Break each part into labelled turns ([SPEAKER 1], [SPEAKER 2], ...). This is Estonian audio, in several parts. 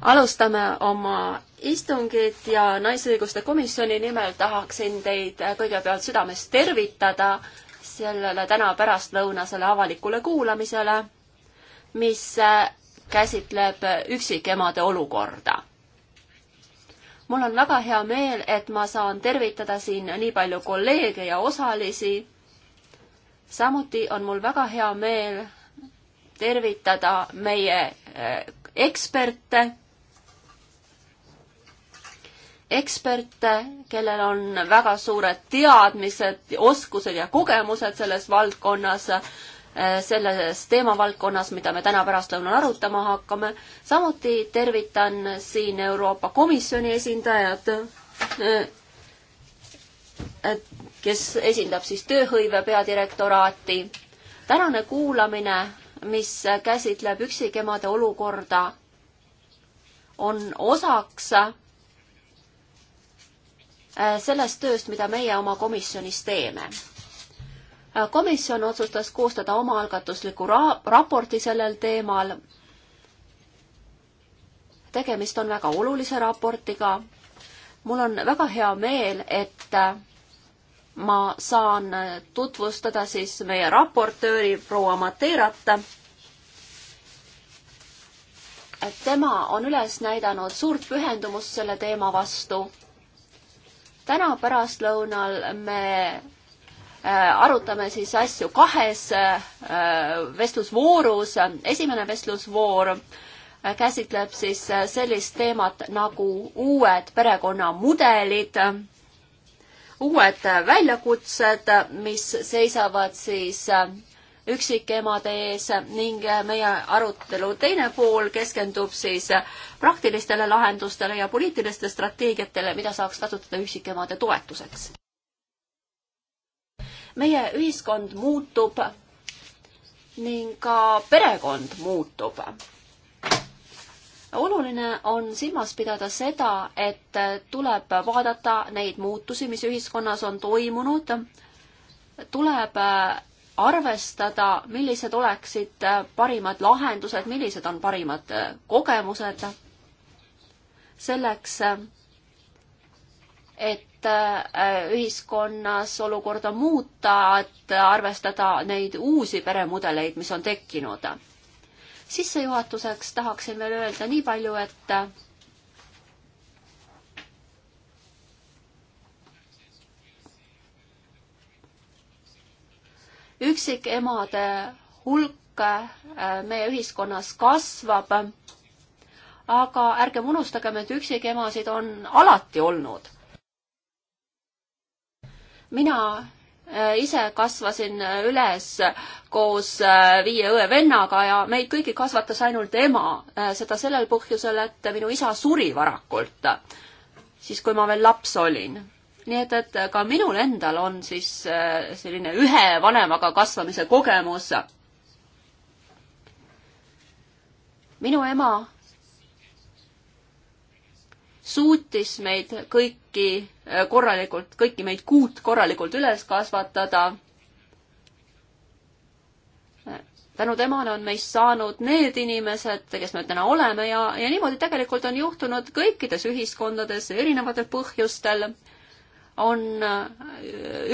[SPEAKER 1] alustame oma istungit ja Naisõiguste Komisjoni nimel tahaksin teid kõigepealt südamest tervitada sellele täna pärastlõunasele avalikule kuulamisele, mis käsitleb üksikemade olukorda mul on väga hea meel, et ma saan tervitada siin nii palju kolleege ja osalisi. samuti on mul väga hea meel tervitada meie eh, eksperte, eksperte, kellel on väga suured teadmised, oskused ja kogemused selles valdkonnas, eh, selles teemavaldkonnas, mida me täna pärastlõunal arutama hakkame. samuti tervitan siin Euroopa Komisjoni esindajad, eh, kes esindab siis tööhõive peadirektoraati. tänane kuulamine mis käsitleb üksikemade olukorda, on osaks äh, sellest tööst, mida meie oma komisjonis teeme. Äh, komisjon otsustas koostada omaalgatusliku ra-, raporti sellel teemal. tegemist on väga olulise raportiga. mul on väga hea meel, et äh, ma saan tutvustada siis meie raportööri proua Mateerat. tema on üles näidanud suurt pühendumust selle teema vastu. täna pärastlõunal me äh, arutame siis asju kahes äh, vestlusvoorus. esimene vestlusvoor äh, käsitleb siis sellist teemat nagu uued perekonnamudelid uued väljakutsed, mis seisavad siis äh, üksikemade ees ning äh, meie arutelu teine pool keskendub siis äh, praktilistele lahendustele ja poliitilistele strateegiatele, mida saaks kasutada üksikemade toetuseks. meie ühiskond muutub ning ka perekond muutub oluline on silmas pidada seda, et tuleb vaadata neid muutusi, mis ühiskonnas on toimunud, tuleb äh, arvestada, millised oleksid äh, parimad lahendused, millised on parimad äh, kogemused selleks, et ühiskonnas olukorda muuta, et arvestada neid uusi peremudeleid, mis on tekkinud sissejuhatuseks tahaksin veel öelda nii palju, et üksikemade hulk äh, meie ühiskonnas kasvab, aga ärgem unustagem, et üksikemasid on alati olnud. mina Äh, ise kasvasin äh, üles koos äh, viie õe vennaga ja meid kõiki kasvatas ainult ema. seda sellel põhjusel, et minu isa suri varakult, siis kui ma veel laps olin. nii et, et ka minul endal on siis selline ühe vanemaga kasvamise kogemus. minu ema suutis meid kõiki äh, korralikult, kõiki meid kuut korralikult üles kasvatada. tänu temale on meist saanud need inimesed, kes me täna oleme ja, ja niimoodi tegelikult on juhtunud kõikides ühiskondades erinevatel põhjustel on äh,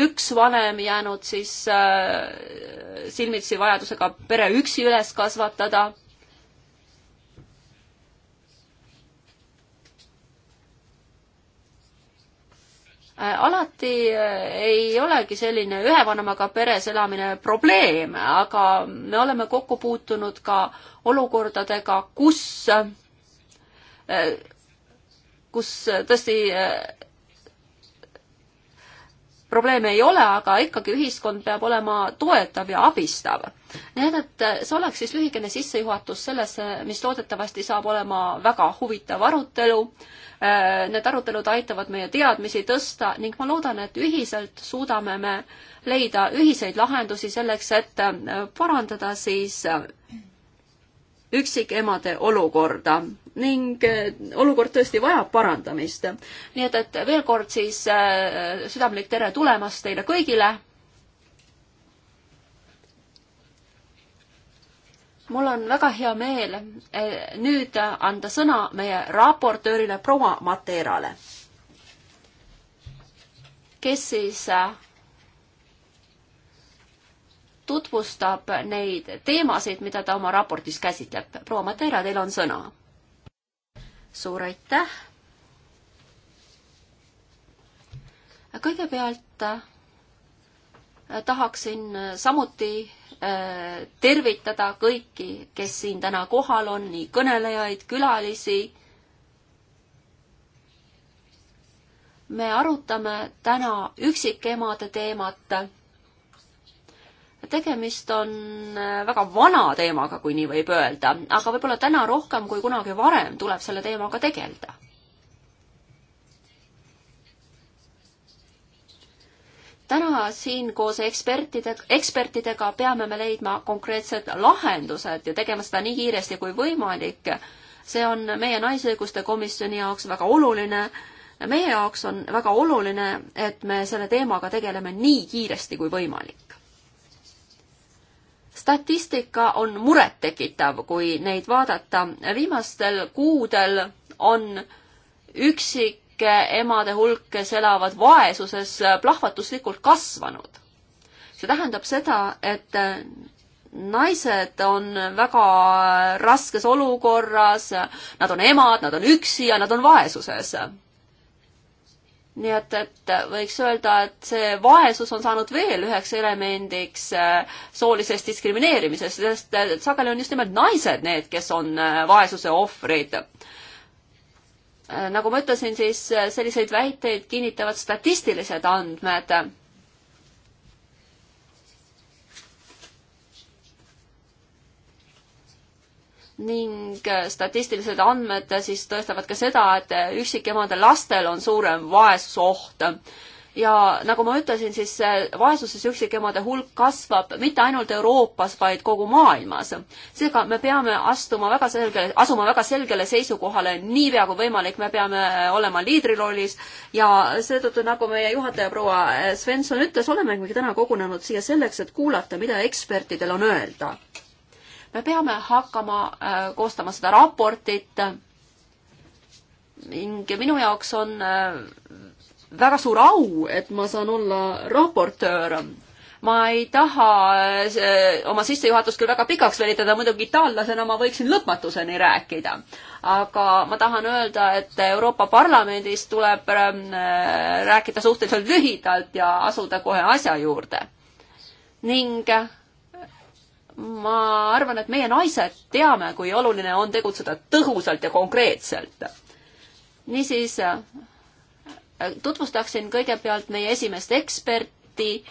[SPEAKER 1] üks vanem jäänud siis äh, silmitsi vajadusega pere üksi üles kasvatada Äh, alati äh, ei olegi selline ühe vanemaga peres elamine probleem, aga me oleme kokku puutunud ka olukordadega, kus, äh, kus tõesti probleeme ei ole, aga ikkagi ühiskond peab olema toetav ja abistav. nii et, et see oleks siis lühikene sissejuhatus sellesse, mis loodetavasti saab olema väga huvitav arutelu Äh, need arutelud aitavad meie teadmisi tõsta ning ma loodan, et ühiselt suudame me leida ühiseid lahendusi selleks, et äh, parandada siis äh, üksikemade olukorda ning olukord tõesti vajab parandamist. nii et, et veel kord siis südamlik tere tulemast teile kõigile mul on väga hea meel eh, nüüd anda sõna meie raportöörile proua Materale, kes siis eh, tutvustab neid teemasid, mida ta oma raportis käsitleb. proua Matera, teil on sõna. suur aitäh. kõigepealt tahaksin samuti äh, tervitada kõiki, kes siin täna kohal on, nii kõnelejaid, külalisi. me arutame täna üksikemade teemat. tegemist on äh, väga vana teemaga, kui nii võib öelda, aga võib-olla täna rohkem kui kunagi varem tuleb selle teemaga tegeleda täna siin koos ekspertide, ekspertidega peame me leidma konkreetsed lahendused ja tegema seda nii kiiresti kui võimalik. see on meie Naisõiguste Komisjoni jaoks väga oluline. meie jaoks on väga oluline, et me selle teemaga tegeleme nii kiiresti kui võimalik. statistika on murettekitav, kui neid vaadata. viimastel kuudel on üksik kodanike emade hulk, kes elavad vaesuses, plahvatuslikult kasvanud. see tähendab seda, et naised on väga raskes olukorras, nad on emad, nad on üksi ja nad on vaesuses. nii et, et võiks öelda, et see vaesus on saanud veel üheks elemendiks soolises diskrimineerimises, sest sageli on just nimelt naised need, kes on vaesuse ohvrid Äh, nagu ma ütlesin, siis äh, selliseid väiteid kinnitavad statistilised andmed. ning äh, statistilised andmed siis tõestavad ka seda, et üksikemade lastel on suurem vaesusoht ja nagu ma ütlesin, siis vaesuses üksikemade hulk kasvab mitte ainult Euroopas, vaid kogu maailmas. seega me peame astuma väga selgele, asuma väga selgele seisukohale, niipea kui võimalik, me peame olema liidrirollis ja seetõttu, nagu meie juhataja proua Svensson ütles, olemegi täna kogunenud siia selleks, et kuulata, mida ekspertidel on öelda. me peame hakkama äh, koostama seda raportit ning minu jaoks on äh, väga suur au, et ma saan olla raportöör. ma ei taha see, eh, oma sissejuhatust küll väga pikaks venitada, muidugi itaallasena ma võiksin lõpmatuseni rääkida. aga ma tahan öelda, et Euroopa Parlamendis tuleb eh, rääkida suhteliselt lühidalt ja asuda kohe asja juurde. ning eh, ma arvan, et meie naised teame, kui oluline on tegutseda tõhusalt ja konkreetselt. niisiis tutvustaksin kõigepealt meie esimest eksperti.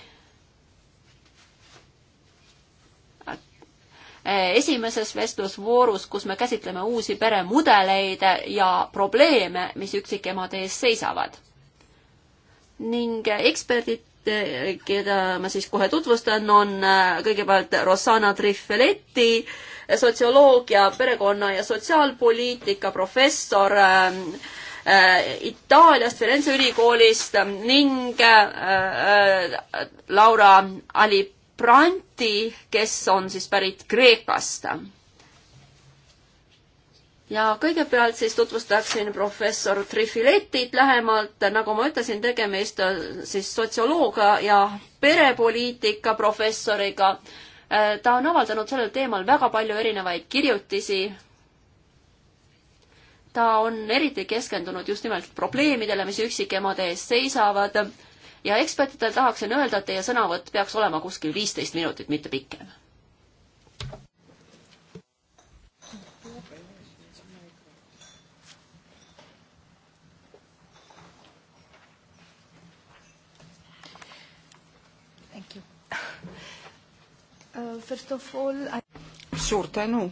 [SPEAKER 1] esimeses vestlusvoorus, kus me käsitleme uusi peremudeleid ja probleeme, mis üksikemade ees seisavad. ning eksperdid, keda ma siis kohe tutvustan, on kõigepealt Rossana Trifeletti, sotsioloogia, perekonna ja sotsiaalpoliitika professor äh, Äh, Itaaliast, Firenze ülikoolist ning äh, äh, Laura Alipranti, kes on siis pärit Kreekast. ja kõigepealt siis tutvustaksin professor Trifiletit lähemalt, nagu ma ütlesin, tegemist siis sotsioloogia ja perepoliitika professoriga ta on avaldanud sellel teemal väga palju erinevaid kirjutisi, ta on eriti keskendunud just nimelt probleemidele, mis üksikemade ees seisavad ja ekspertidele tahaksin öelda, et teie sõnavõtt peaks olema kuskil viisteist minutit, mitte pikem.
[SPEAKER 2] Uh, all...
[SPEAKER 3] suur tänu.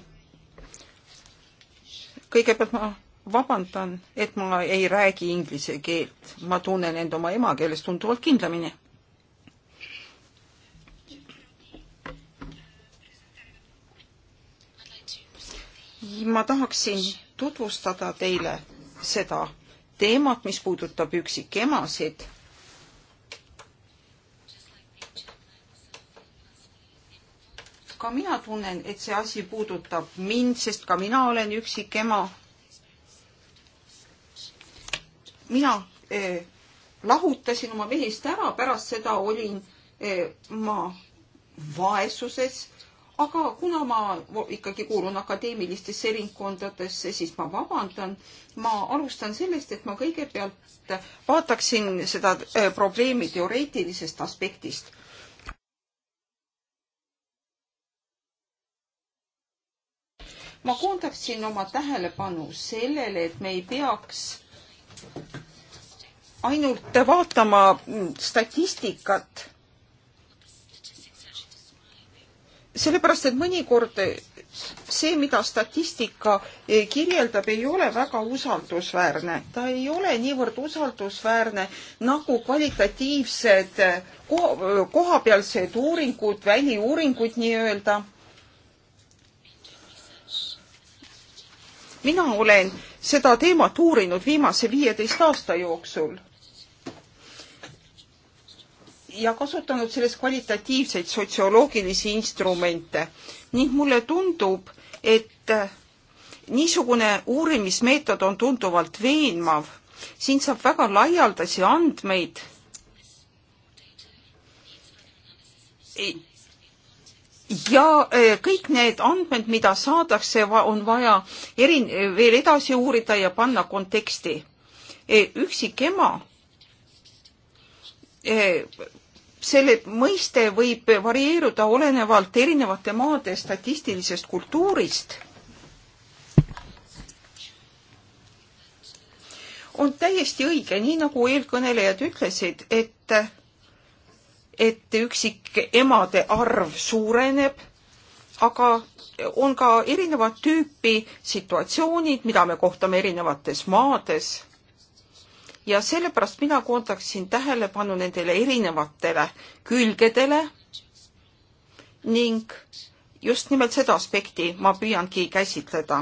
[SPEAKER 3] kõigepealt ma vabandan, et ma ei räägi inglise keelt, ma tunnen end oma emakeeles tunduvalt kindlamini. ma tahaksin tutvustada teile seda teemat, mis puudutab üksikemasid ka mina tunnen, et see asi puudutab mind, sest ka mina olen üksik ema mina eh, lahutasin oma mehest ära, pärast seda olin eh, ma vaesuses, aga kuna ma ikkagi kuulun akadeemilistesse ringkondadesse, siis ma vabandan. ma alustan sellest, et ma kõigepealt vaataksin seda eh, probleemi teoreetilisest aspektist ma koondaksin oma tähelepanu sellele, et me ei peaks ainult vaatama statistikat. sellepärast, et mõnikord see, mida statistika kirjeldab, ei ole väga usaldusväärne. ta ei ole niivõrd usaldusväärne nagu kvalitatiivsed kohapealsed uuringud, väliuuringud nii-öelda. mina olen seda teemat uurinud viimase viieteist aasta jooksul ja kasutanud selles kvalitatiivseid sotsioloogilisi instrumente ning mulle tundub, et niisugune uurimismeetod on tunduvalt veenvav. siin saab väga laialdasi andmeid. ja e, kõik need andmed, mida saadakse, on vaja eri, veel edasi uurida ja panna konteksti. E, üksikema e, selle mõiste võib varieeruda olenevalt erinevate maade statistilisest kultuurist. on täiesti õige, nii nagu eelkõnelejad ütlesid, et, et üksikemade arv suureneb, aga on ka erinevat tüüpi situatsioonid, mida me kohtame erinevates maades ja sellepärast mina koondaksin tähelepanu nendele erinevatele külgedele ning just nimelt seda aspekti ma püüangi käsitleda.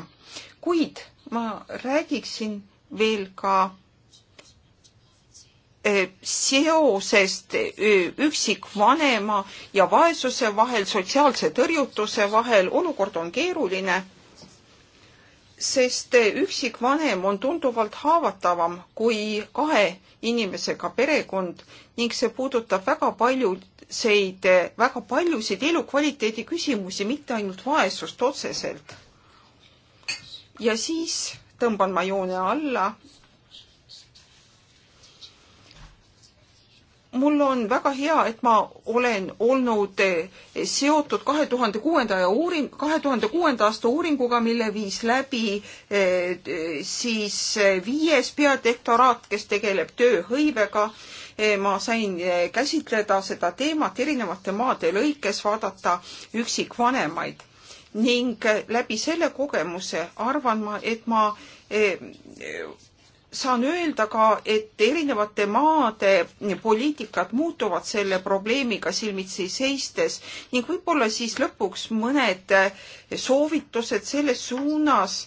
[SPEAKER 3] kuid ma räägiksin veel ka e, seosest e, üksikvanema ja vaesuse vahel, sotsiaalse tõrjutuse vahel, olukord on keeruline sest üksikvanem on tunduvalt haavatavam kui kahe inimesega perekond ning see puudutab väga paljuseid, väga paljusid elukvaliteedi küsimusi, mitte ainult vaesust otseselt. ja siis tõmban ma joone alla mul on väga hea, et ma olen olnud seotud kahe tuhande kuuenda ja uuring, kahe tuhande kuuenda aasta uuringuga, mille viis läbi eh, siis viies peadektoraat, kes tegeleb tööhõivega. Eh, ma sain eh, käsitleda seda teemat erinevate maade lõikes, vaadata üksikvanemaid ning läbi selle kogemuse arvan ma, et ma saan öelda ka, et erinevate maade poliitikad muutuvad selle probleemiga silmitsi seistes ning võib-olla siis lõpuks mõned soovitused selles suunas,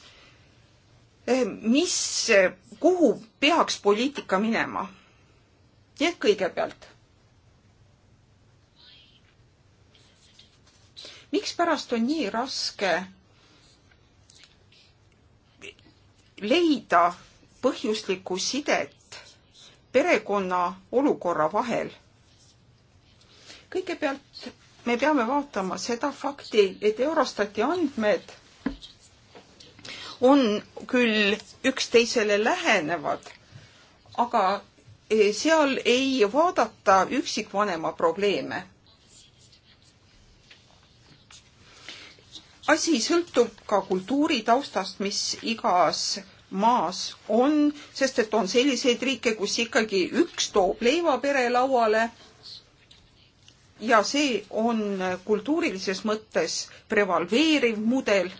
[SPEAKER 3] eh, mis, kuhu peaks poliitika minema. nii et kõigepealt. mikspärast on nii raske leida põhjuslikku sidet perekonna olukorra vahel. kõigepealt me peame vaatama seda fakti, et Eurostati andmed on küll üksteisele lähenevad, aga eh, seal ei vaadata üksikvanema probleeme. asi sõltub ka kultuuritaustast, mis igas maas on, sest et on selliseid riike, kus ikkagi üks toob leiva pere lauale. ja see on kultuurilises mõttes prevaleeriv mudel.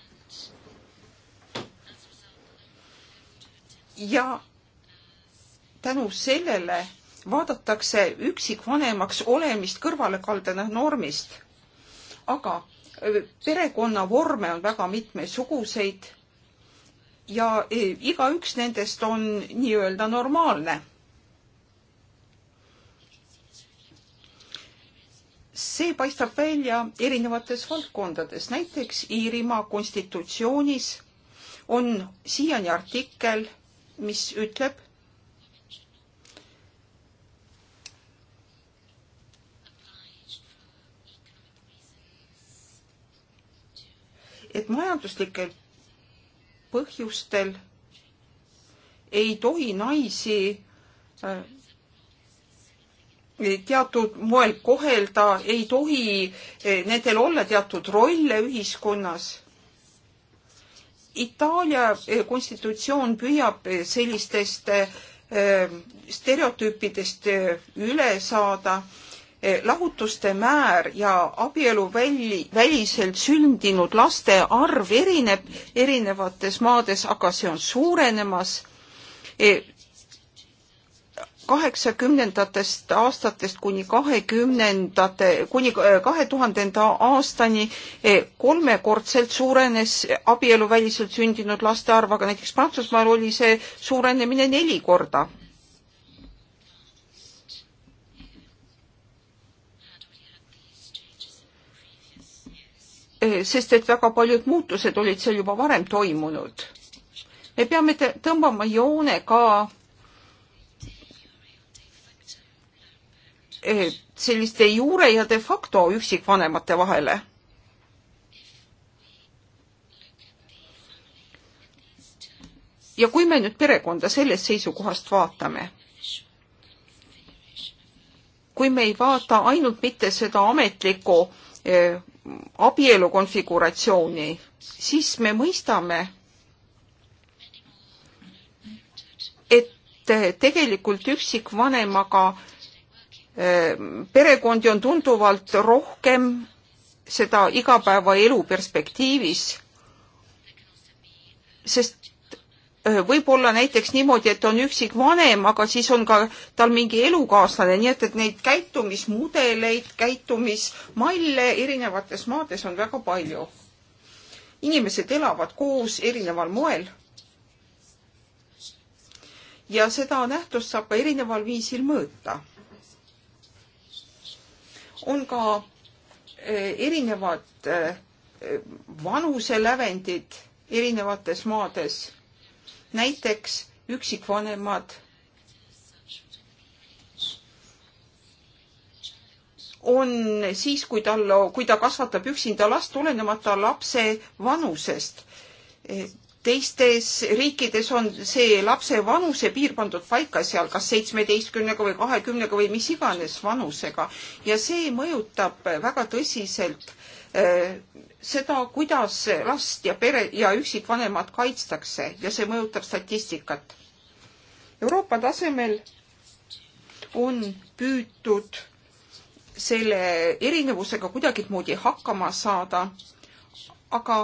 [SPEAKER 3] ja tänu sellele vaadatakse üksikvanemaks olemist kõrvalekaldena normist. aga äh, perekonna vorme on väga mitmesuguseid ja e, igaüks nendest on nii-öelda normaalne. see paistab välja erinevates valdkondades, näiteks Iirimaa konstitutsioonis on siiani artikkel, mis ütleb, et majanduslikel põhjustel ei tohi naisi äh, teatud moel kohelda, ei tohi äh, nendel olla teatud rolle ühiskonnas. Itaalia äh, konstitutsioon püüab sellistest stereotüüpidest üle saada Eh, lahutuste määr ja abielu väli, väliselt sündinud laste arv erineb erinevates maades, aga see on suurenemas. Eh, kaheksakümnendatest aastatest kuni kahekümnendate, kuni eh, kahe tuhandenda aastani kolmekordselt suurenes abielu väliselt sündinud laste arv, aga näiteks Prantsusmaal oli see suurenemine neli korda Äh, sest et väga paljud muutused olid seal juba varem toimunud. me peame tõmbama joone ka äh, selliste juure ja de facto üksikvanemate vahele. ja kui me nüüd perekonda sellest seisukohast vaatame, kui me ei vaata ainult mitte seda ametlikku äh, abielu konfiguratsiooni, siis me mõistame, et tegelikult üksikvanemaga ehm, perekondi on tunduvalt rohkem seda igapäevaelu perspektiivis, sest võib-olla näiteks niimoodi, et on üksik vanem, aga siis on ka tal mingi elukaaslane, nii et, et neid käitumismudeleid, käitumismalle erinevates maades on väga palju. inimesed elavad koos erineval moel. ja seda nähtust saab ka erineval viisil mõõta. on ka erinevad vanuselävendid erinevates maades näiteks üksikvanemad on siis, kui tal, kui ta kasvatab üksinda last, olenemata lapse vanusest. teistes riikides on see lapse vanuse piir pandud paika seal kas seitsmeteistkümnega või kahekümnega või mis iganes vanusega ja see mõjutab väga tõsiselt Äh, seda, kuidas last ja pere ja üksikvanemat kaitstakse ja see mõjutab statistikat. Euroopa tasemel on püütud selle erinevusega kuidagimoodi hakkama saada, aga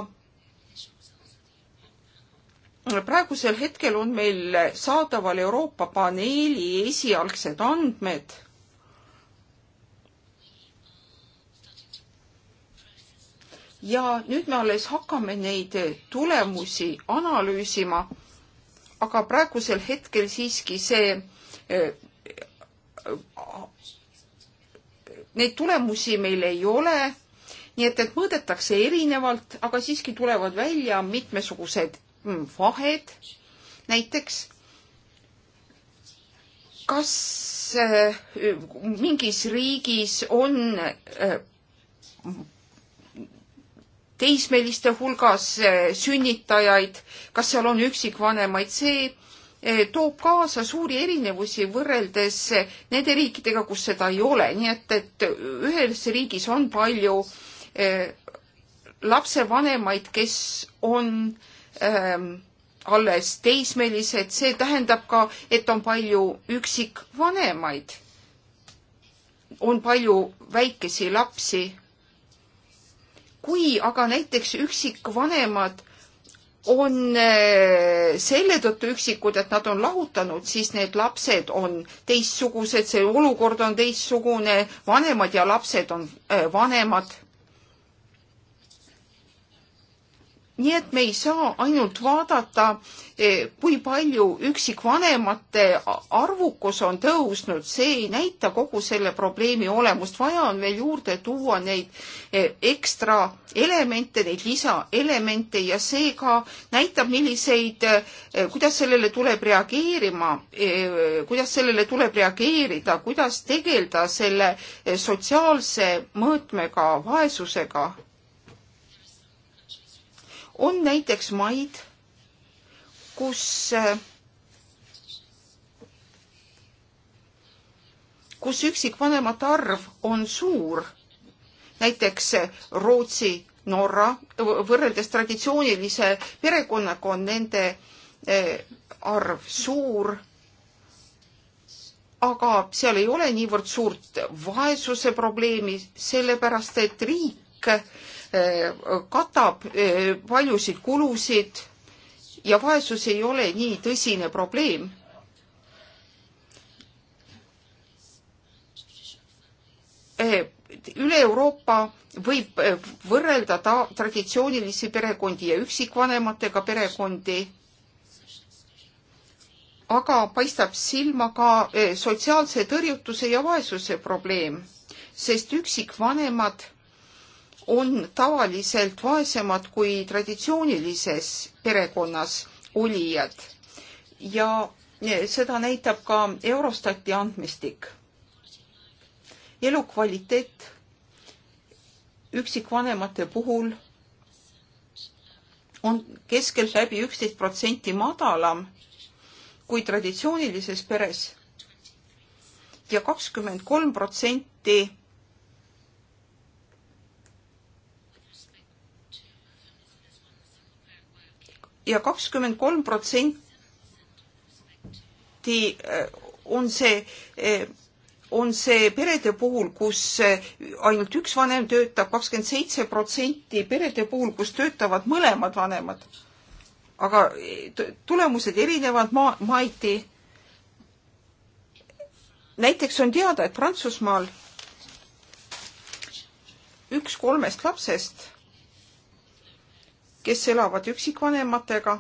[SPEAKER 3] praegusel hetkel on meil saadaval Euroopa paneeli esialgsed andmed ja nüüd me alles hakkame neid tulemusi analüüsima. aga praegusel hetkel siiski see, eh, neid tulemusi meil ei ole. nii et, et mõõdetakse erinevalt, aga siiski tulevad välja mitmesugused mm, vahed. näiteks kas eh, mingis riigis on eh, teismeliste hulgas eh, sünnitajaid, kas seal on üksikvanemaid, see eh, toob kaasa suuri erinevusi võrreldes eh, nende riikidega, kus seda ei ole, nii et, et ühes riigis on palju lapsevanemaid, kes on ähm, alles teismelised, see tähendab ka, et on palju üksikvanemaid. on palju väikesi lapsi kui aga näiteks üksikvanemad on eh, selle tõttu üksikud, et nad on lahutanud, siis need lapsed on teistsugused, see olukord on teistsugune, vanemad ja lapsed on eh, vanemad. nii et me ei saa ainult vaadata, eh, kui palju üksikvanemate arvukus on tõusnud, see ei näita kogu selle probleemi olemust, vaja on veel juurde tuua neid eh, ekstra elemente, neid lisaelemente ja see ka näitab, milliseid, eh, kuidas sellele tuleb reageerima, kuidas sellele tuleb reageerida, kuidas tegeleda selle sotsiaalse mõõtmega, vaesusega on näiteks maid, kus, kus üksikvanemate arv on suur, näiteks Rootsi, Norra, võrreldes traditsioonilise perekonnaga on nende eh, arv suur aga seal ei ole niivõrd suurt vaesuse probleemi, sellepärast et riik Äh, katab äh, paljusid kulusid ja vaesus ei ole nii tõsine probleem. Äh, üle Euroopa võib võrrelda ta traditsioonilisi perekondi ja üksikvanematega perekondi, aga paistab silma ka sotsiaalse tõrjutuse ja vaesuse probleem, sest üksikvanemad on tavaliselt vaesemad kui traditsioonilises perekonnas olijad ja seda näitab ka Eurostati andmestik. elukvaliteet üksikvanemate puhul on keskeltläbi üksteist protsenti madalam kui traditsioonilises peres ja kakskümmend kolm protsenti ja kakskümmend kolm protsenti äh, on see äh, on see perede puhul, kus äh, ainult üks vanem töötab, kakskümmend seitse protsenti perede puhul, kus töötavad mõlemad vanemad. aga tulemused erinevad maa, maiti. näiteks on teada, et Prantsusmaal üks kolmest lapsest kes elavad üksikvanematega,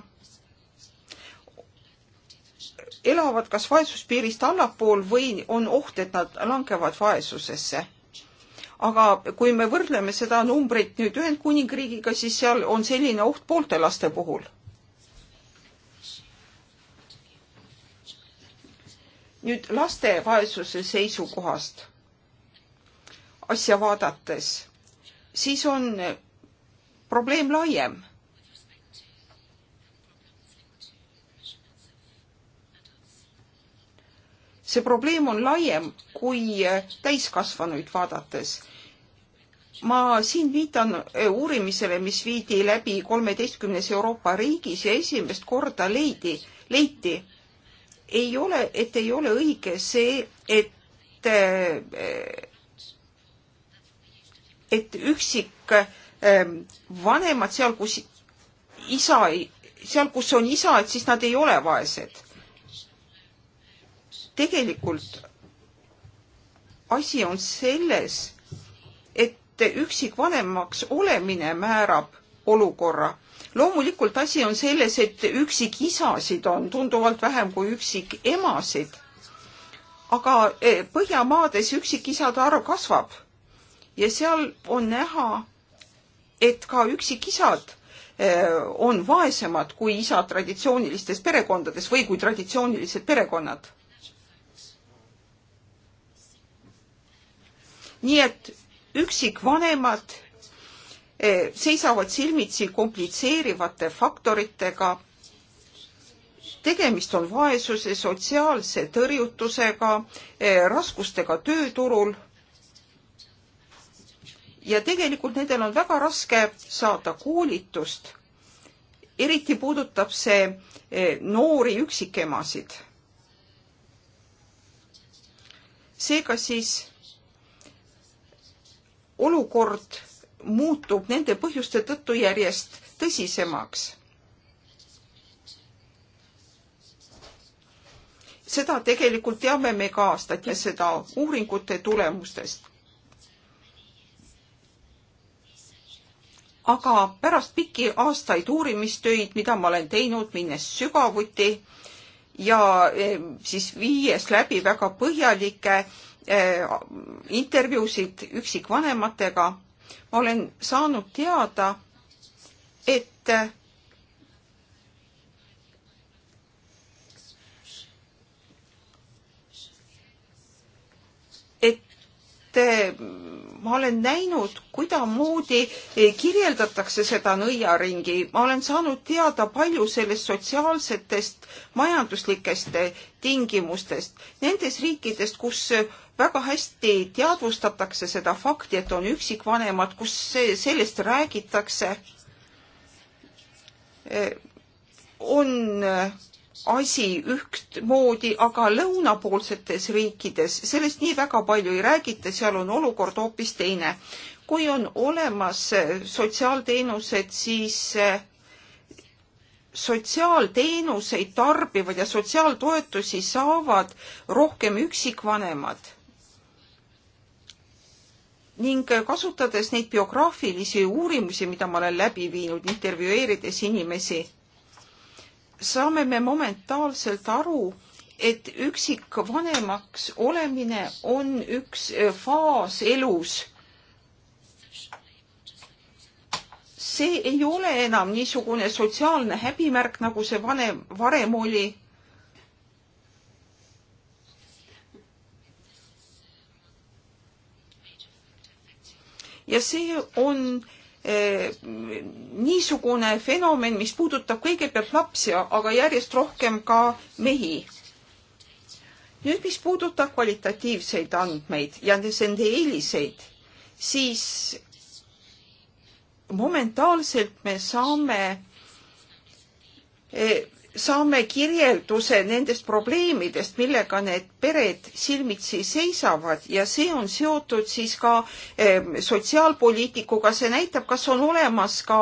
[SPEAKER 3] elavad kas vaesuspiirist allapool või on oht, et nad langevad vaesusesse. aga kui me võrdleme seda numbrit nüüd Ühendkuningriigiga, siis seal on selline oht poolte laste puhul. nüüd laste vaesuse seisukohast asja vaadates, siis on probleem laiem see probleem on laiem kui täiskasvanuid vaadates. ma siin viitan äh, uurimisele, mis viidi läbi kolmeteistkümnes Euroopa riigis ja esimest korda leidi, leiti, ei ole, et ei ole õige see, et äh, et üksik ähm, vanemad seal, kus isa, seal, kus on isa, et siis nad ei ole vaesed tegelikult asi on selles, et üksikvanemaks olemine määrab olukorra. loomulikult asi on selles, et üksikisasid on tunduvalt vähem kui üksikemasid. aga e, Põhjamaades üksikisade arv kasvab ja seal on näha, et ka üksikisad e, on vaesemad kui isa traditsioonilistes perekondades või kui traditsioonilised perekonnad nii et üksikvanemad eh, seisavad silmitsi komplitseerivate faktoritega. tegemist on vaesuse, sotsiaalse tõrjutusega, eh, raskustega tööturul. ja tegelikult nendel on väga raske saada koolitust. eriti puudutab see eh, noori üksikemasid. seega siis olukord muutub nende põhjuste tõttu järjest tõsisemaks. seda tegelikult teame me ka aastat ja seda uuringute tulemustest. aga pärast pikki aastaid uurimistöid, mida ma olen teinud, minnes sügavuti ja eh, siis viies läbi väga põhjalikke Äh, intervjuusid üksikvanematega, ma olen saanud teada, et äh, et äh, ma olen näinud, kuidamoodi eh, kirjeldatakse seda nõiaringi, ma olen saanud teada palju sellest sotsiaalsetest, majanduslikest eh, tingimustest. Nendes riikidest, kus eh, väga hästi teadvustatakse seda fakti, et on üksikvanemad, kus sellest räägitakse, on asi ühtmoodi, aga lõunapoolsetes riikides sellest nii väga palju ei räägita, seal on olukord hoopis teine. kui on olemas sotsiaalteenused, siis eh, sotsiaalteenuseid tarbivad ja sotsiaaltoetusi saavad rohkem üksikvanemad. ning kasutades neid biograafilisi uurimusi, mida ma olen läbi viinud, intervjueerides inimesi saame me momentaalselt aru, et üksikvanemaks olemine on üks eh, faas elus. see ei ole enam niisugune sotsiaalne häbimärk, nagu see vanem varem oli ja see on Eh, niisugune fenomen, mis puudutab kõigepealt lapsi, aga järjest rohkem ka mehi. nüüd, mis puudutab kvalitatiivseid andmeid ja nende eeliseid, siis momentaalselt me saame eh, saame kirjelduse nendest probleemidest, millega need pered silmitsi seisavad ja see on seotud siis ka sotsiaalpoliitikuga, see näitab, kas on olemas ka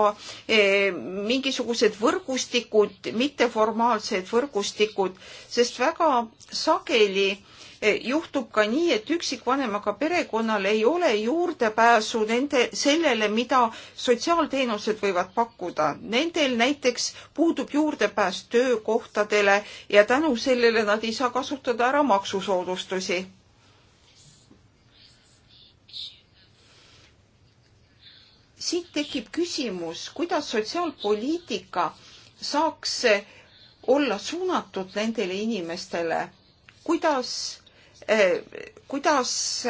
[SPEAKER 3] mingisugused võrgustikud, mitteformaalsed võrgustikud, sest väga sageli juhtub ka nii, et üksikvanemaga perekonnal ei ole juurdepääsu nende, sellele, mida sotsiaalteenused võivad pakkuda. Nendel näiteks puudub juurdepääs töökohtadele ja tänu sellele nad ei saa kasutada ära maksusoodustusi. siit tekib küsimus, kuidas sotsiaalpoliitika saaks olla suunatud nendele inimestele, kuidas kuidas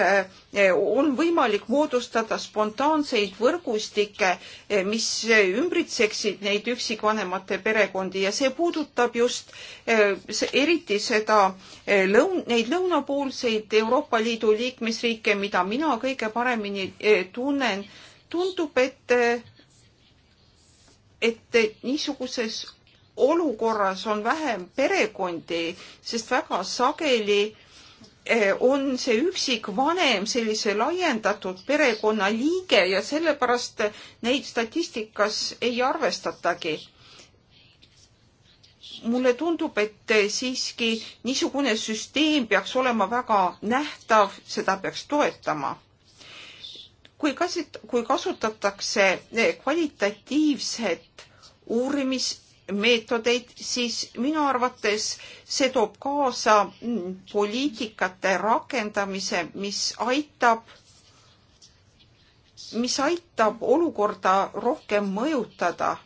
[SPEAKER 3] eh, on võimalik moodustada spontaanseid võrgustikke, eh, mis ümbritseksid neid üksikvanemate perekondi ja see puudutab just eh, eriti seda lõun-, neid lõunapoolseid Euroopa Liidu liikmesriike, mida mina kõige paremini tunnen. tundub, et, et niisuguses olukorras on vähem perekondi, sest väga sageli Eh, on see üksikvanem sellise laiendatud perekonna liige ja sellepärast neid statistikas ei arvestatagi. mulle tundub, et siiski niisugune süsteem peaks olema väga nähtav, seda peaks toetama. kui kasit-, kui kasutatakse eh, kvalitatiivset uurimis- meetodeid, siis minu arvates see toob kaasa poliitikate rakendamise, mis aitab, mis aitab olukorda rohkem mõjutada.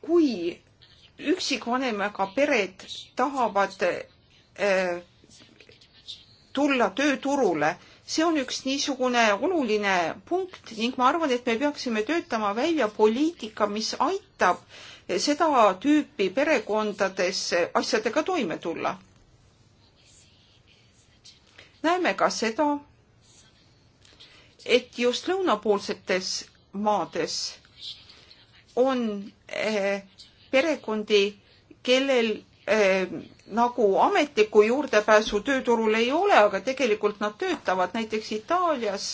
[SPEAKER 3] kui üksikvanemaga pered tahavad eh, tulla tööturule, see on üks niisugune oluline punkt ning ma arvan, et me peaksime töötama välja poliitika, mis aitab seda tüüpi perekondades asjadega toime tulla. näeme ka seda, et just lõunapoolsetes maades on eh, perekondi, kellel Eh, nagu ametlikku juurdepääsu tööturul ei ole, aga tegelikult nad töötavad näiteks Itaalias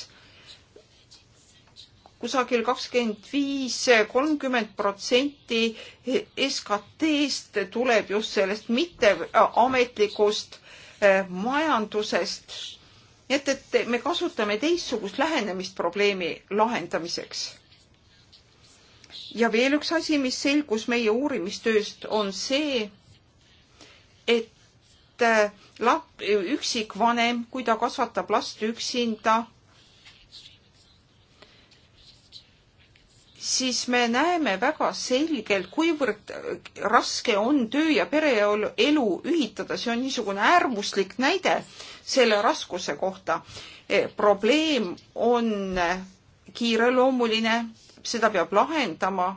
[SPEAKER 3] kusagil kakskümmend viis, kolmkümmend protsenti SKT-st tuleb just sellest mitteametlikust eh, majandusest. nii et, et me kasutame teistsugust lähenemist probleemi lahendamiseks. ja veel üks asi, mis selgus meie uurimistööst, on see, et äh, lap-, üksikvanem, kui ta kasvatab last üksinda, siis me näeme väga selgelt, kuivõrd äh, raske on töö ja pereelu ühitada, see on niisugune äärmuslik näide selle raskuse kohta. E, probleem on äh, kiireloomuline, seda peab lahendama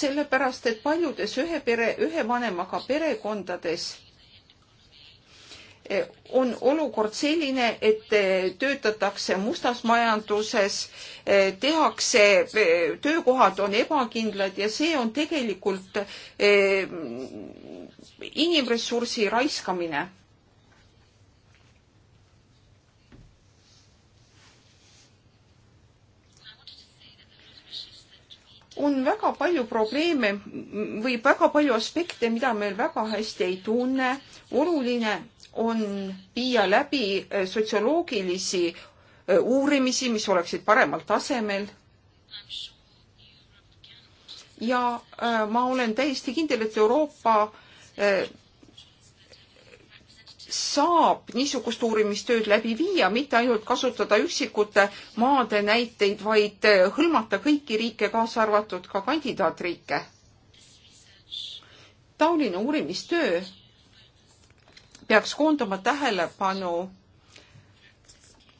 [SPEAKER 3] sellepärast et paljudes ühe pere, ühe vanemaga perekondades eh, on olukord selline, et eh, töötatakse mustas majanduses, eh, tehakse, töökohad on ebakindlad ja see on tegelikult inimressursi raiskamine on väga palju probleeme või väga palju aspekte, mida meil väga hästi ei tunne. oluline on viia läbi eh, sotsioloogilisi eh, uurimisi, mis oleksid paremal tasemel ja eh, ma olen täiesti kindel, et Euroopa saab niisugust uurimistööd läbi viia, mitte ainult kasutada üksikute maade näiteid, vaid eh, hõlmata kõiki riike, kaasa arvatud ka kandidaatriike. taoline uurimistöö peaks koondama tähelepanu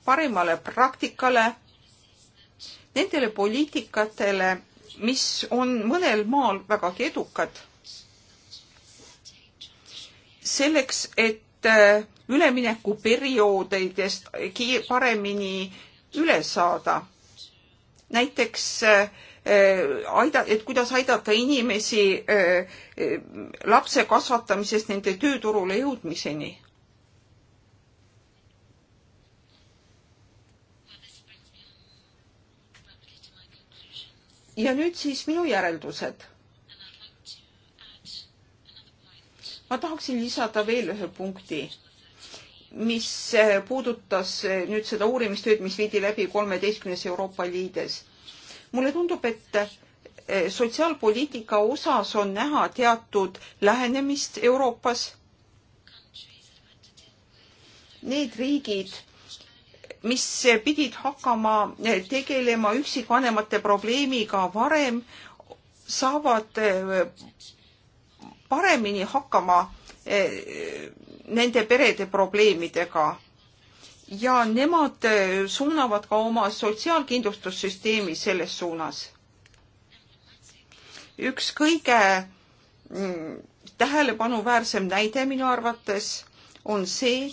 [SPEAKER 3] parimale praktikale, nendele poliitikatele, mis on mõnel maal vägagi edukad. selleks, et Äh, üleminekuperioodidest paremini üle saada. näiteks äh, äh, aida-, et kuidas aidata inimesi lapse kasvatamisest nende tööturule jõudmiseni. ja nüüd siis minu järeldused ma tahaksin lisada veel ühe punkti, mis puudutas nüüd seda uurimistööd, mis viidi läbi kolmeteistkümnes Euroopa Liides. mulle tundub, et eh, sotsiaalpoliitika osas on näha teatud lähenemist Euroopas. Need riigid, mis pidid hakkama eh, tegelema üksikvanemate probleemiga varem, saavad eh, paremini hakkama eh, eh, nende perede probleemidega ja nemad eh, suunavad ka oma sotsiaalkindlustussüsteemi selles suunas. üks kõige mm, tähelepanuväärsem näide minu arvates on see,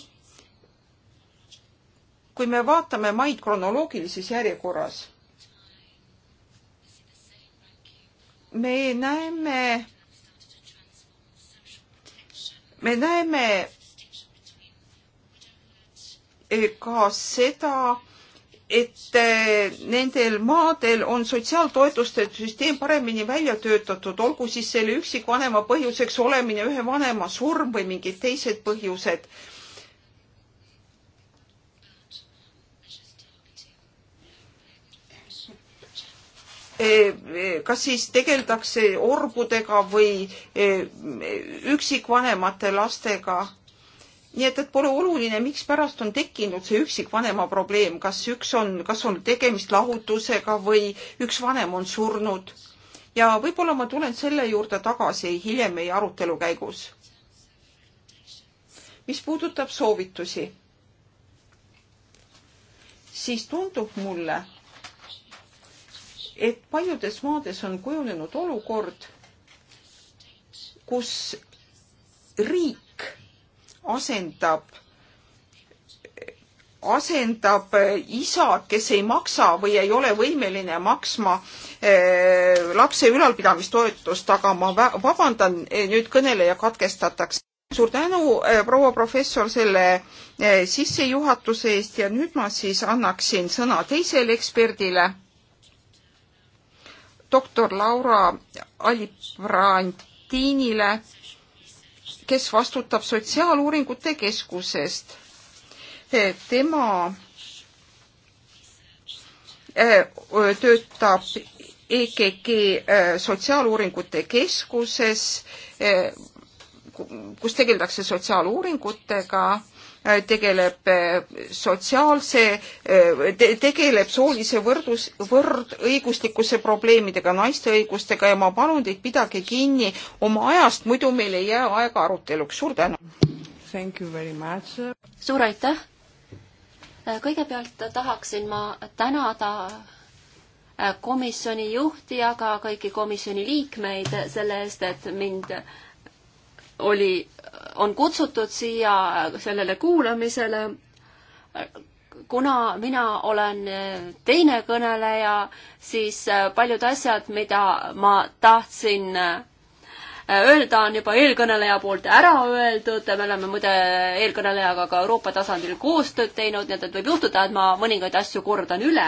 [SPEAKER 3] kui me vaatame maid kronoloogilises järjekorras, me näeme me näeme eh, ka seda, et eh, nendel maadel on sotsiaaltoetuste süsteem paremini välja töötatud, olgu siis selle üksikvanema põhjuseks olemine, ühe vanema surm või mingid teised põhjused Eh, eh, kas siis tegeldakse orbudega või eh, üksikvanemate lastega. nii et, et pole oluline, mikspärast on tekkinud see üksikvanema probleem, kas üks on, kas on tegemist lahutusega või üks vanem on surnud. ja võib-olla ma tulen selle juurde tagasi hiljem meie arutelu käigus. mis puudutab soovitusi, siis tundub mulle et paljudes maades on kujunenud olukord, kus riik asendab, asendab isad, kes ei maksa või ei ole võimeline maksma äh, lapse ülalpidamistoetust, aga ma vabandan, eh, nüüd kõneleja katkestatakse suur tänu, eh, proua professor, selle sissejuhatuse eest ja nüüd ma siis annaksin sõna teisele eksperdile doktor Laura Alibrantinile, kes vastutab Sotsiaaluuringute Keskusest. Eh, tema eh, töötab EGG eh, Sotsiaaluuringute Keskuses, kus tegeldakse sotsiaaluuringutega Äh, tegeleb äh, sotsiaalse, äh, tegeleb soolise võrdus, võrdõiguslikkuse probleemidega, naiste õigustega ja ma palun teid, pidage kinni oma ajast, muidu meil ei jää aega aruteluks. suur tänu!
[SPEAKER 1] suur aitäh! kõigepealt tahaksin ma tänada komisjoni juhti, aga kõiki komisjoni liikmeid selle eest, et mind oli on kutsutud siia sellele kuulamisele, kuna mina olen teine kõneleja, siis paljud asjad, mida ma tahtsin öelda, on juba eelkõneleja poolt ära öeldud, me oleme muide eelkõnelejaga ka Euroopa tasandil koostööd teinud, nii et, et võib juhtuda, et ma mõningaid asju kordan üle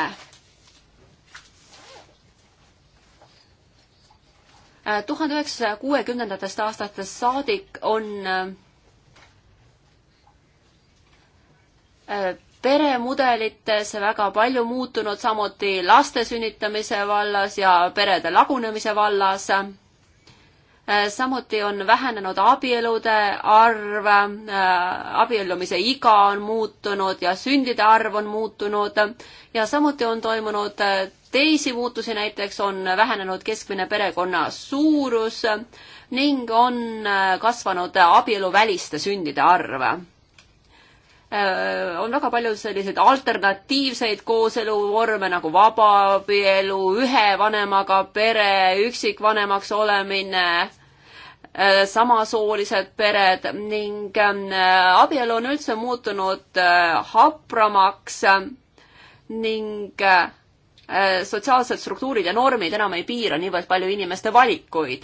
[SPEAKER 1] tuhande üheksasaja kuuekümnendatest aastatest saadik on äh, peremudelites väga palju muutunud, samuti laste sünnitamise vallas ja perede lagunemise vallas Äh, samuti on vähenenud abielude arv, äh, abiellumise iga on muutunud ja sündide arv on muutunud ja samuti on toimunud äh, teisi muutusi, näiteks on vähenenud keskmine perekonna suurus ning on kasvanud abieluväliste sündide arv on väga palju selliseid alternatiivseid kooseluvorme nagu vabaabielu, ühe vanemaga pere, üksikvanemaks olemine Äh, samasoolised pered ning äh, abielu on üldse muutunud äh, hapramaks ning sotsiaalsed struktuurid ja normid enam ei piira niivõrd palju inimeste valikuid.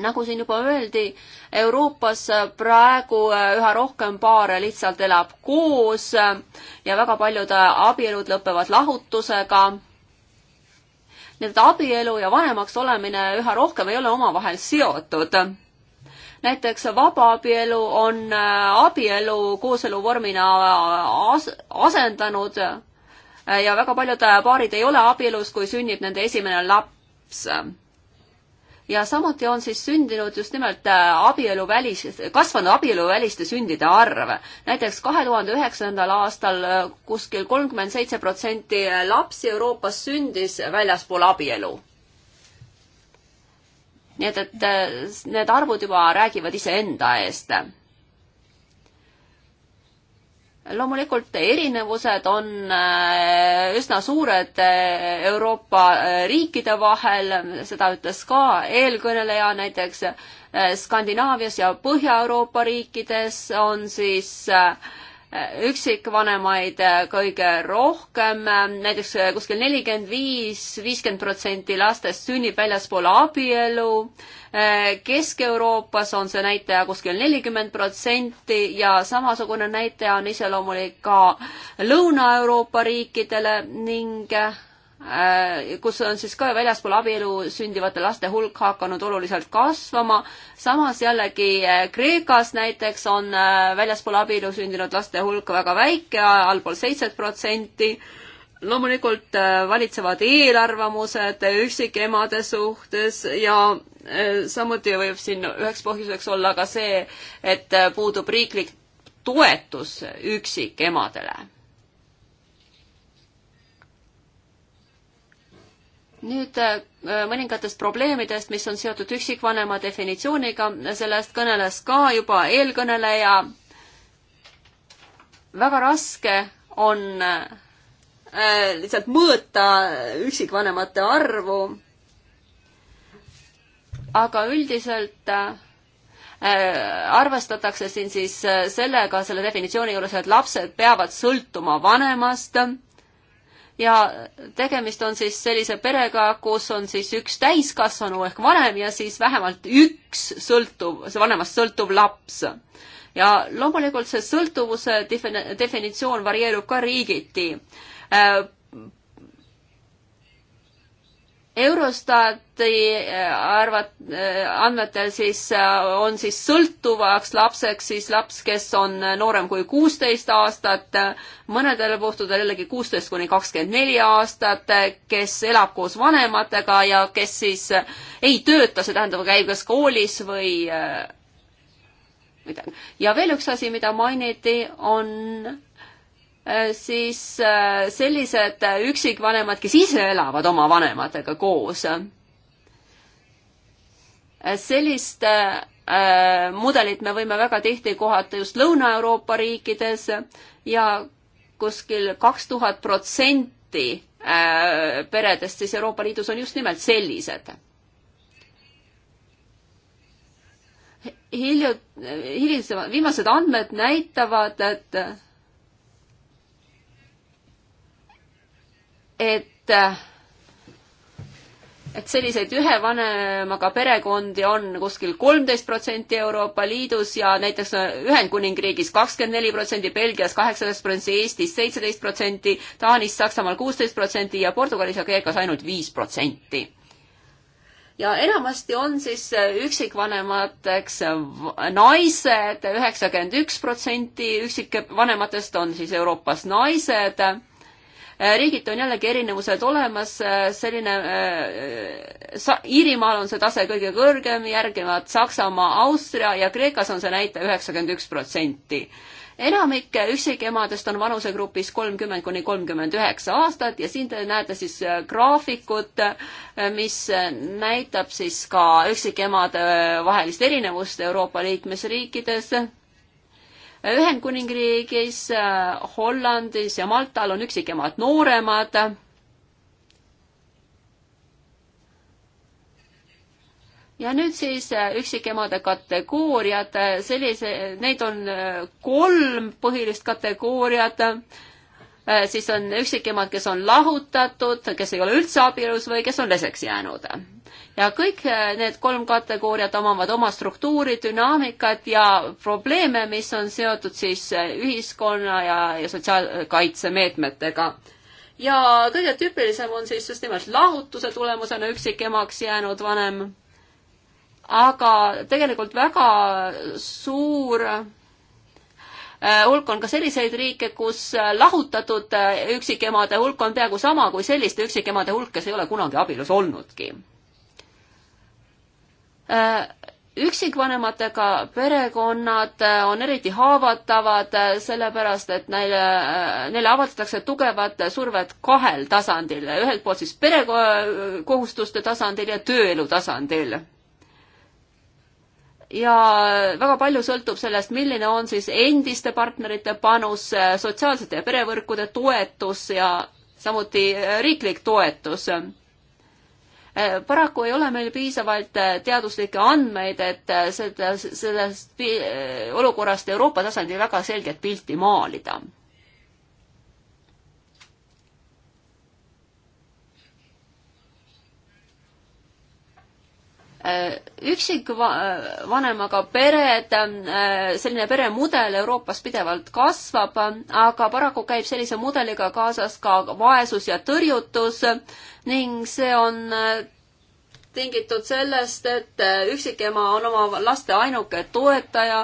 [SPEAKER 1] nagu siin juba öeldi, Euroopas praegu üha rohkem paare lihtsalt elab koos ja väga paljud abielud lõpevad lahutusega nii et abielu ja vanemaks olemine üha rohkem ei ole omavahel seotud. näiteks vabaabielu on äh, abielu kooseluvormina äh, as-, asendanud äh, ja väga paljud paarid ei ole abielus, kui sünnib nende esimene laps laps ja samuti on siis sündinud just nimelt äh, abielu välis, kasvanud abieluväliste sündide arv. näiteks kahe tuhande üheksandal aastal äh, kuskil kolmkümmend seitse protsenti äh, lapsi Euroopas sündis väljaspool abielu. nii et, et need arvud juba räägivad iseenda eest loomulikult erinevused on äh, üsna suured äh, Euroopa äh, riikide vahel, seda ütles ka eelkõneleja, näiteks Skandinaavias ja Põhja-Euroopa riikides on siis äh, üksikvanemaid äh, kõige rohkem äh, näiteks, näiteks äh, kuskil nelikümmend viis, viiskümmend protsenti lastest sünnib väljaspool abielu. Kesk-Euroopas on see näitaja kuskil nelikümmend protsenti ja samasugune näitaja on iseloomulik ka Lõuna-Euroopa riikidele ning Äh, kus on siis ka väljaspool abielu sündivate laste hulk hakanud oluliselt kasvama. samas jällegi äh, Kreekas näiteks on äh, väljaspool abielu sündinud laste hulk väga väike, allpool seitset protsenti. loomulikult valitsevad eelarvamused üksikemade suhtes ja samuti võib siin üheks põhjuseks olla ka see, et puudub riiklik toetus üksikemadele nüüd äh, mõningatest probleemidest, mis on seotud üksikvanema definitsiooniga, sellest kõneles ka juba eelkõneleja. väga raske on äh, lihtsalt mõõta üksikvanemate arvu. aga üldiselt äh, arvestatakse siin siis sellega, selle definitsiooni juures, et lapsed peavad sõltuma vanemast ja tegemist on siis sellise perega, kus on siis üks täiskasvanu ehk vanem ja siis vähemalt üks sõltuv, see vanemast sõltuv laps. ja loomulikult see sõltuvuse defini-, definitsioon varieerub ka riigiti äh, Eurostati äh, arvat-, äh, andmetel siis äh, on siis sõltuvaks lapseks siis laps, kes on noorem kui kuusteist aastat, mõnedel puhtudel jällegi kuusteist kuni kakskümmend neli aastat, kes elab koos vanematega ja kes siis ei tööta, see tähendab, käib kas koolis või mida. ja veel üks asi, mida mainiti, on Äh, siis äh, sellised äh, üksikvanemad, kes ise elavad oma vanematega koos. sellist mudelit me võime väga tihti kohata just Lõuna-Euroopa riikides ja kuskil kaks tuhat protsenti peredest siis Euroopa Liidus on just nimelt sellised hilju-, hilisema, viimased andmed näitavad, et et et selliseid ühe vanemaga perekondi on kuskil kolmteist protsenti Euroopa Liidus ja näiteks Ühendkuningriigis kakskümmend neli protsenti, Belgias kaheksateist protsenti, Eestis seitseteist protsenti, Taanis, Saksamaal kuusteist protsenti ja Portugalis ja Kreekas ainult viis protsenti. ja enamasti on siis üksikvanemateks naised, üheksakümmend üks protsenti üksikvanematest on siis Euroopas naised Äh, riigiti on jällegi erinevused olemas, äh, selline äh, sa, Iirimaal on see tase kõige kõrgem, järgivad Saksamaa, Austria ja Kreekas on see näitaja üheksakümmend üks protsenti enamik üksikemadest on vanusegrupis kolmkümmend kuni kolmkümmend üheksa aastat ja siin te näete siis graafikut, mis näitab siis ka üksikemade vahelist erinevust Euroopa liikmesriikides Ühendkuningriigis, Hollandis ja Maltal on üksikemad nooremad. ja nüüd siis äh, üksikemade kategooriad, sellise, neid on äh, kolm põhilist kategooriat Äh, siis on üksikemad, kes on lahutatud, kes ei ole üldse abielus või kes on leseks jäänud. ja kõik äh, need kolm kategooriat omavad oma struktuuri, dünaamikat ja probleeme, mis on seotud siis äh, ühiskonna ja, ja sotsiaalkaitsemeetmetega ja kõige tüüpilisem on siis just nimelt lahutuse tulemusena üksikemaks jäänud vanem. aga tegelikult väga suur Äh, hulk on ka selliseid riike, kus äh, lahutatud äh, üksikemade hulk on peaaegu sama kui selliste üksikemade hulk, kes ei ole kunagi abielus olnudki. üksikvanematega perekonnad on eriti haavatavad, sellepärast et neile, neile avaldatakse tugevat survet kahel tasandil, ühelt poolt siis perekohustuste tasandil ja tööelu tasandil ja väga palju sõltub sellest, milline on siis endiste partnerite panus, eh, sotsiaalsete ja perevõrkude toetus ja samuti eh, riiklik toetus. Eh, paraku ei ole meil piisavalt teaduslikke andmeid, et seda, sellest olukorrast Euroopa tasandil väga selget pilti maalida Äh, üksikvanemaga pered, äh, selline peremudel Euroopas pidevalt kasvab, aga paraku käib sellise mudeliga kaasas ka vaesus ja tõrjutus ning see on äh, tingitud sellest, et üksikema on oma laste ainuke toetaja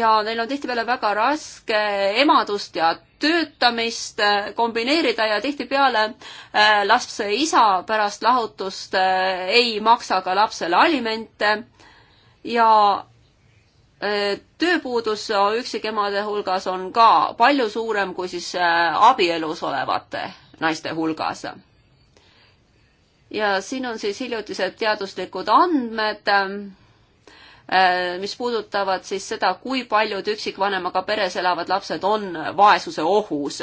[SPEAKER 1] ja neil on tihtipeale väga raske emadust ja töötamist äh, kombineerida ja tihtipeale äh, lapse isa pärast lahutust äh, ei maksa ka lapsele alimente ja tööpuudus üksikemade hulgas on ka palju suurem kui siis abielus olevate naiste hulgas. ja siin on siis hiljutised teaduslikud andmed Äh, mis puudutavad siis seda, kui paljud üksikvanemaga peres elavad lapsed on vaesuse ohus.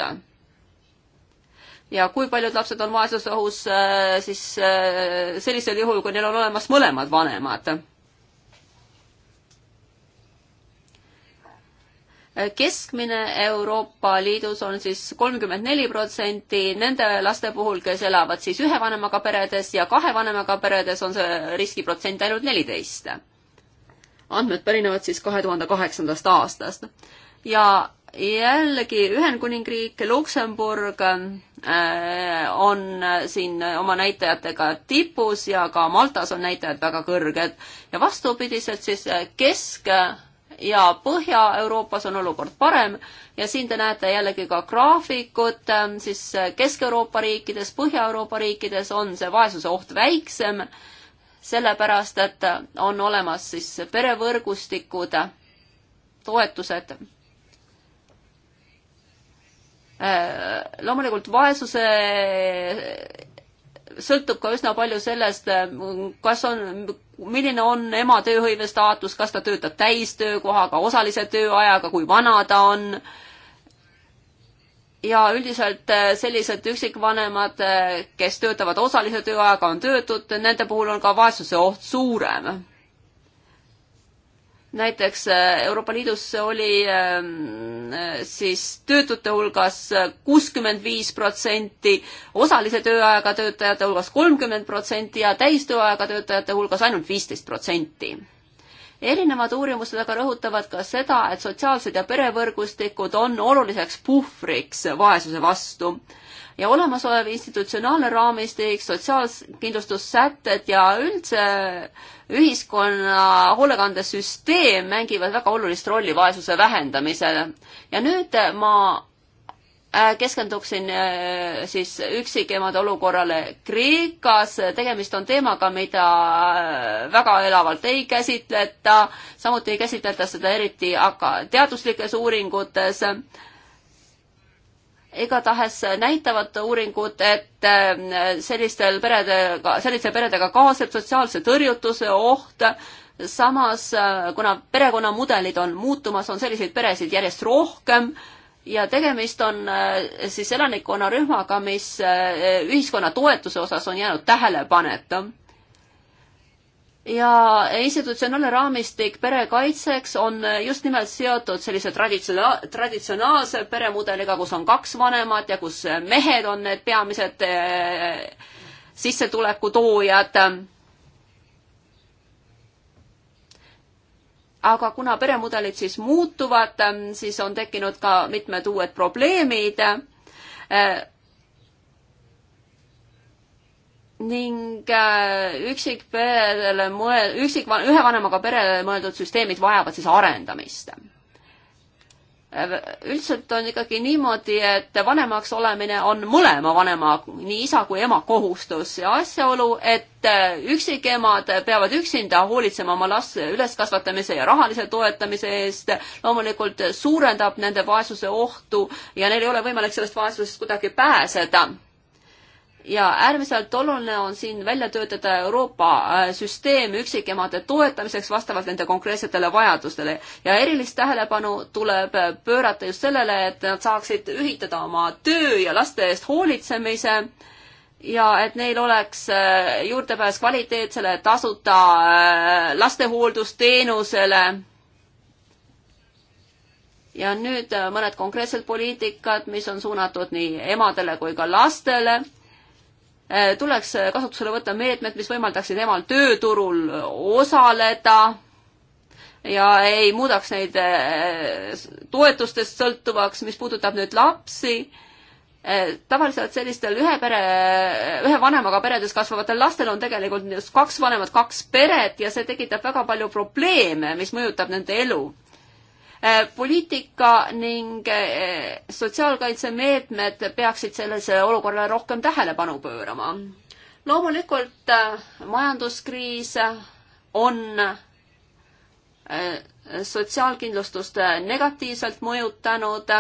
[SPEAKER 1] ja kui paljud lapsed on vaesuse ohus äh, siis äh, sellisel juhul, kui neil on olemas mõlemad vanemad. keskmine Euroopa Liidus on siis kolmkümmend neli protsenti nende laste puhul, kes elavad siis ühe vanemaga peredes ja kahe vanemaga peredes on see riskiprotsent ainult neliteist andmed pärinevad siis kahe tuhande kaheksandast aastast. ja jällegi Ühendkuningriik, Luksemburg äh, on siin oma näitajatega tipus ja ka Maltas on näitajad väga kõrged ja vastupidiselt siis Kesk- ja Põhja-Euroopas on olukord parem ja siin te näete jällegi ka graafikut, äh, siis Kesk-Euroopa riikides, Põhja-Euroopa riikides on see vaesuse oht väiksem sellepärast et on olemas siis perevõrgustikud, toetused. Äh, loomulikult vaesuse sõltub ka üsna palju sellest, kas on, milline on ema tööhõive staatus, kas ta töötab täistöökohaga, osalise tööajaga, kui vana ta on ja üldiselt eh, sellised üksikvanemad, eh, kes töötavad osalise tööajaga, on töötud, nende puhul on ka vaesuse oht suurem. näiteks eh, Euroopa Liidus oli ehm, siis töötute hulgas kuuskümmend viis protsenti, osalise tööajaga töötajate hulgas kolmkümmend protsenti ja täistööajaga töötajate hulgas ainult viisteist protsenti erinevad uurimused aga rõhutavad ka seda, et sotsiaalsed ja perevõrgustikud on oluliseks puhvriks vaesuse vastu ja olemasolev institutsionaalne raamistik, sotsiaalkindlustussätted ja üldse ühiskonna hoolekandesüsteem mängivad väga olulist rolli vaesuse vähendamisel. ja nüüd ma Äh, keskenduksin äh, siis üksikemade olukorrale Kreekas, tegemist on teemaga, mida äh, väga elavalt ei käsitleta, samuti ei käsitleta seda eriti aga teaduslikes uuringutes. igatahes näitavad uuringud, et sellistel peredega, selliste peredega kaasneb sotsiaalse tõrjutuse oht, samas kuna perekonnamudelid on muutumas, on selliseid peresid järjest rohkem ja tegemist on äh, siis elanikkonnarühmaga, mis äh, ühiskonna toetuse osas on jäänud tähelepaneta. ja institutsionaalne raamistik pere kaitseks on äh, just nimelt seotud sellise traditsiona-, traditsionaalse peremudeliga, kus on kaks vanemat ja kus mehed on need peamised sissetuleku toojad aga kuna peremudelid siis muutuvad, ähm, siis on tekkinud ka mitmed uued probleemid äh, ning üksikperele äh, mõel-, üksik, ühe vanemaga perele mõeldud süsteemid vajavad siis arendamist. Äh, üldiselt on ikkagi niimoodi, et vanemaks olemine on mõlema vanema, nii isa kui ema kohustus ja asjaolu, et äh, üksikemad peavad üksinda hoolitsema oma laste üleskasvatamise ja rahalise toetamise eest, loomulikult suurendab nende vaesuse ohtu ja neil ei ole võimalik sellest vaesusest kuidagi pääseda ja äärmiselt oluline on siin välja töötada Euroopa äh, süsteem üksikemade toetamiseks vastavalt nende konkreetsetele vajadustele. ja erilist tähelepanu tuleb äh, pöörata just sellele, et nad saaksid ühitada oma töö ja laste eest hoolitsemise ja et neil oleks äh, juurdepääs kvaliteetsele tasuta lastehooldusteenusele. ja nüüd mõned konkreetsed poliitikad, mis on suunatud nii emadele kui ka lastele Äh, tuleks äh, kasutusele võtta meetmed, mis võimaldaksid emal tööturul osaleda ja ei muudaks neid äh, toetustest sõltuvaks, mis puudutab nüüd lapsi tavaliselt sellistel ühe pere, ühe vanemaga peredes kasvavatel lastel on tegelikult kaks vanemat, kaks peret ja see tekitab väga palju probleeme, mis mõjutab nende elu. Äh, poliitika ning äh, sotsiaalkaitsemeetmed peaksid sellele olukorrale rohkem tähelepanu pöörama. loomulikult äh, majanduskriis on sotsiaalkindlustust negatiivselt mõjutanud.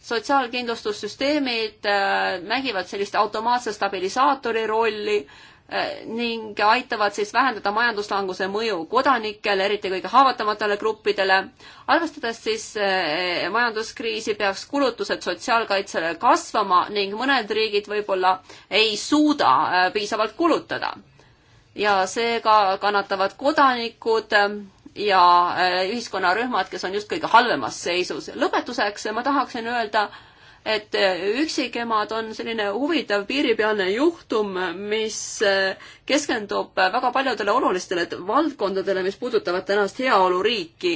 [SPEAKER 1] sotsiaalkindlustussüsteemid mängivad sellist automaatse stabilisaatori rolli ning aitavad siis vähendada majanduslanguse mõju kodanikele, eriti kõige haavatavatele gruppidele. arvestades siis eh, majanduskriisi, peaks kulutused sotsiaalkaitsele kasvama ning mõned riigid võib-olla ei suuda eh, piisavalt kulutada. ja seega kannatavad kodanikud eh, ja ühiskonnarühmad, kes on just kõige halvemas seisus. lõpetuseks ma tahaksin öelda, et eh, üksikemad on selline huvitav piiripealne juhtum, mis eh, keskendub väga paljudele olulistele valdkondadele, mis puudutavad tänast heaoluriiki.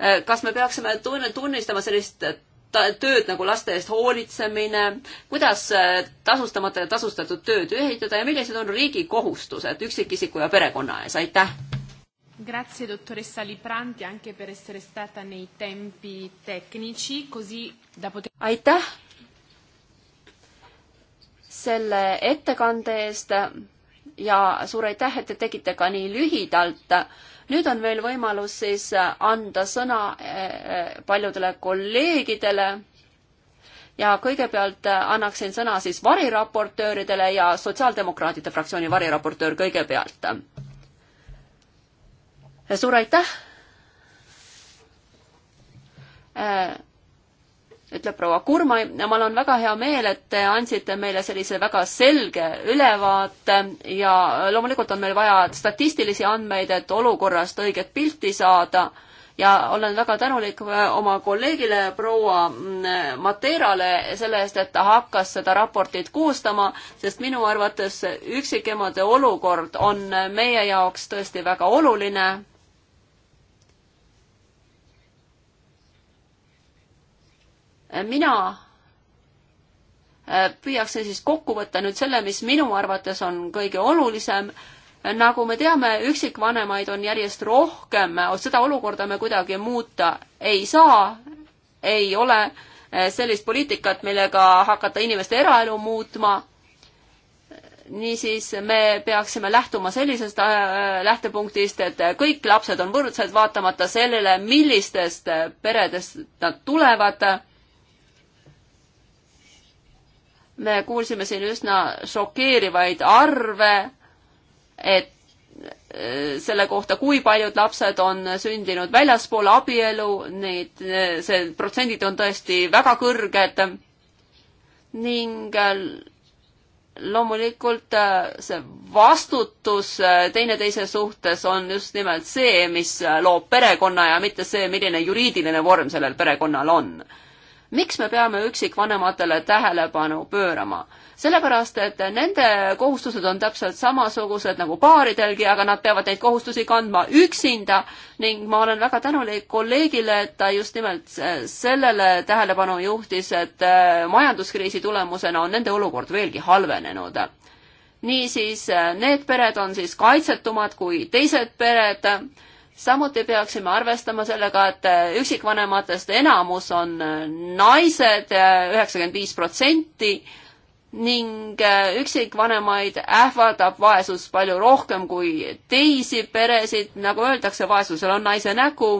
[SPEAKER 1] Eh, kas me peaksime tunnistama sellist tööd nagu laste eest hoolitsemine, kuidas tasustamata ja tasustatud tööd ühitada ja millised on riigi kohustused üksikisiku ja perekonna ees, aitäh!
[SPEAKER 4] Grazie dottoressa Lipranti anche per essere stata nei tempi tecnici, così da poter... aitäh
[SPEAKER 1] selle ettekande eest ja suur aitäh, et te tegite ka nii lühidalt. nüüd on meil võimalus siis anda sõna eh, eh, paljudele kolleegidele ja kõigepealt annaksin sõna siis variraportööridele ja Sotsiaaldemokraatide fraktsiooni variraportöör kõigepealt suur aitäh äh,! ütleb proua Kurmai, mul on väga hea meel, et te andsite meile sellise väga selge ülevaate ja loomulikult on meil vaja statistilisi andmeid, et olukorrast õiget pilti saada ja olen väga tänulik äh, oma kolleegile proua mm, Materale selle eest, et ta hakkas seda raportit koostama, sest minu arvates üksikemade olukord on äh, meie jaoks tõesti väga oluline mina äh, püüaksin siis kokku võtta nüüd selle, mis minu arvates on kõige olulisem. nagu me teame, üksikvanemaid on järjest rohkem, seda olukorda me kuidagi muuta ei saa, ei ole äh, sellist poliitikat, millega hakata inimeste eraelu muutma. niisiis me peaksime lähtuma sellisest äh, lähtepunktist, et kõik lapsed on võrdsed, vaatamata sellele, millistest peredest nad tulevad me kuulsime siin üsna šokeerivaid arve, et äh, selle kohta, kui paljud lapsed on sündinud väljaspool abielu, neid, see protsendid on tõesti väga kõrged ning äh, loomulikult äh, see vastutus teineteise suhtes on just nimelt see, mis loob perekonna ja mitte see, milline juriidiline vorm sellel perekonnal on miks me peame üksikvanematele tähelepanu pöörama? sellepärast, et nende kohustused on täpselt samasugused nagu paaridelgi, aga nad peavad neid kohustusi kandma üksinda ning ma olen väga tänulik kolleegile, et ta just nimelt sellele tähelepanu juhtis, et äh, majanduskriisi tulemusena on nende olukord veelgi halvenenud. niisiis, äh, need pered on siis kaitsetumad kui teised pered samuti peaksime arvestama sellega, et äh, üksikvanematest enamus on äh, naised, äh, üheksakümmend viis protsenti, ning üksikvanemaid ähvardab vaesus palju rohkem kui teisi peresid, nagu öeldakse, vaesusel on naise nägu.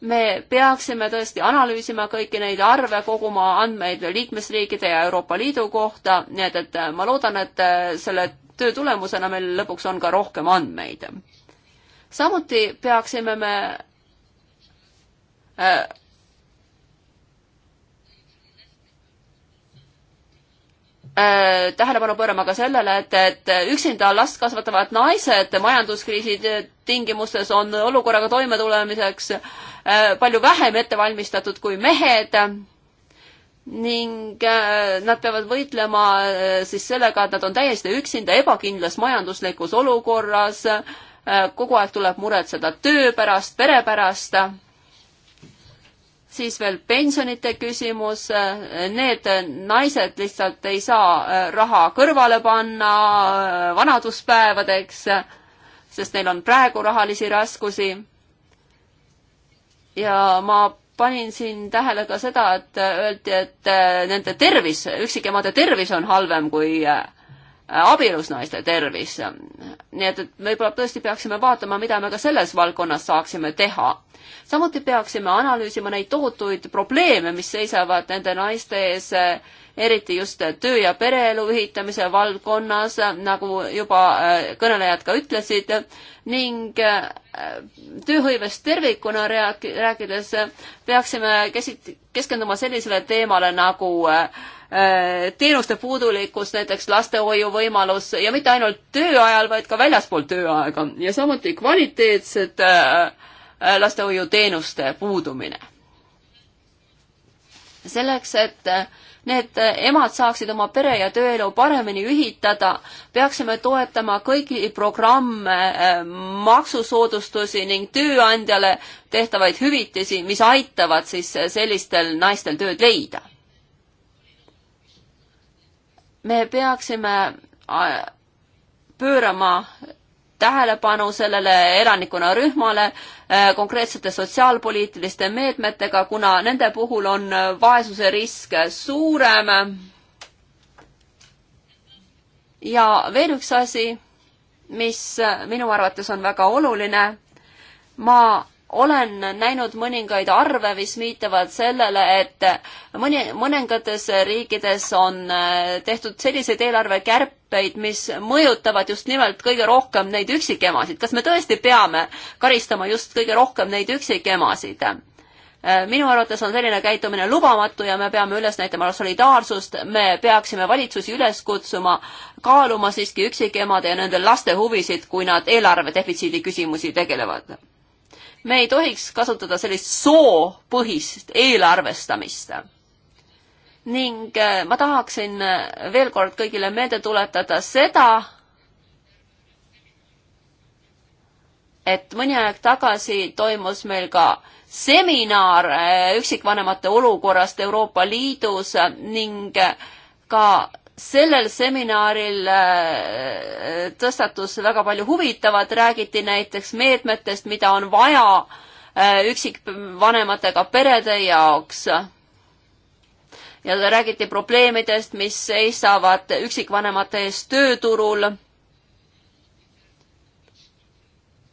[SPEAKER 1] me peaksime tõesti analüüsima kõiki neid arve, koguma andmeid liikmesriikide ja Euroopa Liidu kohta, nii et, et ma loodan, et selle töö tulemusena meil lõpuks on ka rohkem andmeid. samuti peaksime me äh, äh, tähelepanu pöörama ka sellele, et, et üksinda last kasvatavad naised majanduskriisi tingimustes on olukorraga toimetulemiseks äh, palju vähem ette valmistatud kui mehed ning äh, nad peavad võitlema äh, siis sellega, et nad on täiesti üksinda ebakindlas majanduslikus olukorras, äh, kogu aeg tuleb muretseda töö pärast, pere pärast, siis veel pensionite küsimus, need naised lihtsalt ei saa raha kõrvale panna vanaduspäevadeks, sest neil on praegu rahalisi raskusi ja ma panin siin tähele ka seda, et öeldi, et äh, nende tervis, üksikemade tervis on halvem kui äh, abielus naiste tervis. nii et, et võib-olla tõesti peaksime vaatama, mida me ka selles valdkonnas saaksime teha. samuti peaksime analüüsima neid tohutuid probleeme, mis seisavad nende naiste ees äh, eriti just töö- ja pereelu ühitamise valdkonnas, nagu juba äh, kõnelejad ka ütlesid, ning äh, tööhõivest tervikuna rääkides peaksime kesit-, keskenduma sellisele teemale nagu äh, teenuste puudulikkus, näiteks lastehoiu võimalus ja mitte ainult töö ajal, vaid ka väljaspool tööaega ja samuti kvaliteetsed lastehoiuteenuste puudumine. selleks, et need emad saaksid oma pere ja tööelu paremini ühitada. peaksime toetama kõiki programme, äh, maksusoodustusi ning tööandjale tehtavaid hüvitisi, mis aitavad siis sellistel naistel tööd leida. me peaksime äh, pöörama tähelepanu sellele elanikkonnarühmale äh, konkreetsete sotsiaalpoliitiliste meetmetega, kuna nende puhul on äh, vaesuse risk suurem. ja veel üks asi, mis äh, minu arvates on väga oluline. ma olen näinud mõningaid arve, mis viitavad sellele, et mõni, mõningates riikides on tehtud selliseid eelarvekärpe, sätteid, mis mõjutavad just nimelt kõige rohkem neid üksikemasid. kas me tõesti peame karistama just kõige rohkem neid üksikemasid? Äh, minu arvates on selline käitumine lubamatu ja me peame üles näitama solidaarsust, me peaksime valitsusi üles kutsuma kaaluma siiski üksikemade ja nende laste huvisid, kui nad eelarve defitsiidi küsimusi tegelevad. me ei tohiks kasutada sellist soopõhist eelarvestamist ning äh, ma tahaksin äh, veel kord kõigile meelde tuletada seda, et mõni aeg tagasi toimus meil ka seminar äh, üksikvanemate olukorrast Euroopa Liidus ning ka sellel seminaril tõstatus väga palju huvitavat, räägiti näiteks meetmetest, mida on vaja üksikvanematega perede jaoks ja räägiti probleemidest, mis seisavad üksikvanemate ees tööturul.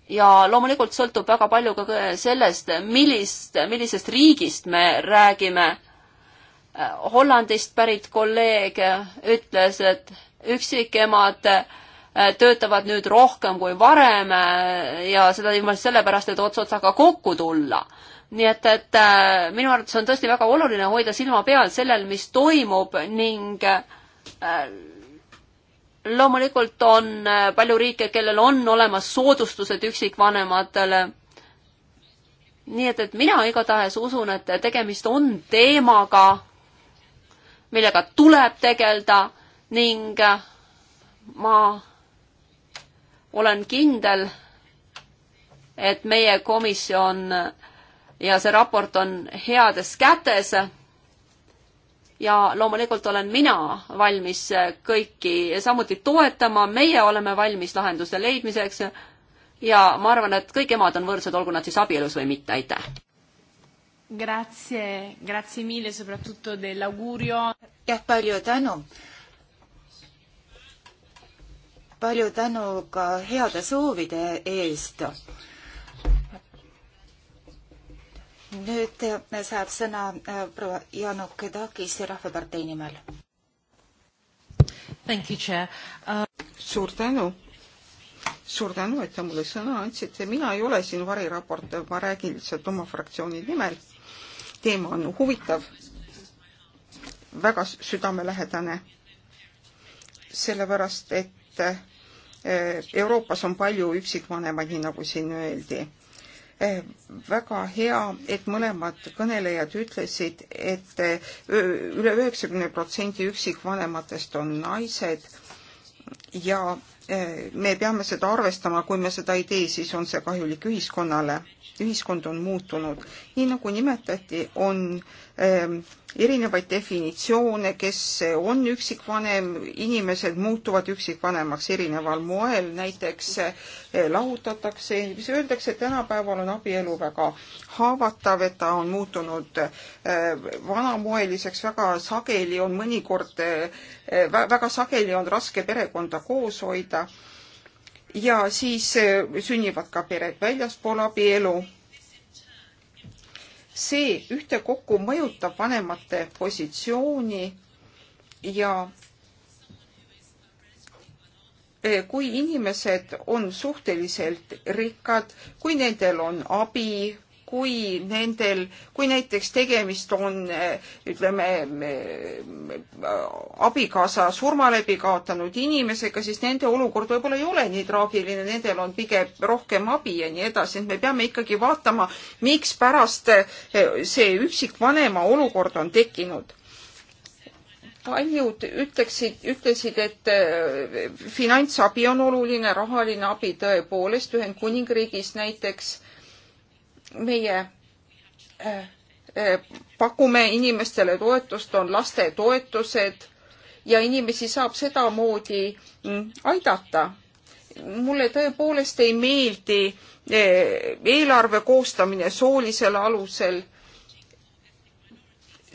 [SPEAKER 1] ja loomulikult sõltub väga palju ka sellest, millist, millisest riigist me räägime. Hollandist pärit kolleeg ütles, et üksikemad äh, töötavad nüüd rohkem kui varem äh, ja seda ilmselt sellepärast, et ots otsaga kokku tulla nii et, et äh, minu arvates on tõesti väga oluline hoida silma peal sellel, mis toimub ning äh, loomulikult on äh, palju riike, kellel on olemas soodustused üksikvanematele. nii et, et mina igatahes usun, et tegemist on teemaga, millega tuleb tegeleda ning ma olen kindel, et meie komisjon äh, ja see raport on heades kätes. ja loomulikult olen mina valmis kõiki samuti toetama, meie oleme valmis lahenduste leidmiseks ja ma arvan, et kõik emad on võrdsed, olgu nad siis abielus või mitte, aitäh!
[SPEAKER 4] Grazie, grazie mille, soprattutto dell'augurio. jah, palju tänu!
[SPEAKER 2] palju tänu ka heade soovide eest! nüüd eh, saab sõna eh, proua Januke Takis Rahvapartei nimel.
[SPEAKER 3] Uh... suur tänu, suur tänu, et te mulle sõna andsite, mina ei ole siin variraportöör, ma räägin lihtsalt oma fraktsiooni nimel. teema on huvitav, väga südamelähedane, sellepärast et eh, Euroopas on palju üksikvanemaid, nii nagu siin öeldi Eh, väga hea, et mõlemad kõnelejad ütlesid et, et eh, üle üheksakümne protsendi üksikvanematest on naised ja eh, me peame seda arvestama, kui me seda ei tee, siis on see kahjulik ühiskonnale ühiskond on muutunud. nii nagu nimetati, on ähm, erinevaid definitsioone, kes on üksikvanem, inimesed muutuvad üksikvanemaks erineval moel, näiteks äh, lahutatakse, mis öeldakse, et tänapäeval on abielu väga haavatav, et ta on muutunud äh, vanamoeliseks, väga sageli on mõnikord, äh, väga sageli on raske perekonda koos hoida ja siis eh, sünnivad ka pered väljaspool abielu. see ühtekokku mõjutab vanemate positsiooni ja eh, kui inimesed on suhteliselt rikkad, kui nendel on abi, kui nendel, kui näiteks tegemist on ütleme abikaasa surmaläbi kaotanud inimesega, siis nende olukord võib-olla ei ole nii traagiline, nendel on pigem rohkem abi ja nii edasi, et me peame ikkagi vaatama, mikspärast eh, see üksikvanema olukord on tekkinud paljud ütleksid, ütlesid, et eh, finantsabi on oluline, rahaline abi tõepoolest, Ühendkuningriigis näiteks meie äh, äh, pakume inimestele toetust, on lastetoetused ja inimesi saab sedamoodi mm, aidata. mulle tõepoolest ei meeldi äh, eelarve koostamine soolisel alusel,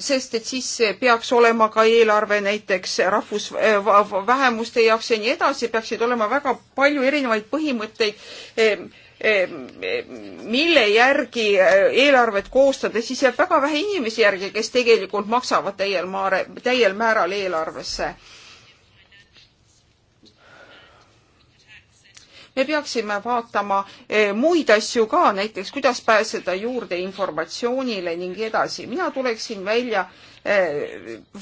[SPEAKER 3] sest et siis peaks olema ka eelarve näiteks rahvusvähemuste jaoks ja nii edasi, peaksid olema väga palju erinevaid põhimõtteid Eh, mille järgi eh, eelarvet koostada, siis jääb väga vähe inimesi järgi, kes tegelikult maksavad täiel maare, täiel määral eelarvesse me peaksime vaatama eh, muid asju ka, näiteks kuidas pääseda juurde informatsioonile ning edasi. mina tuleksin välja eh,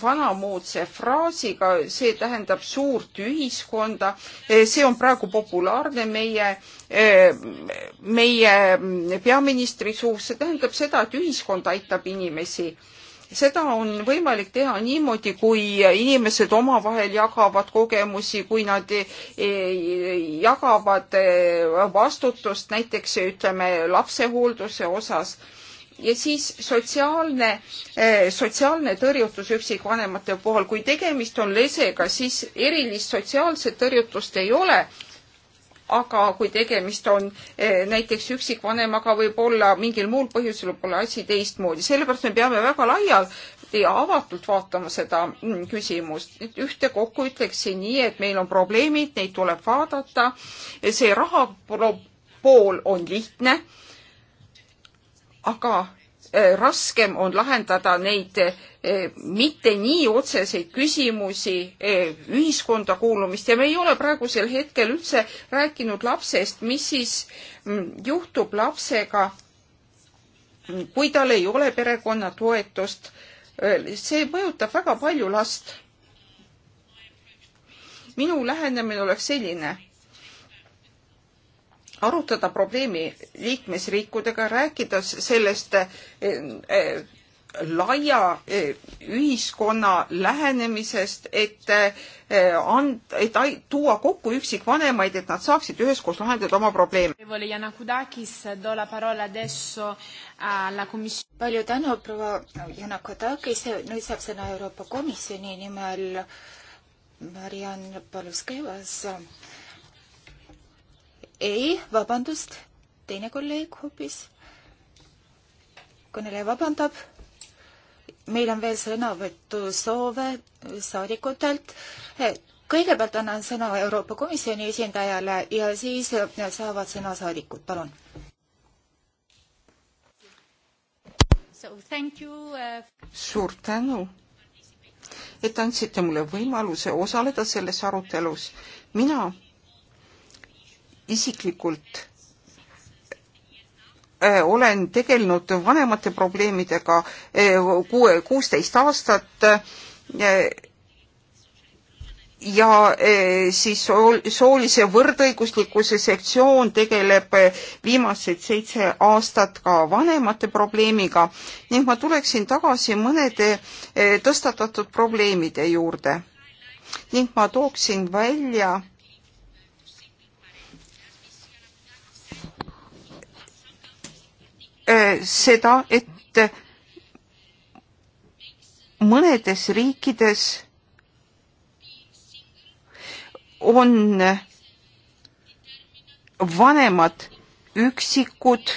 [SPEAKER 3] vanamoodse fraasiga, see tähendab suurt ühiskonda, eh, see on praegu populaarne meie, meie mm, peaministri suus, see tähendab seda, et ühiskond aitab inimesi seda on võimalik teha niimoodi, kui inimesed omavahel jagavad kogemusi, kui nad e, e, jagavad e, vastutust näiteks ütleme lapsehoolduse osas ja siis sotsiaalne, sotsiaalne tõrjutus üksikvanemate puhul, kui tegemist on lesega, siis erilist sotsiaalset tõrjutust ei ole aga kui tegemist on eh, näiteks üksikvanemaga, võib-olla mingil muul põhjusel võib-olla asi teistmoodi, sellepärast me peame väga laialt ja avatult vaatama seda mm, küsimust. ühtekokku ütleksin nii, et meil on probleemid, neid tuleb vaadata. see raha pool on lihtne, aga Äh, raskem on lahendada neid äh, mitte nii otseseid küsimusi äh, ühiskonda kuulumist ja me ei ole praegusel hetkel üldse rääkinud lapsest, mis siis mm, juhtub lapsega, mm, kui tal ei ole perekonna toetust. see mõjutab väga palju last. minu lähenemine oleks selline arutada probleemi liikmesriikudega, rääkida sellest eh, eh, laia eh, ühiskonna lähenemisest, et and-, et tuua kokku üksikvanemaid, et nad saaksid üheskoos lahendada oma probleeme.
[SPEAKER 4] palju
[SPEAKER 2] tänu, proua Janakudakis, nüüd saab sõna Euroopa Komisjoni nimel Mariann Paluskevas ei, vabandust, teine kolleeg hoopis. kõneleja vabandab. meil on veel sõnavõtusoove saadikutelt. kõigepealt annan sõna Euroopa Komisjoni esindajale ja siis saavad sõna saadikud, palun.
[SPEAKER 1] Uh,
[SPEAKER 2] suur tänu, et andsite mulle
[SPEAKER 3] võimaluse osaleda selles arutelus. mina isiklikult äh, olen tegelenud vanemate probleemidega äh, kuusteist aastat äh, ja siis soolise võrdõiguslikkuse sektsioon tegeleb viimased seitse aastat ka vanemate probleemiga ning ma tuleksin tagasi mõnede tõstatatud probleemide juurde ning ma tooksin välja Äh, seda, et mõnedes riikides on vanemad üksikud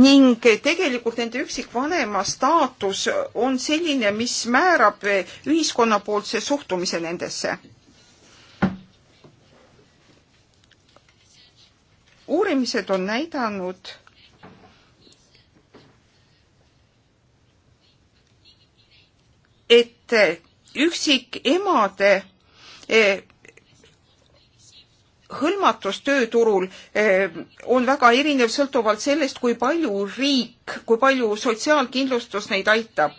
[SPEAKER 3] ning tegelikult nende üksikvanema staatus on selline, mis määrab ühiskonnapoolse suhtumise nendesse. uurimised on näidanud et eh, üksikemade eh, hõlmatus tööturul eh, on väga erinev sõltuvalt sellest, kui palju riik, kui palju sotsiaalkindlustus neid aitab.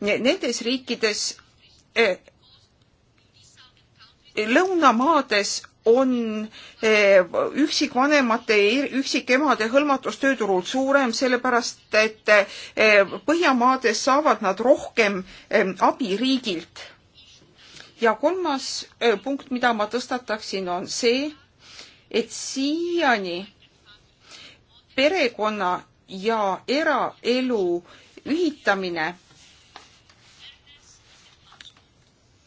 [SPEAKER 3] Nendes riikides, lõunamaades on eh, üksikvanemate, üksikemade hõlmatus tööturul suurem, sellepärast et eh, Põhjamaades saavad nad rohkem eh, abi riigilt. ja kolmas punkt, mida ma tõstataksin, on see, et siiani perekonna ja eraelu ühitamine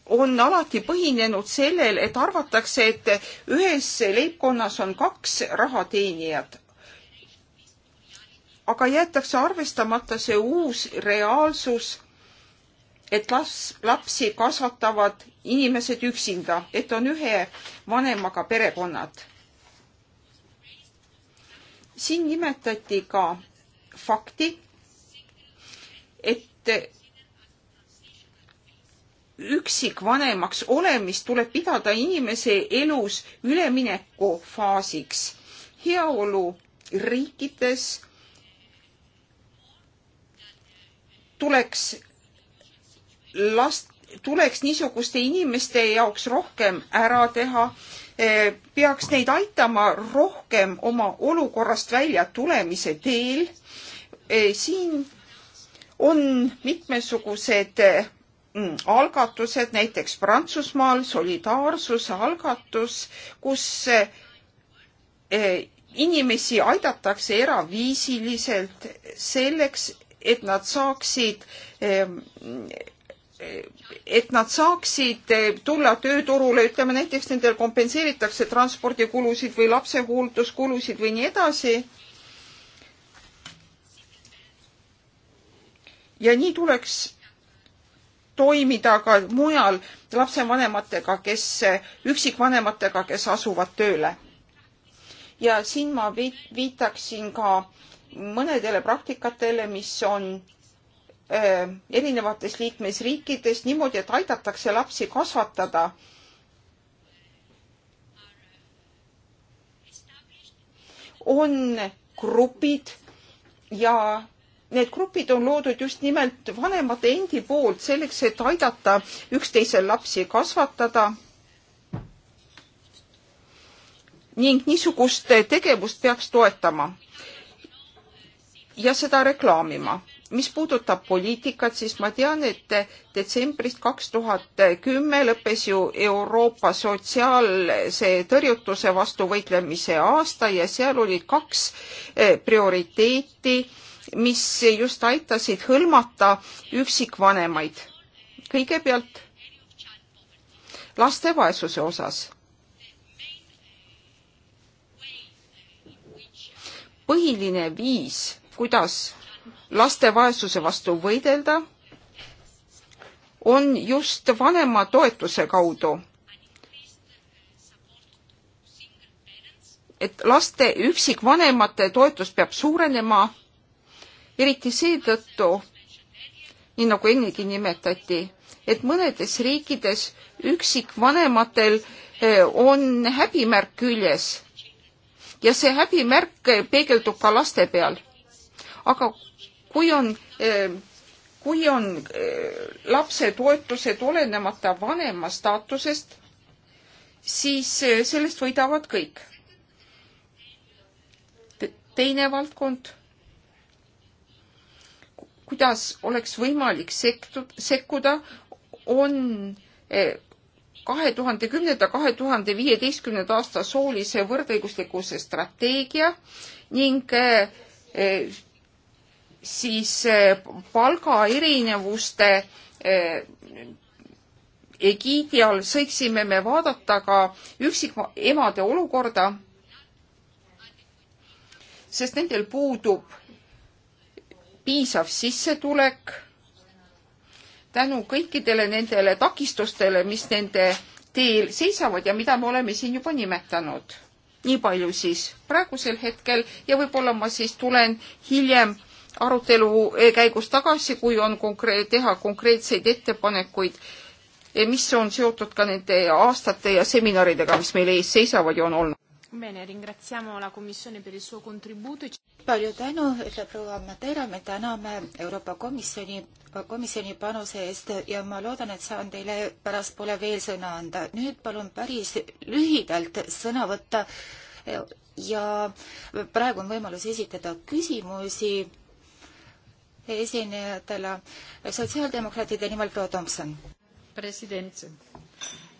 [SPEAKER 3] on alati põhinenud sellel, et arvatakse, et ühes leibkonnas on kaks rahateenijat. aga jäetakse arvestamata see uus reaalsus, et las, lapsi kasvatavad inimesed üksinda, et on ühe vanemaga perekonnad. siin nimetati ka fakti, et üksikvanemaks olemist tuleb pidada inimese elus üleminekufaasiks. heaolu riikides tuleks last, tuleks niisuguste inimeste jaoks rohkem ära teha, eh, peaks neid aitama rohkem oma olukorrast välja tulemise teel. Eh, siin on mitmesugused eh, Mm, algatused, näiteks Prantsusmaal solidaarsuse algatus, kus eh, inimesi aidatakse eraviisiliselt selleks, et nad saaksid eh, et nad saaksid eh, tulla tööturule, ütleme näiteks nendel kompenseeritakse transpordikulusid või lapsehoolduskulusid või nii edasi. ja nii tuleks toimida ka mujal lapsevanematega, kes, üksikvanematega, kes asuvad tööle. ja siin ma viitaksin ka mõnedele praktikatele, mis on äh, erinevates liikmesriikides niimoodi, et aidatakse lapsi kasvatada on grupid ja need grupid on loodud just nimelt vanemate endi poolt selleks, et aidata üksteisel lapsi kasvatada. ning niisugust tegevust peaks toetama ja seda reklaamima. mis puudutab poliitikat, siis ma tean, et detsembrist kaks tuhat kümme lõppes ju Euroopa sotsiaalse tõrjutuse vastu võitlemise aasta ja seal olid kaks eh, prioriteeti mis just aitasid hõlmata üksikvanemaid. kõigepealt laste vaesuse osas. põhiline viis, kuidas laste vaesuse vastu võidelda, on just vanema toetuse kaudu et laste üksikvanemate toetus peab suurenema eriti seetõttu, nii nagu ennegi nimetati, et mõnedes riikides üksikvanematel eh, on häbimärk küljes ja see häbimärk eh, peegeldub ka laste peal. aga kui on, eh, kui on lapse toetused olenemata vanema staatusest, siis sellest võidavad kõik. teine valdkond kuidas oleks võimalik sektud, sekkuda, on eh, kahe tuhande kümnenda, kahe tuhande viieteistkümnenda aasta soolise võrdõiguslikkuse strateegia ning eh, eh, siis palgaerinevuste egiidi all sõiksime me vaadata ka üksikemade olukorda, sest nendel puudub piisav sissetulek tänu kõikidele nendele takistustele, mis nende teel seisavad ja mida me oleme siin juba nimetanud. nii palju siis praegusel hetkel ja võib-olla ma siis tulen hiljem arutelu käigus tagasi, kui on konkreet-, teha konkreetseid ettepanekuid, eh, mis on seotud ka nende aastate ja seminaridega, mis meil ees seisavad ja on olnud.
[SPEAKER 4] Bene, ringraziamo
[SPEAKER 2] la Commissione per il suo contributo. E palju tänu, ütleb proua Matera, me täname Euroopa Komisjoni, komisjoni panuse eest ja ma loodan, et saan teile pärastpoole veel sõna anda. nüüd palun päris lühidalt sõna võtta ja praegu on võimalus esitada küsimusi esinejatele. sotsiaaldemokraatide nimel proua Tomson. president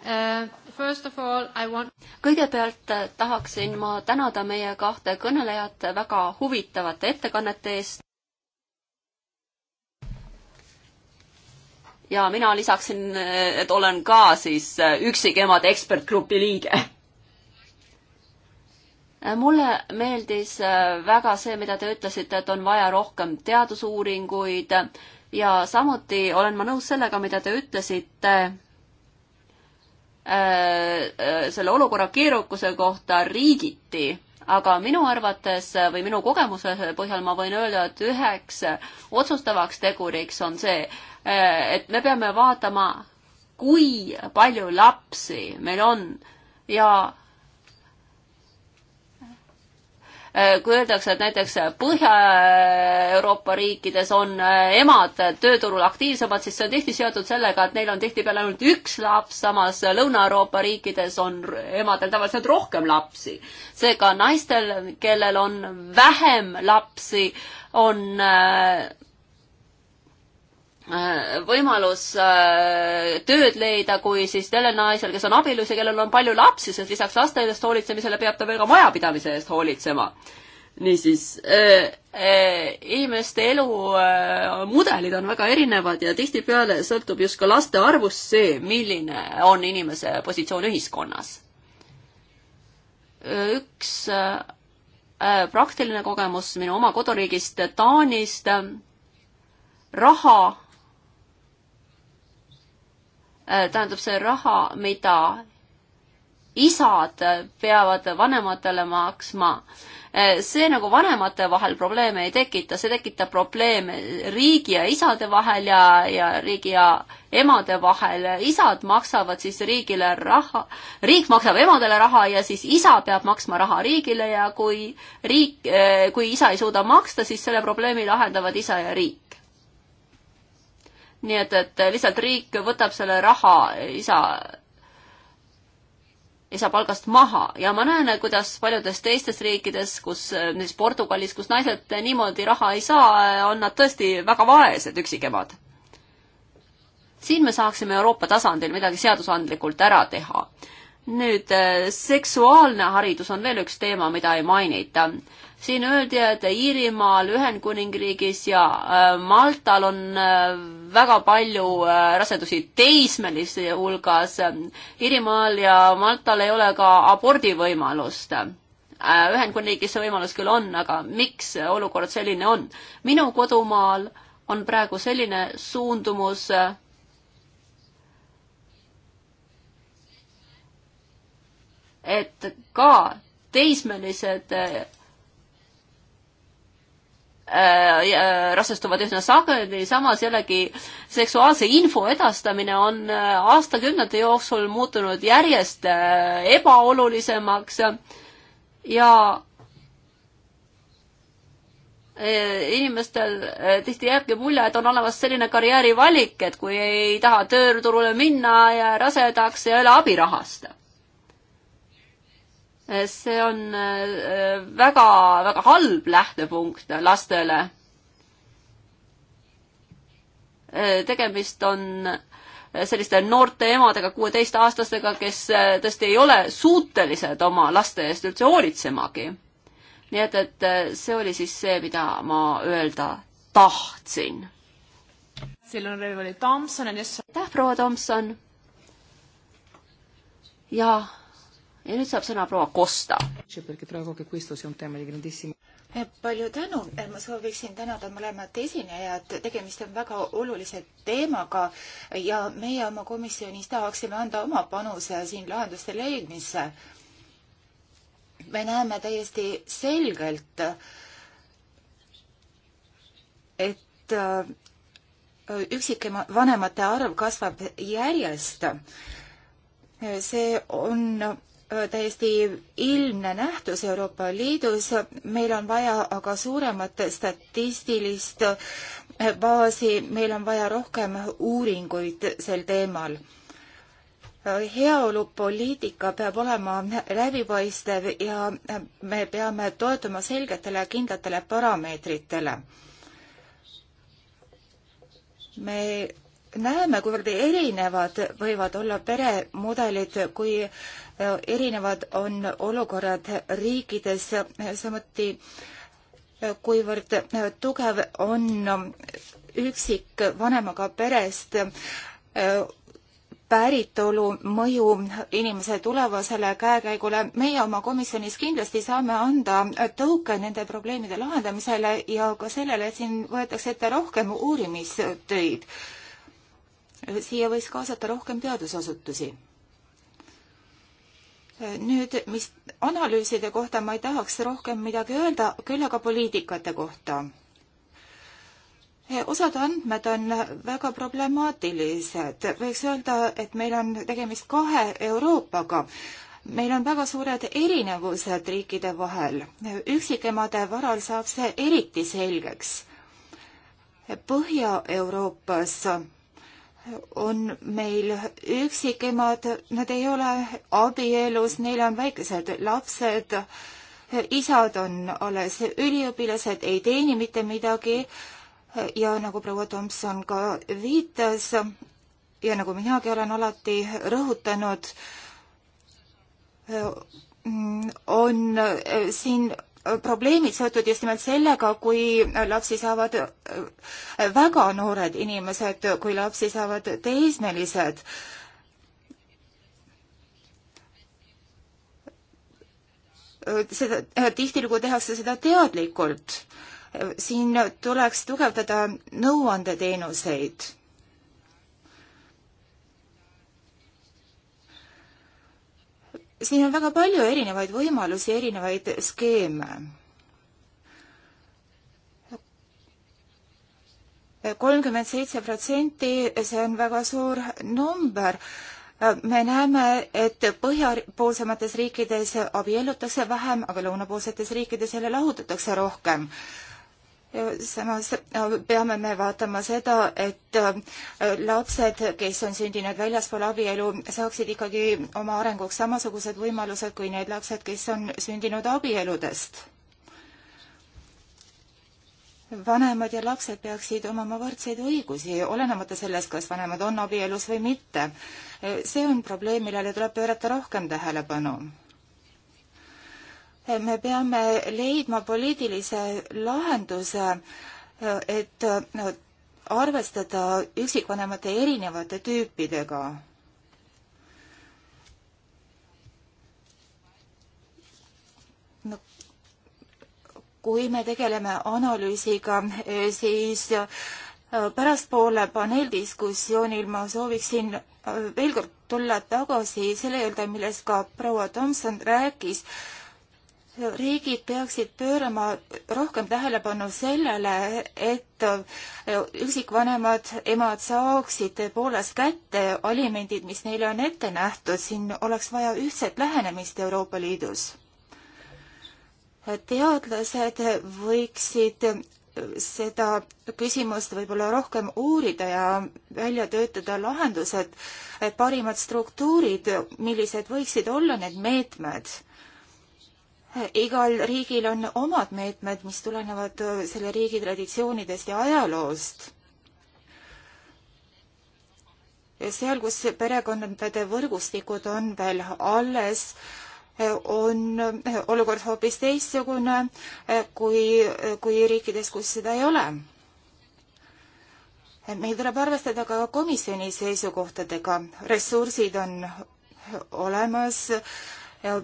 [SPEAKER 1] Uh, want... kõigepealt äh, tahaksin ma tänada meie kahte kõnelejat väga huvitavate ettekannete eest. ja mina lisaksin, äh, et olen ka siis äh, üksikemade ekspertgrupi liige. mulle meeldis väga see, mida te ütlesite, et on vaja rohkem teadusuuringuid ja samuti olen ma nõus sellega, mida te ütlesite Äh, äh, selle olukorra keerukuse kohta riigiti, aga minu arvates või minu kogemuse põhjal ma võin öelda, et üheks otsustavaks teguriks on see, äh, et me peame vaatama, kui palju lapsi meil on ja Äh, kui öeldakse, et näiteks Põhja-Euroopa riikides on äh, emad tööturul aktiivsemad, siis see on tihti seotud sellega, et neil on tihtipeale ainult üks laps, samas Lõuna-Euroopa riikides on emadel tavaliselt rohkem lapsi. seega naistel, kellel on vähem lapsi, on äh, Äh, võimalus äh, tööd leida, kui siis telenaisel, kes on abielus ja kellel on palju lapsi, sest lisaks laste eest hoolitsemisele peab ta veel ka majapidamise eest hoolitsema. niisiis äh, äh, inimeste elumudelid äh, on väga erinevad ja tihtipeale sõltub just ka laste arvust see, milline on inimese positsioon ühiskonnas. Äh, üks praktiline kogemus minu oma koduriigist Taanist raha Äh, tähendab see raha, mida isad peavad vanematele maksma. Äh, see nagu vanemate vahel probleeme ei tekita, see tekitab probleeme riigi ja isade vahel ja, ja riigi ja emade vahel. isad maksavad siis riigile raha, riik maksab emadele raha ja siis isa peab maksma raha riigile ja kui riik, äh, kui isa ei suuda maksta, siis selle probleemi lahendavad isa ja riik nii et, et lihtsalt riik võtab selle raha isa, isa palgast maha ja ma näen, kuidas paljudes teistes riikides, kus näiteks Portugalis, kus naised niimoodi raha ei saa, on nad tõesti väga vaesed üksikemad. siin me saaksime Euroopa tasandil midagi seadusandlikult ära teha nüüd seksuaalne haridus on veel üks teema, mida ei mainita siin öeldi, et Iirimaal, Ühendkuningriigis ja äh, Maltal on äh, väga palju äh, rasedusi teismeliste hulgas. Iirimaal ja Maltal ei ole ka abordivõimalust. Ühendkuningriigis see võimalus küll on, aga miks olukord selline on? minu kodumaal on praegu selline suundumus, et ka teismelised Äh, äh, rasestuvad üsna sageli, samas jällegi seksuaalse info edastamine on äh, aastakümnete jooksul muutunud järjest ebaolulisemaks ja inimestel tihti jääbki mulje, et on olemas selline karjäärivalik, et kui ei taha tööturule minna ja rasedaks ja ei ole abirahast see on väga-väga äh, halb lähtepunkt lastele. Äh, tegemist on äh, selliste noorte emadega, kuueteistaastastega, kes tõesti ei ole suutelised oma laste eest üldse hoolitsemagi. nii et, et see oli siis see, mida ma öelda tahtsin.
[SPEAKER 4] aitäh,
[SPEAKER 1] proua Tomson! jaa ja nüüd saab sõna proua Kosta.
[SPEAKER 2] Eh, palju tänu, eh, ma sooviksin tänada mõlemat
[SPEAKER 1] esinejat,
[SPEAKER 2] tegemist on väga olulise teemaga ja meie oma komisjonis tahaksime anda oma panuse siin lahenduste leidmisse. me näeme täiesti selgelt, et äh, üksikvanemate arv kasvab järjest see on Äh, täiesti ilmne nähtus Euroopa Liidus, meil on vaja aga suuremat statistilist äh, baasi, meil on vaja rohkem uuringuid sel teemal. Äh, heaolupoliitika peab olema läbipaistev ja me peame toetuma selgetele kindlatele parameetritele. me näeme, kuivõrd erinevad võivad olla peremudelid, kui äh, erinevad on olukorrad riikides, samuti äh, kuivõrd äh, tugev on üksikvanemaga perest päritolu mõju inimese tulevasele käekäigule. meie oma komisjonis kindlasti saame anda tõuke nende probleemide lahendamisele ja ka sellele, et siin võetakse ette rohkem uurimistöid siia võiks kaasata rohkem teadusasutusi. nüüd, mis analüüside kohta ma ei tahaks rohkem midagi öelda, küll aga poliitikate kohta. osad andmed on väga problemaatilised, võiks öelda, et meil on tegemist kahe Euroopaga meil on väga suured erinevused riikide vahel. üksikemade varal saab see eriti selgeks. Põhja-Euroopas on meil üksikemad, nad ei ole abielus, neil on väikesed lapsed, isad on alles üliõpilased, ei teeni mitte midagi ja nagu proua Tomson ka viitas ja nagu minagi olen alati rõhutanud, on siin probleemid seotud just nimelt sellega, kui lapsi saavad äh, väga noored inimesed, kui lapsi saavad teismelised. seda, äh, tihtilugu tehakse seda teadlikult. siin tuleks tugevdada nõuandeteenuseid siin on väga palju erinevaid võimalusi, erinevaid skeeme. kolmkümmend seitse protsenti, see on väga suur number. me näeme, et põhjapoolsemates riikides abiellutakse vähem, aga lõunapoolsetes riikides jälle lahutatakse rohkem samas äh, peame me vaatama seda, et äh, lapsed, kes on sündinud väljaspool abielu, saaksid ikkagi oma arenguks samasugused võimalused kui need lapsed, kes on sündinud abieludest. vanemad ja lapsed peaksid omama võrdseid õigusi, olenemata sellest, kas vanemad on abielus või mitte. Äh, see on probleem, millele tuleb pöörata rohkem tähelepanu me peame leidma poliitilise lahenduse, et no, arvestada üksikvanemate erinevate tüüpidega. no kui me tegeleme analüüsiga, siis äh, pärastpoole paneeldiskussioonil ma sooviksin äh, veel kord tulla tagasi selle juurde, millest ka proua Tomson rääkis riigid peaksid pöörama rohkem tähelepanu sellele, et äh, üksikvanemad, emad saaksid tõepoolest kätte alimendid, mis neile on ette nähtud, siin oleks vaja ühtset lähenemist Euroopa Liidus. teadlased võiksid äh, seda küsimust võib-olla rohkem uurida ja välja töötada lahendused, äh, parimad struktuurid, millised võiksid olla need meetmed igal riigil on omad meetmed, mis tulenevad äh, selle riigi traditsioonidest ja ajaloost. seal, kus perekondade võrgustikud on veel alles, äh, on äh, olukord hoopis teistsugune kui, kui riikides, kus seda ei ole. meil tuleb arvestada ka komisjoni seisukohtadega, ressursid on olemas,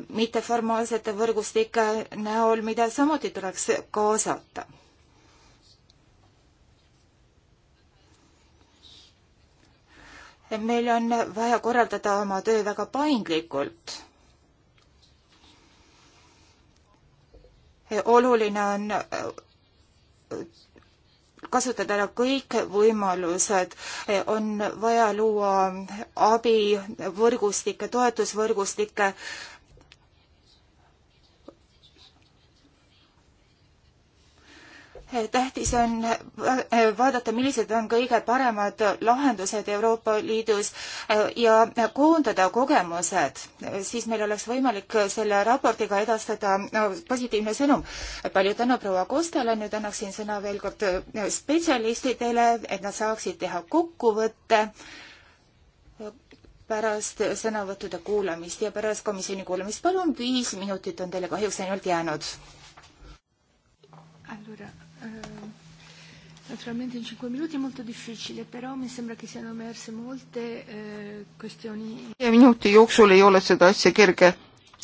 [SPEAKER 2] mitteformaalsete võrgustike näol, mida samuti tuleks kaasata. meil on vaja korraldada oma töö väga paindlikult. oluline on äh, kasutada ära kõik võimalused, on vaja luua abivõrgustikke, toetusvõrgustikke tähtis on vaadata, millised on kõige paremad lahendused Euroopa Liidus äh, ja koondada kogemused, siis meil oleks võimalik selle raportiga edastada no, positiivne sõnum. palju tänu proua Kostele, nüüd annaksin sõna veel kord äh, spetsialistidele, et nad saaksid teha kokkuvõtte pärast sõnavõttude kuulamist ja pärast komisjoni kuulamist. palun, viis minutit on teile kahjuks ainult jäänud. Allora Eh, naturalmente in cinque minuti è molto difficile, però mi sembra che siano emerse molte eh, questioni. viie
[SPEAKER 3] minuti jooksul ei ole seda asja kerge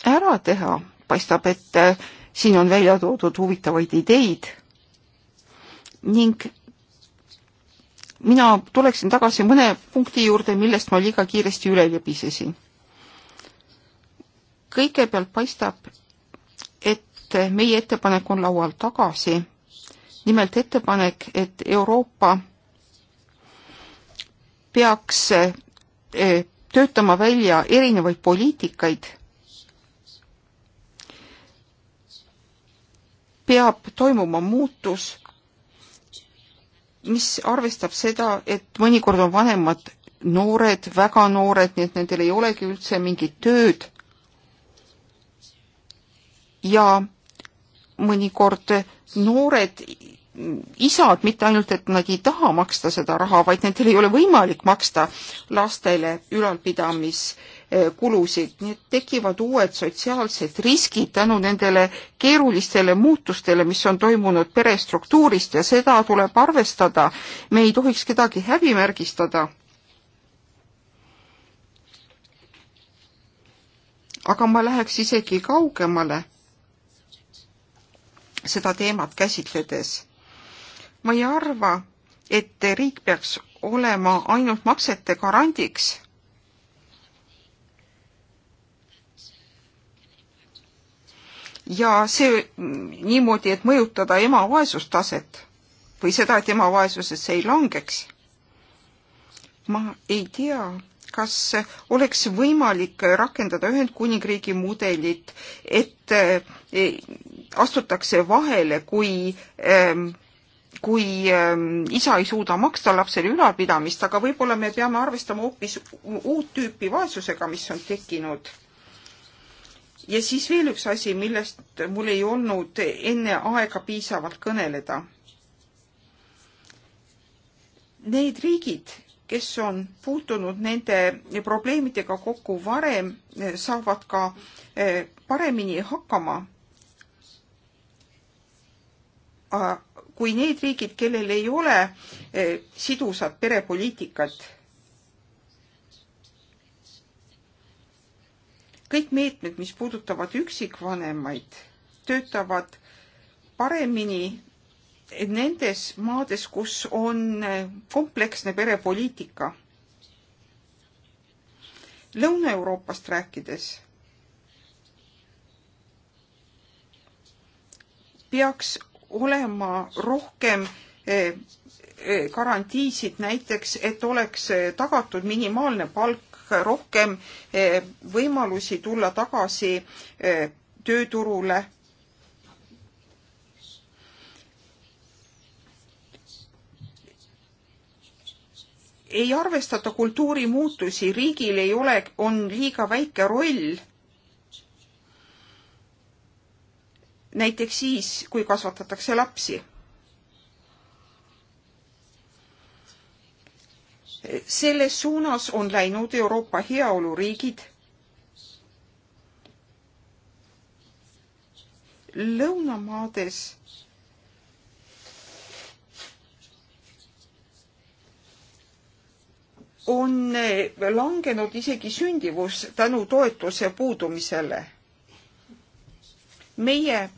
[SPEAKER 3] ära teha, paistab, et äh, siin on välja toodud huvitavaid ideid ning mina tuleksin tagasi mõne punkti juurde, millest ma liiga kiiresti üle libisesin. kõigepealt paistab, et meie ettepanek on laual tagasi nimelt ettepanek, et Euroopa peaks eh, töötama välja erinevaid poliitikaid, peab toimuma muutus, mis arvestab seda, et mõnikord on vanemad noored, väga noored, nii et nendel ei olegi üldse mingit tööd. ja mõnikord noored isad mitte ainult, et nad ei taha maksta seda raha, vaid nendel ei ole võimalik maksta lastele ülalpidamiskulusid, nii et tekivad uued sotsiaalsed riskid tänu nendele keerulistele muutustele, mis on toimunud perestruktuurist ja seda tuleb arvestada. me ei tohiks kedagi häbimärgistada. aga ma läheks isegi kaugemale seda teemat käsitledes ma ei arva, et riik peaks olema ainult maksete garandiks. ja see niimoodi, et mõjutada ema vaesustaset või seda, et ema vaesusesse ei langeks. ma ei tea, kas oleks võimalik rakendada Ühendkuningriigi mudelit, et eh, astutakse vahele, kui ähm, kui ähm, isa ei suuda maksta lapsele ülalpidamist, aga võib-olla me peame arvestama hoopis uut tüüpi vaesusega, mis on tekkinud. ja siis veel üks asi, millest mul ei olnud enne aega piisavalt kõneleda. Need riigid, kes on puutunud nende probleemidega kokku varem, saavad ka äh, paremini hakkama kui need riigid, kellel ei ole eh, sidusat perepoliitikat, kõik meetmed, mis puudutavad üksikvanemaid, töötavad paremini nendes maades, kus on eh, kompleksne perepoliitika. Lõuna-Euroopast rääkides peaks olema rohkem eh, eh, garantiisid näiteks, et oleks eh, tagatud minimaalne palk, rohkem võimalusi tulla tagasi tööturule. ei arvestata kultuurimuutusi, riigil ei ole, on liiga väike roll näiteks siis, kui kasvatatakse lapsi. selles suunas on läinud Euroopa heaoluriigid. lõunamaades on langenud isegi sündivus tänu toetuse puudumisele. meie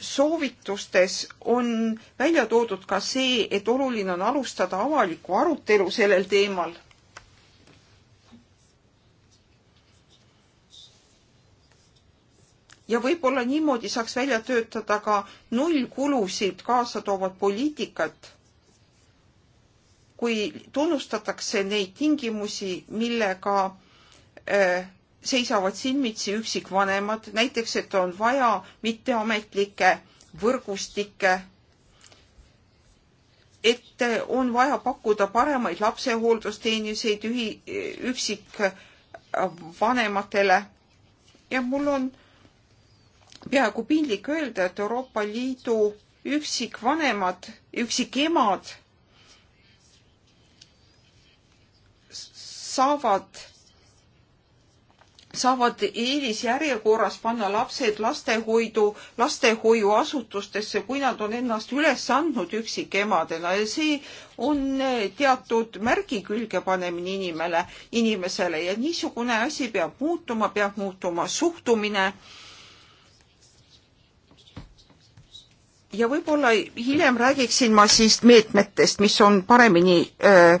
[SPEAKER 3] soovitustes on välja toodud ka see, et oluline on alustada avalikku arutelu sellel teemal. ja võib-olla niimoodi saaks välja töötada ka nullkulusid kaasa toovad poliitikad, kui tunnustatakse neid tingimusi, millega äh, seisavad silmitsi üksikvanemad, näiteks et on vaja mitteametlikke võrgustikke, et on vaja pakkuda paremaid lapsehooldusteenuseid ühi-, üksikvanematele ja mul on peaaegu piinlik öelda, et Euroopa Liidu üksikvanemad, üksikemad saavad saavad eelisjärjekorras panna lapsed lastehoidu, lastehoiuasutustesse, kui nad on ennast üles andnud üksikemadena ja see on eh, teatud märgi külge panemine inimele, inimesele ja niisugune asi peab muutuma, peab muutuma suhtumine. ja võib-olla hiljem räägiksin ma siis meetmetest, mis on paremini öö, eh,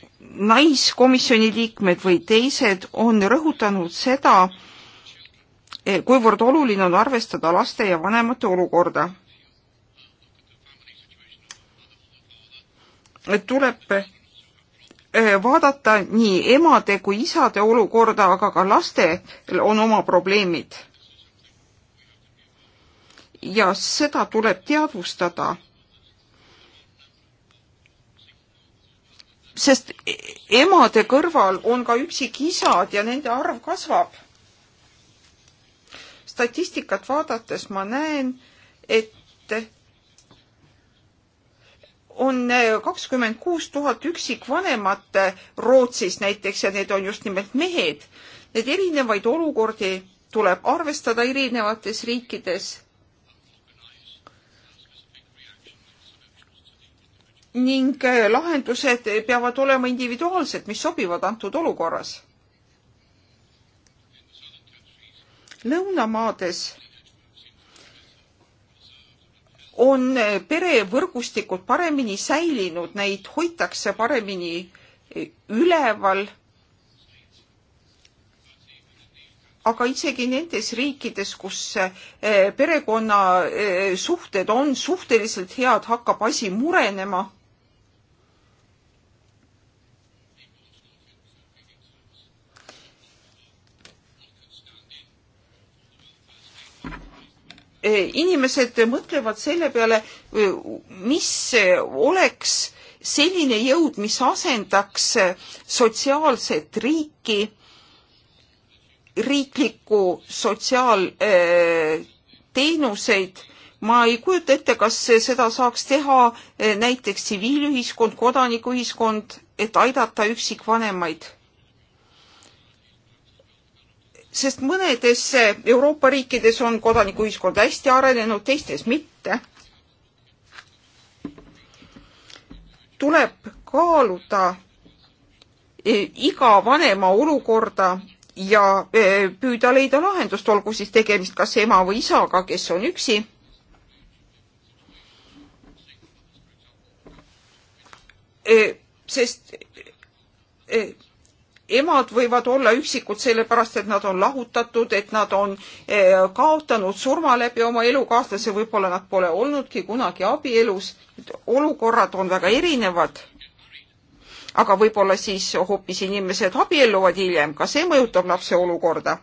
[SPEAKER 3] naiskomisjoni liikmed või teised on rõhutanud seda, eh, kuivõrd oluline on arvestada laste ja vanemate olukorda. tuleb eh, vaadata nii emade kui isade olukorda, aga ka lastel on oma probleemid. ja seda tuleb teadvustada sest e-, emade kõrval on ka üksikisad ja nende arv kasvab. statistikat vaadates ma näen, et on kakskümmend kuus tuhat üksikvanemat Rootsis näiteks ja need on just nimelt mehed. Need erinevaid olukordi tuleb arvestada erinevates riikides ning äh, lahendused peavad olema individuaalsed, mis sobivad antud olukorras. lõunamaades on äh, perevõrgustikud paremini säilinud, neid hoitakse paremini äh, üleval. aga isegi nendes riikides, kus perekonnasuhted on suhteliselt head, hakkab asi murenema Eh, inimesed mõtlevad selle peale, eh, mis oleks selline jõud, mis asendaks sotsiaalset riiki, riiklikku sotsiaalteenuseid. Eh, ma ei kujuta ette, kas seda saaks teha näiteks tsiviilühiskond, kodanikuühiskond, et aidata üksikvanemaid sest mõnedes Euroopa riikides on kodanikuühiskond hästi arenenud, teistes mitte. tuleb kaaluda e, iga vanema olukorda ja e, püüda leida lahendust, olgu siis tegemist kas ema või isaga, kes on üksi e, sest emad võivad olla üksikud sellepärast, et nad on lahutatud, et nad on eh, kaotanud surma läbi oma elukaaslase, võib-olla nad pole olnudki kunagi abielus. olukorrad on väga erinevad. aga võib-olla siis hoopis inimesed abielluvad hiljem, ka see mõjutab lapse olukorda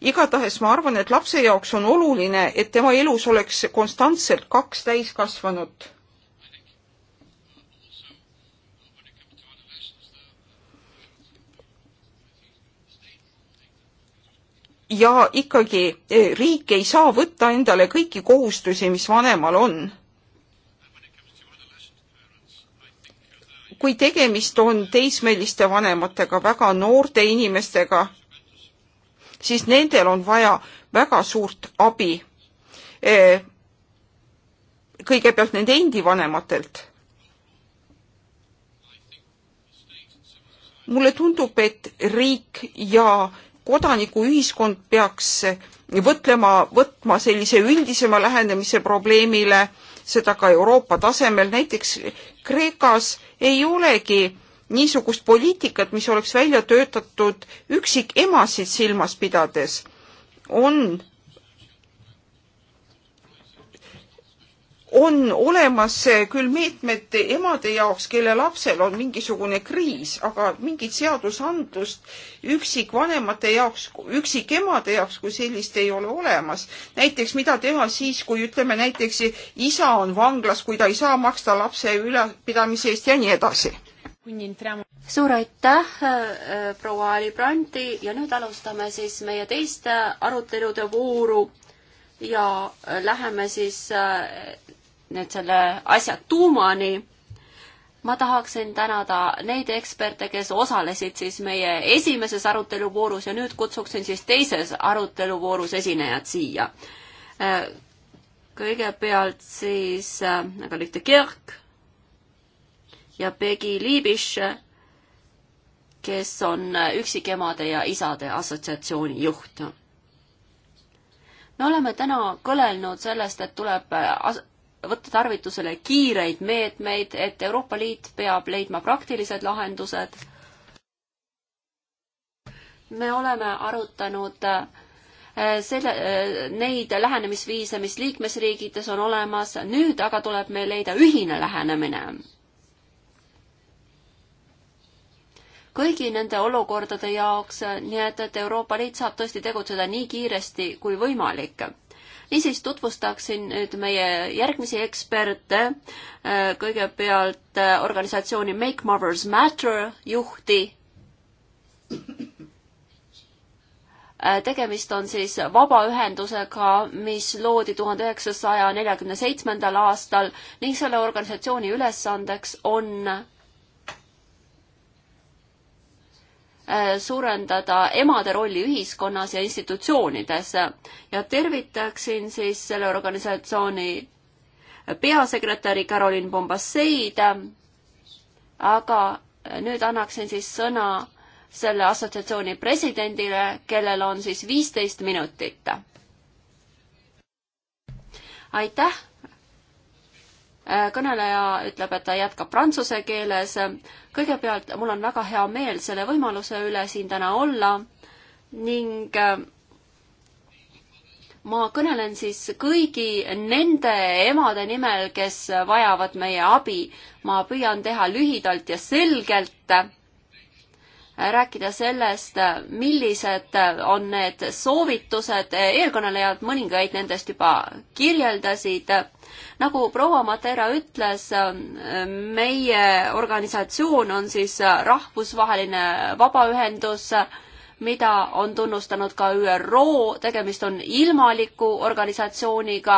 [SPEAKER 3] igatahes ma arvan, et lapse jaoks on oluline, et tema elus oleks konstantselt kaks täiskasvanut. ja ikkagi e, riik ei saa võtta endale kõiki kohustusi, mis vanemal on. kui tegemist on teismeliste vanematega, väga noorte inimestega, siis nendel on vaja väga suurt abi. E, kõigepealt nende endi vanematelt. mulle tundub, et riik ja kodanikuühiskond peaks võtlema, võtma sellise üldisema lähenemise probleemile, seda ka Euroopa tasemel, näiteks Kreekas ei olegi niisugust poliitikat, mis oleks välja töötatud üksikemasid silmas pidades. on on olemas küll meetmed emade jaoks, kelle lapsel on mingisugune kriis, aga mingit seadusandlust üksikvanemate jaoks, üksikemade jaoks kui sellist ei ole olemas. näiteks mida teha siis, kui ütleme näiteks isa on vanglas, kui ta ei saa maksta lapse ülepidamise eest ja nii edasi.
[SPEAKER 1] suur aitäh, äh, proua Ali Brandi ja nüüd alustame siis meie teiste arutelude vooru ja läheme siis äh, nüüd selle asja tuumani. ma tahaksin tänada neid eksperte, kes osalesid siis meie esimeses aruteluvoorus ja nüüd kutsuksin siis teises aruteluvoorus esinejad siia. kõigepealt siis äh, Agalite Kirk ja Pegi Liibish, kes on üksikemade ja isade assotsiatsiooni juht me oleme täna kõnelnud sellest, et tuleb as-, võtta tarvitusele kiireid meetmeid, et Euroopa Liit peab leidma praktilised lahendused. me oleme arutanud äh, selle, äh, neid lähenemisviise, mis liikmesriikides on olemas, nüüd aga tuleb meil leida ühine lähenemine. kõigi nende olukordade jaoks, nii et, et Euroopa Liit saab tõesti tegutseda nii kiiresti kui võimalik niisiis tutvustaksin nüüd meie järgmisi eksperte, äh, kõigepealt äh, organisatsiooni Make Mothers Matter juhti. Äh, tegemist on siis vabaühendusega, mis loodi tuhande üheksasaja neljakümne seitsmendal aastal ning selle organisatsiooni ülesandeks on Äh, suurendada emade rolli ühiskonnas ja institutsioonides ja tervitaksin siis selle organisatsiooni peasekretäri Caroline Bombasseid, aga nüüd annaksin siis sõna selle assotsiatsiooni presidendile, kellel on siis viisteist minutit. aitäh Äh, kõneleja ütleb, et ta jätkab prantsuse keeles. kõigepealt mul on väga hea meel selle võimaluse üle siin täna olla ning äh, ma kõnelen siis kõigi nende emade nimel, kes vajavad meie abi. ma püüan teha lühidalt ja selgelt, äh, rääkida sellest, millised on need soovitused, eelkõnelejad mõningaid nendest juba kirjeldasid nagu proua Matera ütles, ähm, meie organisatsioon on siis äh, rahvusvaheline vabaühendus, äh, mida on tunnustanud ka ÜRO, tegemist on ilmaliku organisatsiooniga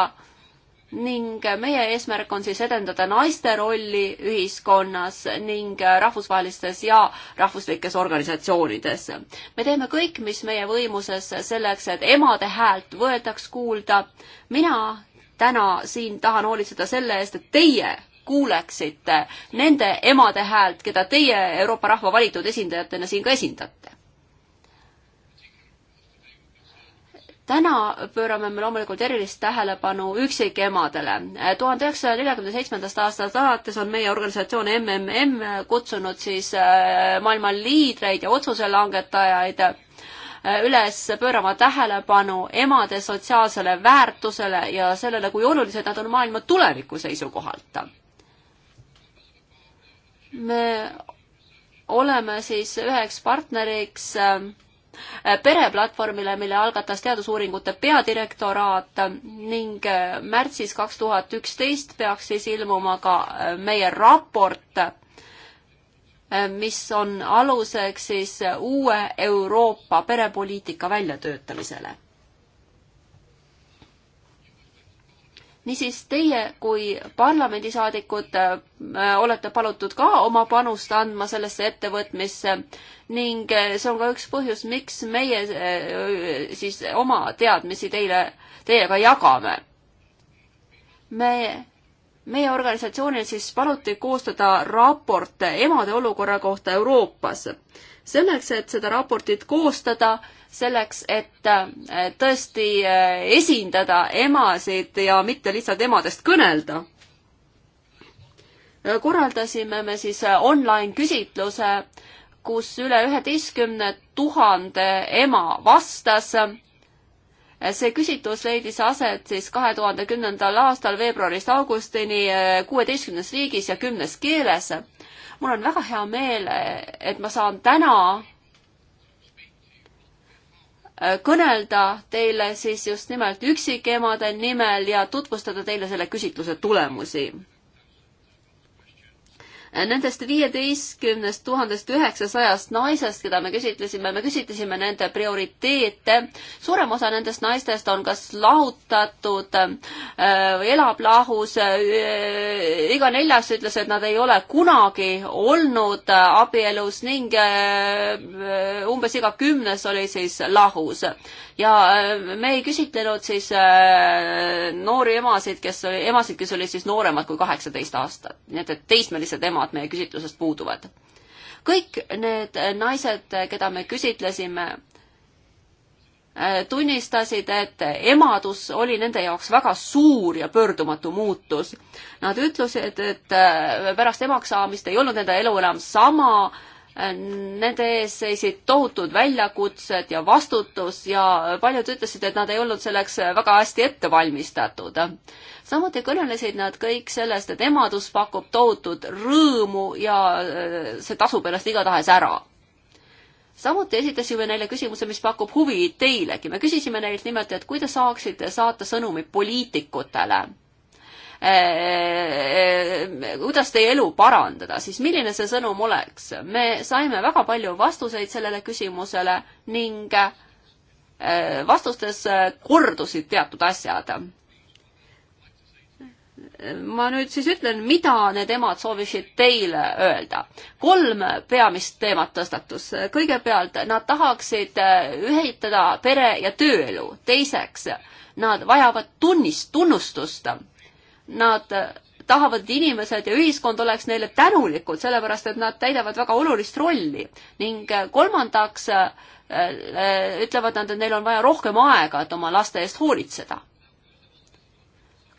[SPEAKER 1] ning meie eesmärk on siis edendada naiste rolli ühiskonnas ning äh, rahvusvahelistes ja rahvuslikes organisatsioonides. me teeme kõik, mis meie võimuses selleks, et emade häält võetaks kuulda. mina täna siin tahan hoolitseda selle eest, et teie kuuleksite nende emade häält, keda teie Euroopa rahva valitud esindajatena siin ka esindate. täna pöörame me loomulikult erilist tähelepanu üksikemadele. tuhande üheksasaja neljakümne seitsmendast aastast alates on meie organisatsioon MMM kutsunud siis äh, maailma liidreid ja otsuselangetajaid üles pöörama tähelepanu emade sotsiaalsele väärtusele ja sellele, kui olulised nad on maailma tuleviku seisukohalt. me oleme siis üheks partneriks äh, pereplatvormile, mille algatas teadusuuringute peadirektoraat ning äh, märtsis kaks tuhat üksteist peaks siis ilmuma ka äh, meie raport Äh, mis on aluseks siis uue Euroopa perepoliitika väljatöötamisele niisiis teie kui parlamendisaadikud äh, olete palutud ka oma panust andma sellesse ettevõtmisse ning äh, see on ka üks põhjus, miks meie siis oma teadmisi teile, teiega jagame. me meie organisatsioonil siis paluti koostada raport emade olukorra kohta Euroopas. selleks, et seda raportit koostada, selleks, et äh, tõesti äh, esindada emasid ja mitte lihtsalt emadest kõnelda, äh, korraldasime me siis online küsitluse, kus üle üheteistkümne tuhande ema vastas see küsitlus leidis aset siis kahe tuhande kümnendal aastal veebruarist augustini eh, kuueteistkümnes riigis ja kümnes keeles. mul on väga hea meel, et ma saan täna eh, kõnelda teile siis just nimelt üksikemade nimel ja tutvustada teile selle küsitluse tulemusi Nendest viieteistkümnest tuhandest üheksasajast naisest, keda me küsitlesime, me küsitlesime nende prioriteete. suurem osa nendest naistest on kas lahutatud äh, või elab lahus. Äh, iga neljas ütles, et nad ei ole kunagi olnud abielus ning äh, umbes iga kümnes oli siis lahus. ja me ei küsitlenud siis noori emasid, kes, emasid, kes olid siis nooremad kui kaheksateist aastat, nii et, et teismelised emad nemad meie küsitlusest puuduvad. kõik need naised, keda me küsitlesime, tunnistasid, et emadus oli nende jaoks väga suur ja pöördumatu muutus. Nad ütlesid, et pärast emaks saamist ei olnud nende elu enam sama, nende ees seisid tohutud väljakutsed ja vastutus ja paljud ütlesid, et nad ei olnud selleks väga hästi ette valmistatud samuti kõnelesid nad kõik sellest, et emadus pakub tohutut rõõmu ja äh, see tasub ennast igatahes ära. samuti esitasime neile küsimuse, mis pakub huvi teilegi. me küsisime neilt nimelt, et kui te saaksite saata sõnumi poliitikutele äh, äh, kuidas teie elu parandada, siis milline see sõnum oleks? me saime väga palju vastuseid sellele küsimusele ning vastustes kordusid teatud asjad ma nüüd siis ütlen, mida need emad soovisid teile öelda. kolm peamist teemat tõstatus. kõigepealt nad tahaksid äh, ühitada pere- ja tööelu. teiseks, nad vajavad tunnist, tunnustust. Nad äh, tahavad, et inimesed ja ühiskond oleks neile tänulikud, sellepärast et nad täidavad väga olulist rolli. ning äh, kolmandaks ütlevad nad, et neil on vaja rohkem aega, et oma laste eest hoolitseda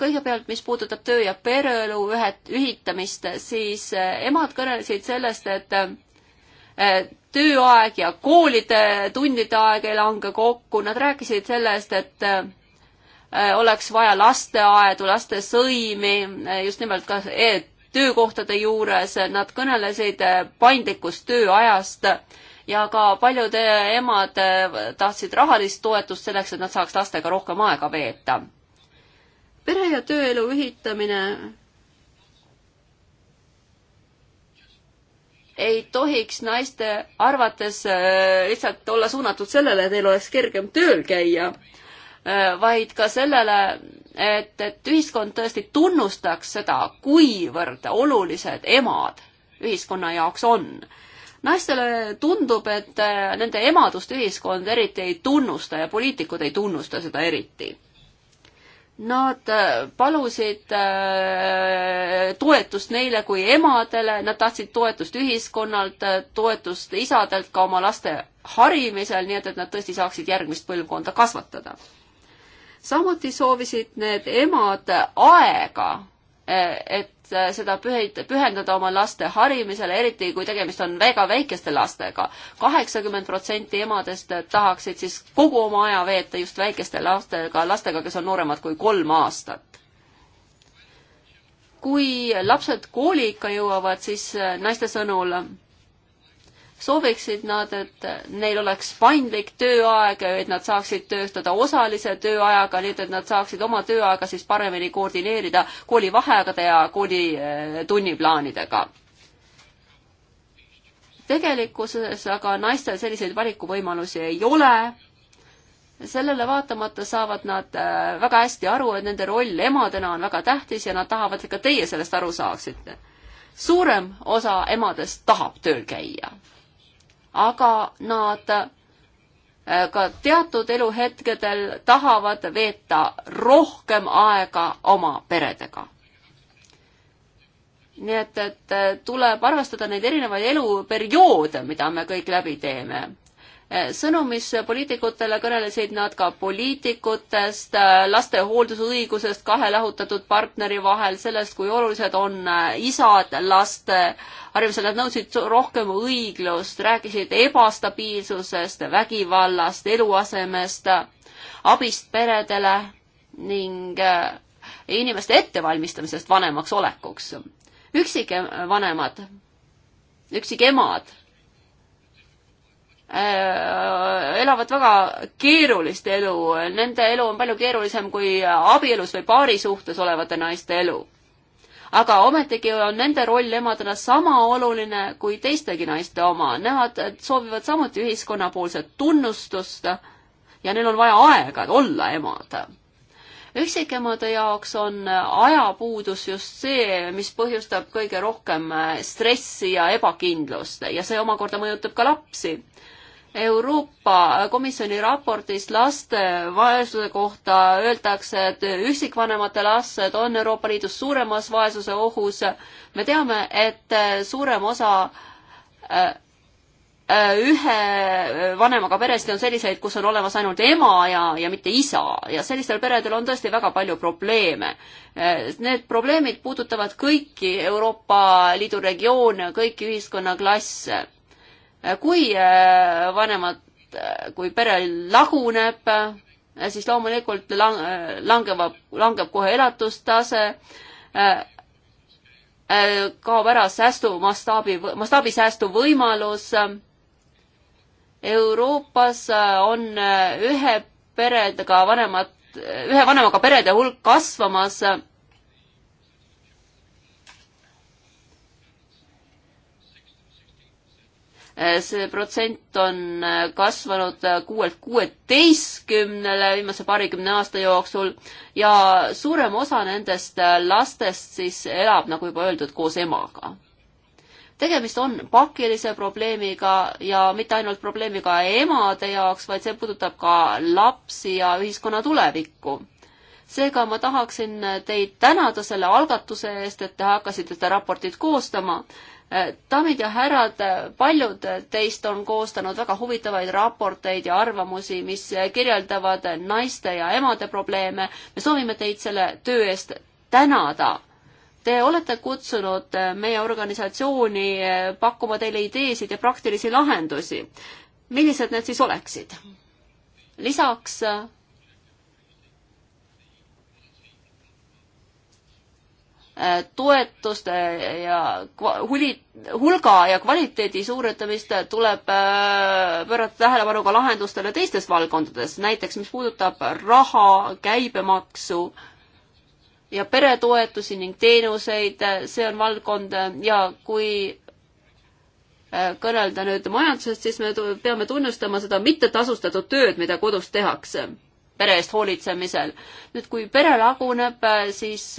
[SPEAKER 1] kõigepealt, mis puudutab töö ja pereelu ühet-, ühitamist, siis eh, emad kõnelesid sellest, et eh, tööaeg ja koolide tundide aeg ei lange kokku, nad rääkisid sellest, et eh, oleks vaja lasteaedu, lastesõimi, just nimelt ka e töökohtade juures, nad kõnelesid paindlikust tööajast ja ka paljud emad tahtsid rahalist toetust selleks, et nad saaks lastega rohkem aega veeta pere ja tööelu ühitamine ei tohiks naiste arvates äh, lihtsalt olla suunatud sellele, et neil oleks kergem tööl käia, äh, vaid ka sellele, et, et ühiskond tõesti tunnustaks seda, kuivõrd olulised emad ühiskonna jaoks on. naistele tundub, et äh, nende emadust ühiskond eriti ei tunnusta ja poliitikud ei tunnusta seda eriti Nad äh, palusid äh, toetust neile kui emadele, nad tahtsid toetust ühiskonnalt, äh, toetust isadelt ka oma laste harimisel, nii et, et nad tõesti saaksid järgmist põlvkonda kasvatada. samuti soovisid need emad aega et äh, seda pühid, pühendada oma laste harimisele, eriti kui tegemist on väga väikeste lastega. kaheksakümmend protsenti emadest tahaksid siis kogu oma aja veeta just väikeste lastega, lastega, kes on nooremad kui kolm aastat. kui lapsed kooli ikka jõuavad, siis äh, naiste sõnul sooviksid nad, et neil oleks paindlik tööaeg, et nad saaksid töötada osalise tööajaga, nii et nad saaksid oma tööaega siis paremini koordineerida koolivaheaegade ja kooli eh, tunniplaanidega. tegelikkuses aga naistel selliseid valikuvõimalusi ei ole. sellele vaatamata saavad nad eh, väga hästi aru, et nende roll emadena on väga tähtis ja nad tahavad, et ka teie sellest aru saaksite. suurem osa emadest tahab tööl käia aga nad äh, ka teatud eluhetkedel tahavad veeta rohkem aega oma peredega. nii et, et äh, tuleb arvestada neid erinevaid eluperioode, mida me kõik läbi teeme Eh, sõnumis poliitikutele kõnelesid nad ka poliitikutest, eh, laste hooldusõigusest kahe lahutatud partneri vahel, sellest, kui olulised on eh, isad laste haridusel, nad nõudsid rohkem õiglust, rääkisid ebastabiilsusest, vägivallast, eluasemest, abist peredele ning inimeste ettevalmistamisest vanemaks olekuks. üksikvanemad, üksikemad Äh, elavad väga keerulist elu, nende elu on palju keerulisem kui abielus või paarisuhtes olevate naiste elu. aga ometigi on nende roll emadena sama oluline kui teistegi naiste oma, nemad soovivad samuti ühiskonnapoolset tunnustust ja neil on vaja aega olla emad üksikemade jaoks on ajapuudus just see, mis põhjustab kõige rohkem stressi ja ebakindlust ja see omakorda mõjutab ka lapsi. Euroopa Komisjoni raportis laste vaesuse kohta öeldakse, et üksikvanemate lasted on Euroopa Liidus suuremas vaesuse ohus. me teame, et suurem osa äh, äh, ühe vanemaga peresid on selliseid, kus on olemas ainult ema ja, ja mitte isa ja sellistel peredel on tõesti väga palju probleeme. Äh, need probleemid puudutavad kõiki Euroopa Liidu regioone, kõiki ühiskonnaklasse kui äh, vanemad, äh, kui pere laguneb, äh, siis loomulikult lang-, langevab, langeb kohe elatustase, kaob ära säästu mastaabi, mastaabisäästu võimalus. Euroopas on ühe peredega vanemad, ühe vanemaga perede hulk kasvamas Eh, see protsent on eh, kasvanud eh, kuuelt kuueteistkümnele viimase paarikümne aasta jooksul ja suurem osa nendest lastest siis elab, nagu juba öeldud, koos emaga. tegemist on pakilise probleemiga ja mitte ainult probleemiga emade jaoks, vaid see puudutab ka lapsi ja ühiskonna tulevikku seega ma tahaksin teid tänada selle algatuse eest, et te hakkasite seda raportit koostama Äh, daamid ja härrad, paljud teist on koostanud väga huvitavaid raporteid ja arvamusi, mis kirjeldavad naiste ja emade probleeme. me soovime teid selle töö eest tänada. Te olete kutsunud meie organisatsiooni äh, pakkuma teile ideesid ja praktilisi lahendusi. millised need siis oleksid? lisaks äh, Äh, toetuste ja huli, hulga ja kvaliteedi suuretamist tuleb äh, pöörata tähelepanu ka lahendustele teistes valdkondades, näiteks mis puudutab raha, käibemaksu ja peretoetusi ning teenuseid, äh, see on valdkond ja kui kõnelda nüüd majandusest, siis me peame tunnustama seda mittetasustatud tööd, mida kodus tehakse pere eest hoolitsemisel. nüüd, kui pere laguneb, siis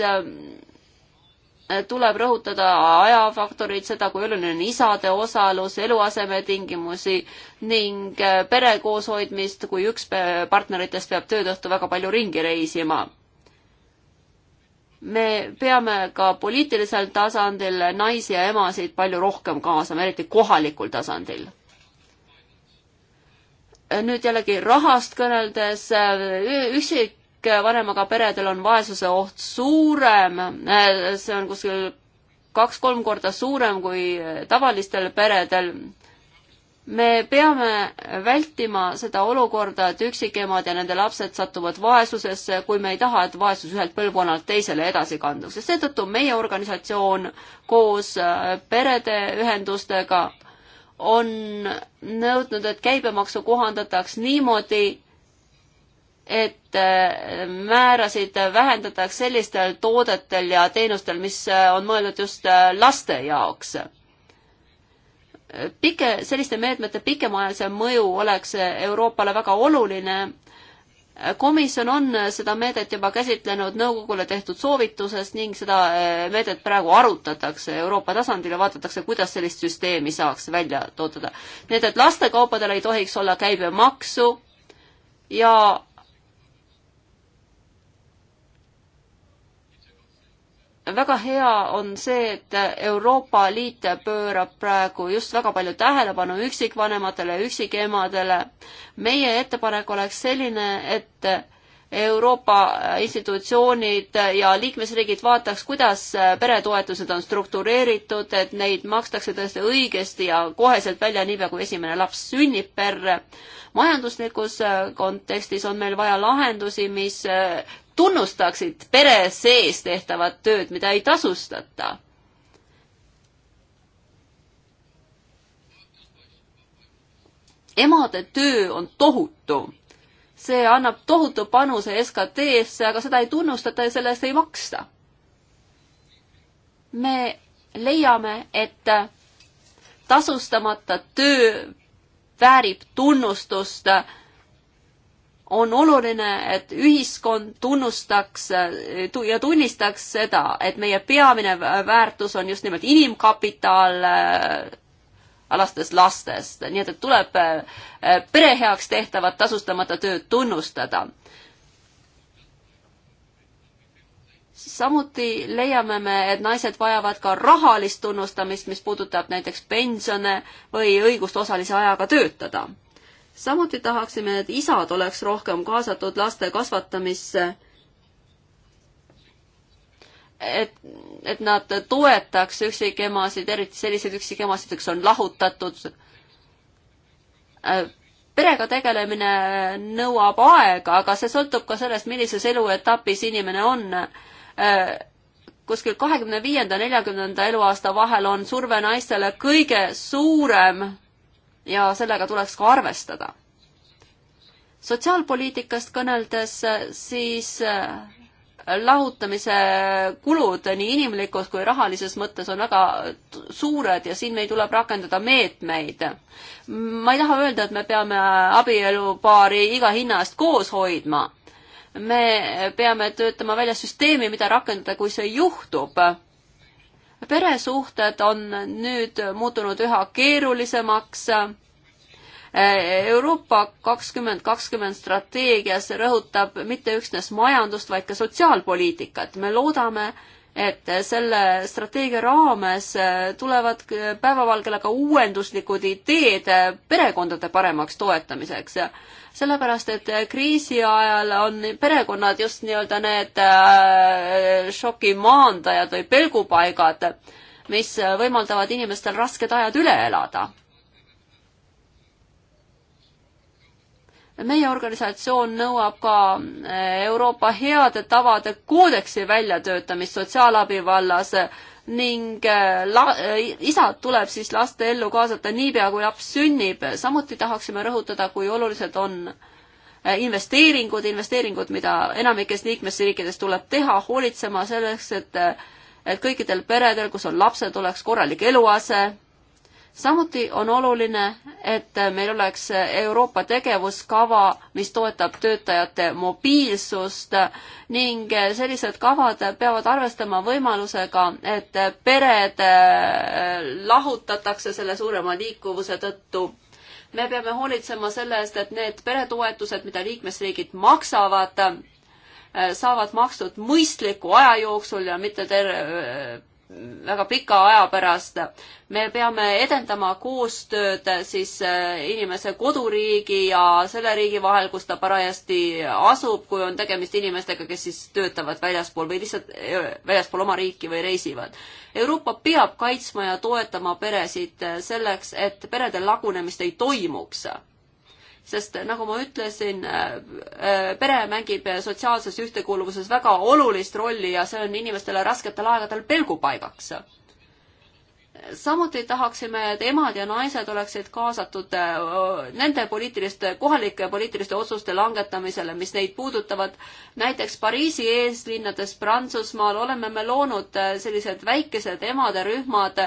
[SPEAKER 1] tuleb rõhutada ajafaktorit, seda, kui oluline on isade osalus, eluasemetingimusi ning äh, pere kooshoidmist, kui üks partneritest peab tööd õhtul väga palju ringi reisima. me peame ka poliitilisel tasandil naisi ja emasid palju rohkem kaasama, eriti kohalikul tasandil nüüd jällegi rahast kõneldes, äh, üksik vanemaga peredel on vaesuse oht suurem, see on kuskil kaks-kolm korda suurem kui tavalistel peredel. me peame vältima seda olukorda, et üksikemad ja nende lapsed satuvad vaesusesse, kui me ei taha, et vaesus ühelt põlvkonnalt teisele edasi kanduks ja seetõttu meie organisatsioon koos äh, perede ühendustega on nõudnud, et käibemaksu kohandataks niimoodi, et äh, määrasid vähendataks sellistel toodetel ja teenustel, mis äh, on mõeldud just äh, laste jaoks. pike, selliste meetmete pikemaajalise mõju oleks Euroopale väga oluline. komisjon on seda meedet juba käsitlenud nõukogule tehtud soovituses ning seda meedet praegu arutatakse Euroopa tasandil ja vaadatakse, kuidas sellist süsteemi saaks välja tootada. nii et, et lastekaupadel ei tohiks olla käibemaksu ja väga hea on see, et Euroopa Liit pöörab praegu just väga palju tähelepanu üksikvanematele, üksikemadele. meie ettepanek oleks selline, et Euroopa institutsioonid ja liikmesriigid vaataks, kuidas peretoetused on struktureeritud, et neid makstakse tõesti õigesti ja koheselt välja, niipea kui esimene laps sünnib perre. majanduslikus kontekstis on meil vaja lahendusi, mis tunnustaksid pere sees tehtavat tööd, mida ei tasustata. emade töö on tohutu, see annab tohutu panuse SKT-sse, aga seda ei tunnustata ja selle eest ei maksta. me leiame, et tasustamata töö väärib tunnustust äh, on oluline, et ühiskond tunnustaks ja tunnistaks seda, et meie peamine väärtus on just nimelt inimkapitaal äh, alates lastest, nii et, et tuleb äh, pere heaks tehtavat tasustamata tööd tunnustada. samuti leiame me, et naised vajavad ka rahalist tunnustamist, mis puudutab näiteks pensione või õigust osalise ajaga töötada samuti tahaksime, et isad oleks rohkem kaasatud laste kasvatamisse. et, et nad toetaks üksikemasid, eriti selliseid üksikemasid, kes on lahutatud. perega tegelemine nõuab aega, aga see sõltub ka sellest, millises eluetapis inimene on kuskil kahekümne viienda, neljakümnenda eluaasta vahel on surve naistele kõige suurem ja sellega tuleks ka arvestada. sotsiaalpoliitikast kõneldes siis äh, lahutamise kulud nii inimlikus kui rahalises mõttes on väga suured ja siin meil tuleb rakendada meetmeid. ma ei taha öelda, et me peame abielupaari iga hinna eest koos hoidma. me peame töötama välja süsteemi, mida rakendada, kui see juhtub peresuhted on nüüd muutunud üha keerulisemaks. Euroopa kakskümmend kakskümmend strateegias rõhutab mitte üksnes majandust, vaid ka sotsiaalpoliitikat. me loodame, et selle strateegia raames äh, tulevad päevavalgele ka uuenduslikud ideed äh, perekondade paremaks toetamiseks. sellepärast, et äh, kriisi ajal on perekonnad just nii-öelda need šokimaandajad või pelgupaigad, mis võimaldavad inimestel rasked ajad üle elada meie organisatsioon nõuab ka eh, Euroopa heade tavade koodeksi väljatöötamist sotsiaalabi vallas ning eh, la-, eh, isad tuleb siis laste ellu kaasata niipea, kui laps sünnib. samuti tahaksime rõhutada, kui olulised on investeeringud, investeeringud, mida enamikes liikmesriikides tuleb teha, hoolitsema selleks, et et kõikidel peredel, kus on lapsed, oleks korralik eluase samuti on oluline, et meil oleks Euroopa tegevuskava, mis toetab töötajate mobiilsust ning sellised kavad peavad arvestama võimalusega, et pered äh, lahutatakse selle suurema liikuvuse tõttu me peame hoolitsema selle eest, et need peretoetused, mida liikmesriigid maksavad, äh, saavad makstud mõistliku aja jooksul ja mitte terve väga pika aja pärast. me peame edendama koostööd siis äh, inimese koduriigi ja selle riigi vahel, kus ta parajasti asub, kui on tegemist inimestega, kes siis töötavad väljaspool või lihtsalt äh, väljaspool oma riiki või reisivad. Euroopa peab kaitsma ja toetama peresid äh, selleks, et perede lagunemist ei toimuks sest eh, nagu ma ütlesin, eh, eh, pere mängib sotsiaalses ühtekuuluvuses väga olulist rolli ja see on inimestele rasketel aegadel pelgupaigaks. samuti tahaksime, et emad ja naised oleksid kaasatud nende poliitiliste, kohalike poliitiliste otsuste langetamisele, mis neid puudutavad. näiteks Pariisi eeslinnades Prantsusmaal oleme me loonud sellised väikesed emade rühmad.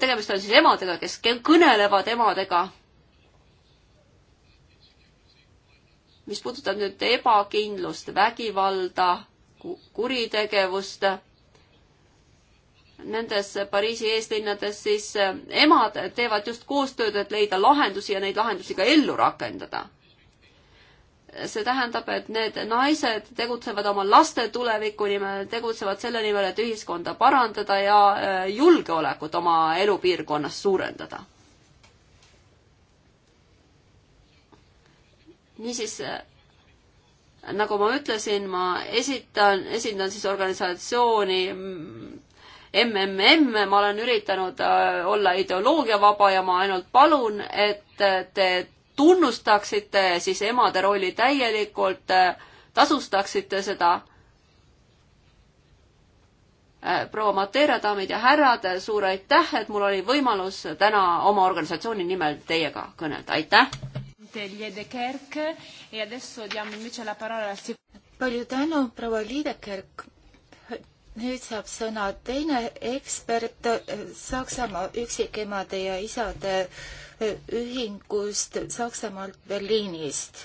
[SPEAKER 1] tegemist on siis emadega, kes kõnelevad emadega mis puudutab nüüd ebakindlust, vägivalda, kuritegevust, nendes Pariisi eeslinnades siis eh, emad teevad just koostööd, et leida lahendusi ja neid lahendusi ka ellu rakendada. see tähendab, et need naised tegutsevad oma laste tuleviku nimel, tegutsevad selle nimel, et ühiskonda parandada ja eh, julgeolekut oma elupiirkonnas suurendada niisiis, äh, nagu ma ütlesin, ma esitan, esindan siis organisatsiooni MMM, ma olen üritanud äh, olla ideoloogiavaba ja ma ainult palun, et äh, te tunnustaksite siis emade rolli täielikult, tasustaksite seda. proua Mateera, daamid ja härrad, suur aitäh, et mul oli võimalus täna oma organisatsiooni nimel teiega kõnelda, aitäh!
[SPEAKER 4] Annette Liedekerk e adesso diamo invece la parola al
[SPEAKER 2] palju tänu, proua Liedekerk. nüüd saab sõna teine ekspert eh, Saksamaa üksikemade ja isade eh, ühingust Saksamaalt Berliinist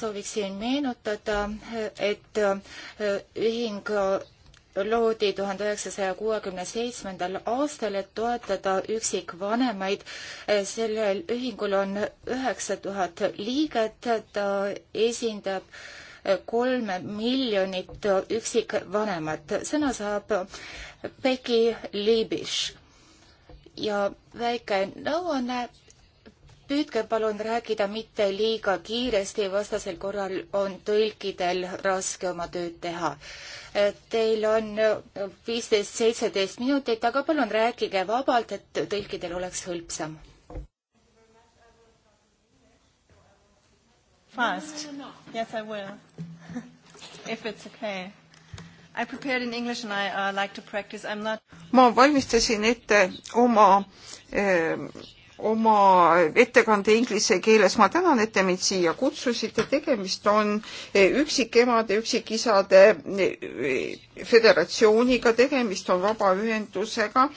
[SPEAKER 2] sooviksin meenutada, eh, et ühing loodi tuhande üheksasaja kuuekümne seitsmendal aastal, et toetada üksikvanemaid. sellel ühingul on üheksa tuhat liiget, ta esindab kolme miljonit üksikvanemat. sõna saab Becky Liebisch ja väike nõuanne no püüdke palun rääkida mitte liiga kiiresti, vastasel korral on tõlkidel raske oma tööd teha. Teil on viisteist, seitseteist minutit, aga palun rääkige vabalt, et tõlkidel oleks hõlpsam. Fast.
[SPEAKER 3] Yes, I will. If it's okay. I prepared in English and
[SPEAKER 1] I uh, like to practice. I'm not.
[SPEAKER 3] ma valmistasin ette oma äh, eh, oma ettekande inglise keeles. ma tänan, et te mind siia kutsusite. tegemist on üksikemade, üksikisade föderatsiooniga, tegemist on vabaühendusega.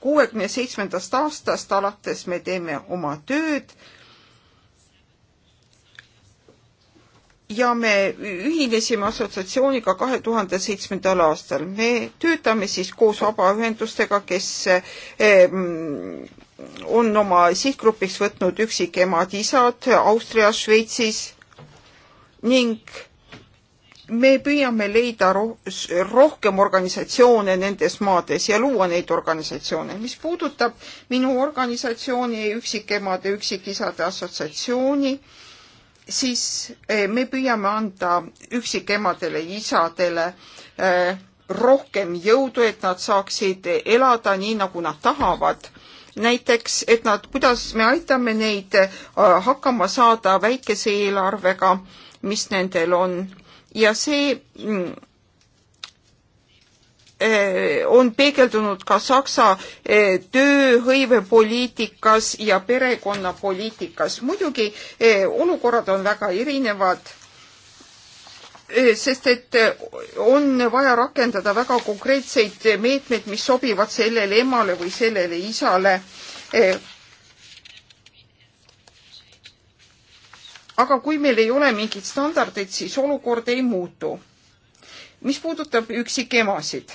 [SPEAKER 3] kuuekümne seitsmendast aastast alates me teeme oma tööd ja me ühinesime assotsiatsiooniga kahe tuhande seitsmendal aastal. me töötame siis koos vabaühendustega, kes eh, on oma sihtgrupiks võtnud üksikemad-isad Austrias, Šveitsis ning me püüame leida rohkem organisatsioone nendes maades ja luua neid organisatsioone. mis puudutab minu organisatsiooni Üksikemade Üksikisade Assotsiatsiooni, siis eh, me püüame anda üksikemadele ja isadele eh, rohkem jõudu, et nad saaksid elada nii, nagu nad tahavad näiteks, et nad, kuidas me aitame neid äh, hakkama saada väikese eelarvega, mis nendel on ja see mm, äh, on peegeldunud ka Saksa äh, tööhõivepoliitikas ja perekonnapoliitikas. muidugi olukorrad on väga erinevad sest et on vaja rakendada väga konkreetseid meetmeid, mis sobivad sellele emale või sellele isale. aga kui meil ei ole mingeid standardeid, siis olukord ei muutu. mis puudutab üksikemasid,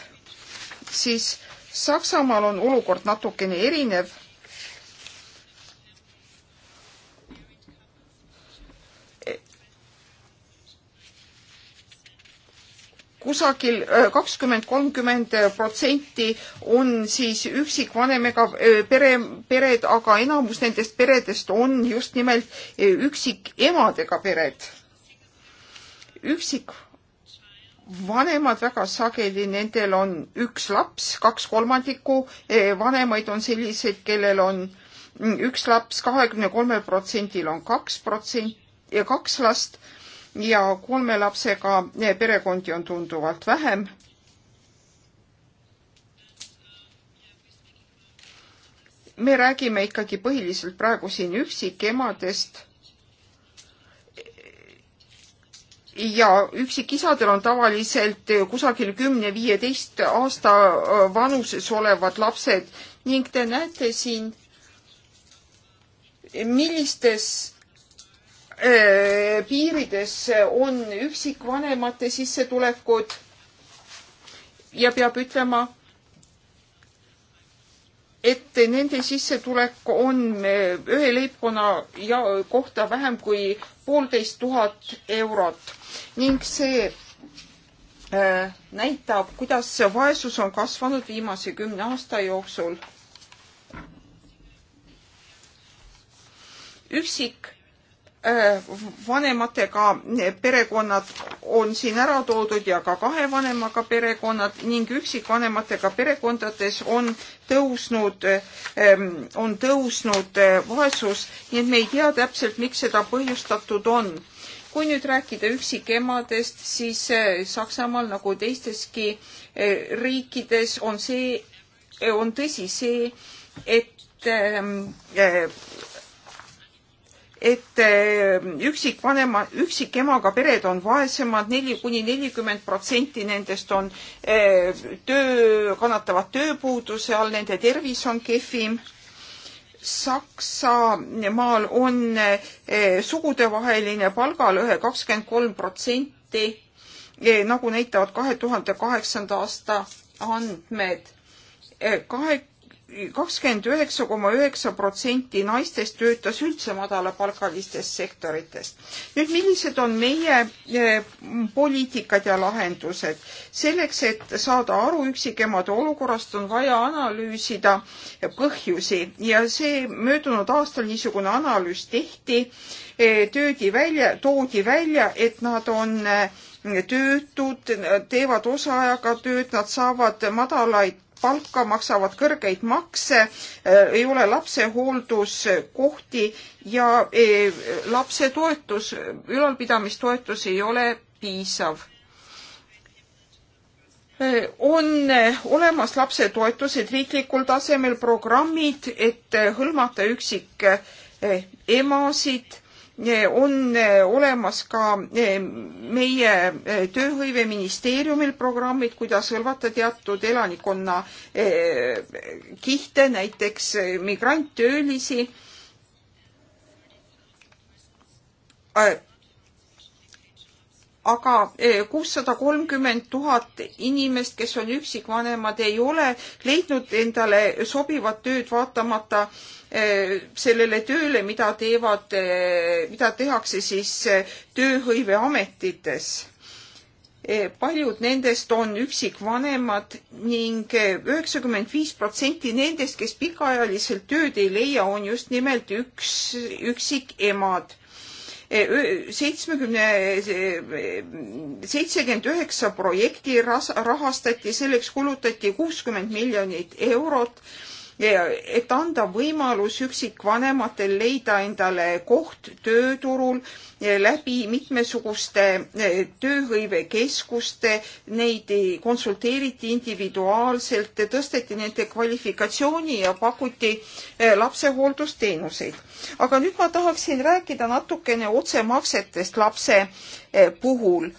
[SPEAKER 3] siis Saksamaal on olukord natukene erinev kusagil äh, kakskümmend, kolmkümmend äh, protsenti on siis üksikvanemega äh, pere, pered, aga enamus nendest peredest on just nimelt üksikemadega pered. üksikvanemad väga sageli, nendel on üks laps, kaks kolmandikku vanemaid on selliseid, kellel on mm, üks laps, kahekümne kolmel protsendil on kaks protsenti ja kaks last ja kolme lapsega perekondi on tunduvalt vähem. me räägime ikkagi põhiliselt praegu siin üksikemadest ja üksikisadel on tavaliselt kusagil kümne-viieteist aasta vanuses olevad lapsed ning te näete siin, millistes piirides on üksikvanemate sissetulekud ja peab ütlema, et nende sissetulek on ühe leibkonna ja kohta vähem kui poolteist tuhat eurot ning see näitab, kuidas vaesus on kasvanud viimase kümne aasta jooksul. üksik Äh, vanematega perekonnad on siin ära toodud ja ka kahe vanemaga perekonnad ning üksikvanematega perekondades on tõusnud, ähm, on tõusnud äh, vaesus, nii et me ei tea täpselt, miks seda põhjustatud on. kui nüüd rääkida üksikemadest, siis äh, Saksamaal nagu teisteski riikides on see, on tõsi see, et ähm, et eh, üksikvanema, üksikemaga pered on vaesemad, neli kuni nelikümmend protsenti nendest on eh, töö, kannatavad tööpuuduse all, nende tervis on kehvim. Saksamaal on eh, sugudevaheline palgalõhe kakskümmend kolm protsenti, nagu näitavad kahe tuhande kaheksanda aasta andmed. kahe kakskümmend üheksa koma üheksa protsenti naistest töötas üldse madalapalgalistes sektorites. nüüd millised on meie eh, poliitikad ja lahendused? selleks, et saada aru üksikemade olukorrast, on vaja analüüsida põhjusi ja see möödunud aastal niisugune analüüs tehti, eh, töödi välja, toodi välja, et nad on eh, töötud, teevad osaajaga tööd, nad saavad madalaid palka, maksavad kõrgeid makse, äh, ei ole lapsehoolduskohti ja e, lapsetoetus, ülalpidamistoetus ei ole piisav äh, on äh, olemas lapsetoetused riiklikul tasemel, programmid, et hõlmata üksik emasid Eh, on eh, olemas ka eh, meie tööhõiveministeeriumil programmid, kuidas hõlvata teatud elanikkonna kihte, näiteks migranttöölisi aga eh, kuussada kolmkümmend tuhat inimest, kes on üksikvanemad, ei ole leidnud endale sobivat tööd, vaatamata eh, sellele tööle, mida teevad, eh, mida tehakse siis tööhõiveametites. paljud nendest on üksikvanemad ning üheksakümmend viis protsenti nendest, kes pikaajaliselt tööd ei leia, on just nimelt üks, üksikemad seitsmekümne, seitsekümmend üheksa projekti rahastati, selleks kulutati kuuskümmend miljonit eurot et anda võimalus üksikvanematel leida endale koht tööturul läbi mitmesuguste e, tööhõivekeskuste, neid konsulteeriti individuaalselt, tõsteti nende kvalifikatsiooni ja pakuti e, lapsehooldusteenuseid. aga nüüd ma tahaksin rääkida natukene otsemaksetest lapse e, puhul.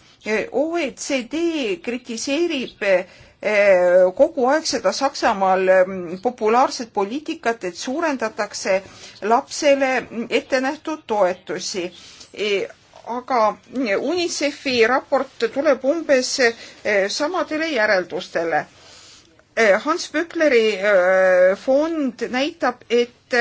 [SPEAKER 3] OECD kritiseerib Eh, kogu aeg seda Saksamaal mm, populaarset poliitikat, et suurendatakse lapsele ette nähtud toetusi. Eh, aga mm, UNICEF-i raport tuleb umbes eh, samadele järeldustele. Hans Pökleri fond näitab, et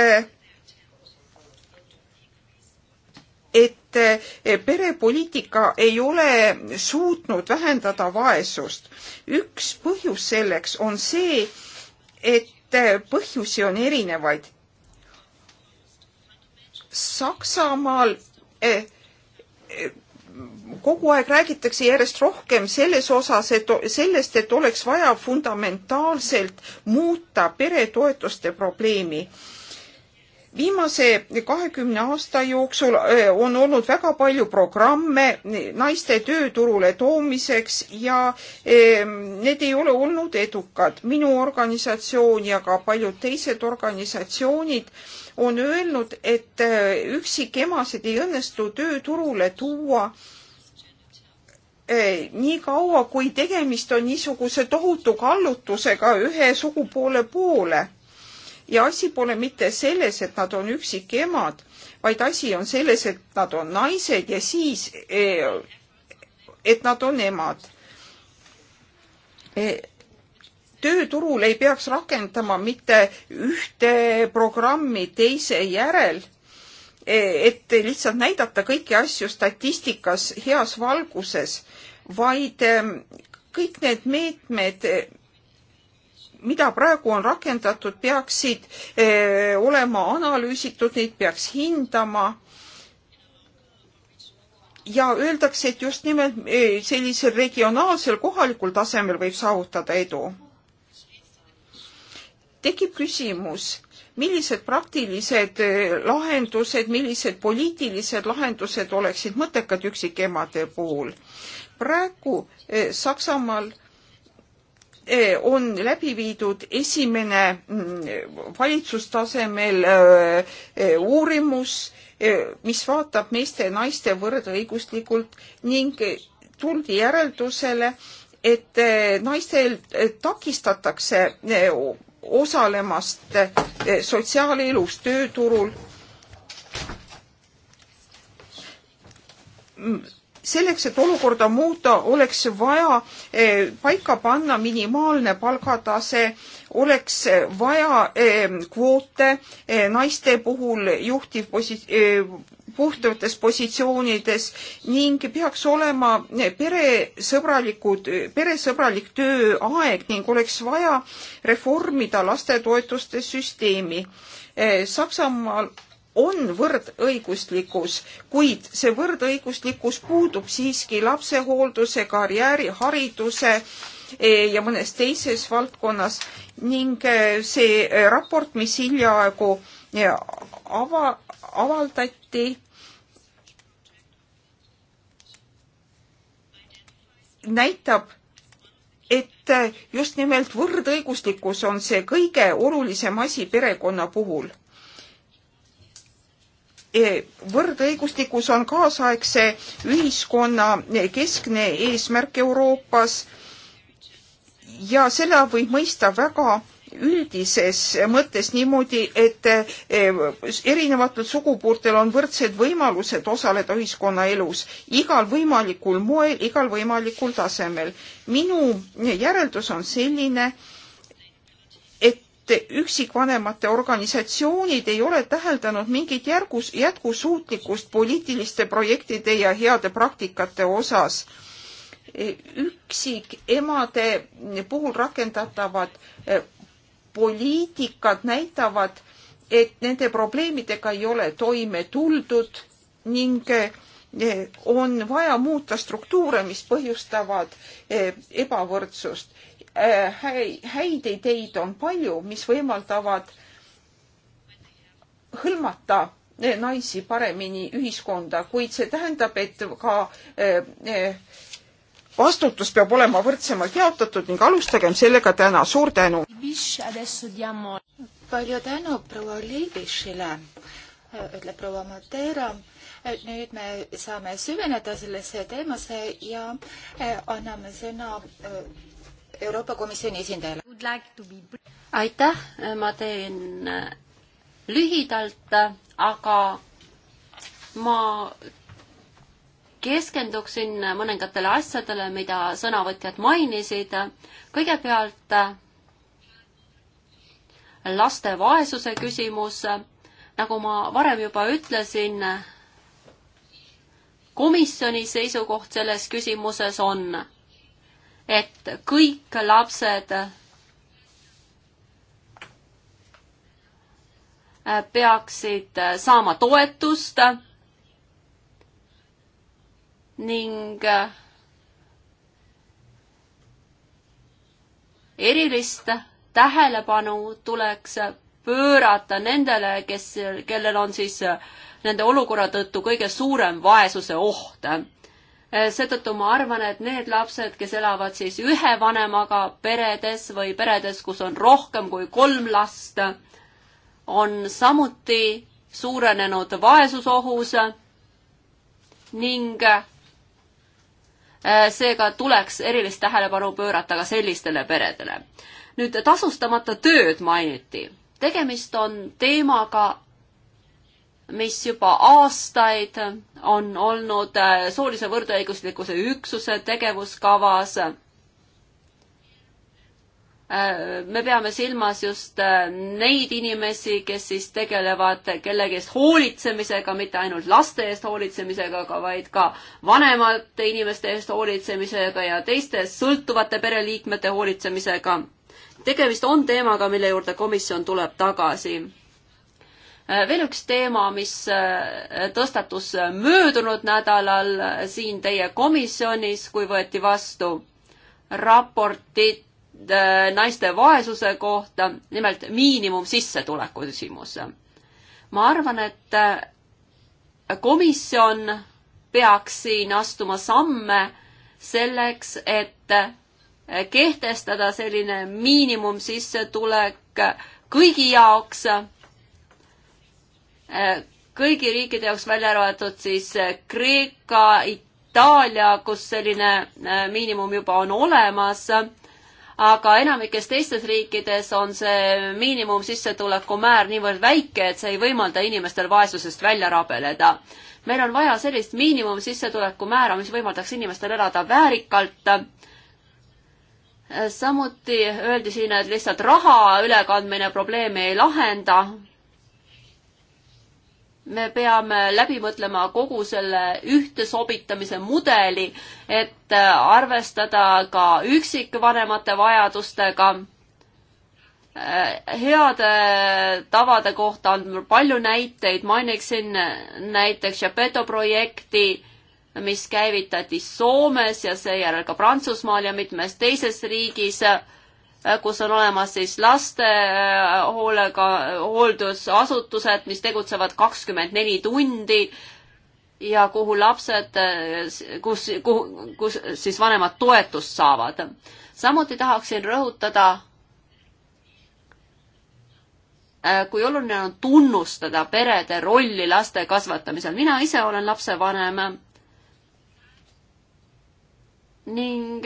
[SPEAKER 3] et et eh, perepoliitika ei ole suutnud vähendada vaesust. üks põhjus selleks on see, et eh, põhjusi on erinevaid. Saksamaal eh, kogu aeg räägitakse järjest rohkem selles osas, et sellest, et oleks vaja fundamentaalselt muuta peretoetuste probleemi viimase kahekümne aasta jooksul on olnud väga palju programme naiste tööturule toomiseks ja need ei ole olnud edukad. minu organisatsioon ja ka paljud teised organisatsioonid on öelnud, et üksikemasid ei õnnestu tööturule tuua nii kaua, kui tegemist on niisuguse tohutu kallutusega ühe sugupoole poole, poole ja asi pole mitte selles, et nad on üksikemad, vaid asi on selles, et nad on naised ja siis, e, et nad on emad. E, tööturul ei peaks rakendama mitte ühte programmi teise järel e, et lihtsalt näidata kõiki asju statistikas heas valguses, vaid kõik need meetmed, mida praegu on rakendatud, peaksid eh, olema analüüsitud, neid peaks hindama. ja öeldakse, et just nimelt eh, sellisel regionaalsel kohalikul tasemel võib saavutada edu. tekib küsimus, millised praktilised eh, lahendused, millised poliitilised lahendused oleksid mõttekad üksikemade puhul. praegu Saksamaal on läbi viidud esimene mm, valitsustasemel äh, äh, uurimus, äh, mis vaatab meeste ja naiste võrdõiguslikult ning tuldi järeldusele, et naistel takistatakse osalemast sotsiaalelus, tööturul mm selleks, et olukorda muuta, oleks vaja eh, paika panna minimaalne palgatase, oleks vaja eh, kvoote eh, naiste puhul juhtiv posi-, puhtavates positsioonides ning peaks olema peresõbralikud, peresõbralik tööaeg ning oleks vaja reformida lastetoetuste süsteemi. Saksamaal on võrdõiguslikkus, kuid see võrdõiguslikkus puudub siiski lapsehoolduse, karjääri, hariduse eh, ja mõnes teises valdkonnas ning eh, see eh, raport, mis hiljaaegu ava, avaldati, näitab, et just nimelt võrdõiguslikkus on see kõige olulisem asi perekonna puhul E, võrdõiguslikkus on kaasaegse ühiskonna keskne eesmärk Euroopas ja seda võib mõista väga üldises mõttes niimoodi, et e, erinevatel sugupooltel on võrdsed võimalused osaleda ühiskonnaelus igal võimalikul moel, igal võimalikul tasemel. minu järeldus on selline, et üksikvanemate organisatsioonid ei ole täheldanud mingit järgus, jätkusuutlikkust poliitiliste projektide ja heade praktikate osas. üksikemade puhul rakendatavad eh, poliitikad näitavad, et nende probleemidega ei ole toime tuldud ning eh, on vaja muuta struktuure, mis põhjustavad eh, ebavõrdsust häid ideid on palju, mis võimaldavad hõlmata eh, naisi paremini ühiskonda, kuid see tähendab, et ka eh, eh, vastutus peab olema võrdsemalt jaotatud ning alustagem sellega täna. suur tänu!
[SPEAKER 2] palju tänu proua Liivishile, ütleb proua Matera nüüd me saame süveneda sellesse teemasse ja anname sõna Euroopa Komisjoni esindajale.
[SPEAKER 1] aitäh, ma teen äh, lühidalt, aga ma keskenduksin mõningatele asjadele, mida sõnavõtjad mainisid. kõigepealt äh, laste vaesuse küsimus. nagu ma varem juba ütlesin, komisjoni seisukoht selles küsimuses on et kõik lapsed peaksid saama toetust ning erilist tähelepanu tuleks pöörata nendele, kes, kellel on siis nende olukorra tõttu kõige suurem vaesuse oht. Äh, seetõttu ma arvan, et need lapsed, kes elavad siis ühe vanemaga peredes või peredes, kus on rohkem kui kolm last, on samuti suurenenud vaesusohus ning äh, seega tuleks erilist tähelepanu pöörata ka sellistele peredele. nüüd tasustamata tööd mainiti. tegemist on teemaga, mis juba aastaid on olnud äh, soolise võrdõiguslikkuse üksuse tegevuskavas. Äh, me peame silmas just äh, neid inimesi, kes siis tegelevad kellegi eest hoolitsemisega, mitte ainult laste eest hoolitsemisega, aga vaid ka vanemate inimeste eest hoolitsemisega ja teiste sõltuvate pereliikmete hoolitsemisega. tegemist on teemaga, mille juurde komisjon tuleb tagasi Äh, veel üks teema, mis äh, tõstatus äh, möödunud nädalal siin teie komisjonis, kui võeti vastu raportit naiste vaesuse kohta, nimelt miinimumsissetuleku küsimus. ma arvan, et komisjon peaks siin astuma samme selleks, et kehtestada selline miinimumsissetulek kõigi jaoks kõigi riikide jaoks välja arvatud siis äh, Kreeka, Itaalia, kus selline äh, miinimum juba on olemas, aga enamikes teistes riikides on see miinimumsissetuleku määr niivõrd väike, et see ei võimalda inimestel vaesusest välja rabeleda. meil on vaja sellist miinimumsissetuleku määra, mis võimaldaks inimestel elada väärikalt samuti öeldi siin, et lihtsalt raha ülekandmine probleemi ei lahenda me peame läbi mõtlema kogu selle ühtesobitamise mudeli, et äh, arvestada ka üksikvanemate vajadustega. Äh, heade tavade kohta on mul palju näiteid, mainiksin äh, näiteks Chapeto projekti, mis käivitati Soomes ja seejärel ka Prantsusmaal ja mitmes teises riigis Äh, kus on olemas siis laste äh, hoolega, hooldusasutused, mis tegutsevad kakskümmend neli tundi ja kuhu lapsed, äh, kus, kuhu, kus siis vanemad toetust saavad. samuti tahaksin rõhutada, kui oluline on tunnustada perede rolli laste kasvatamisel. mina ise olen lapsevanem ning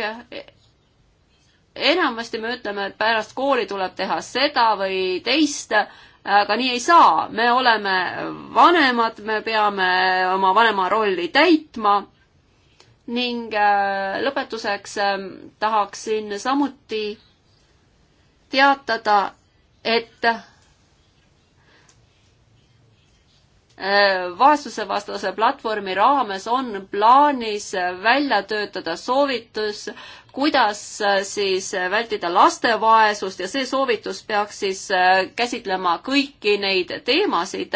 [SPEAKER 1] enamasti me ütleme, et pärast kooli tuleb teha seda või teist, aga nii ei saa, me oleme vanemad, me peame oma vanema rolli täitma ning äh, lõpetuseks äh, tahaksin samuti teatada, et äh, vaesusevastase platvormi raames on plaanis välja töötada soovitus, kuidas äh, siis äh, vältida laste vaesust ja see soovitus peaks siis äh, käsitlema kõiki neid teemasid.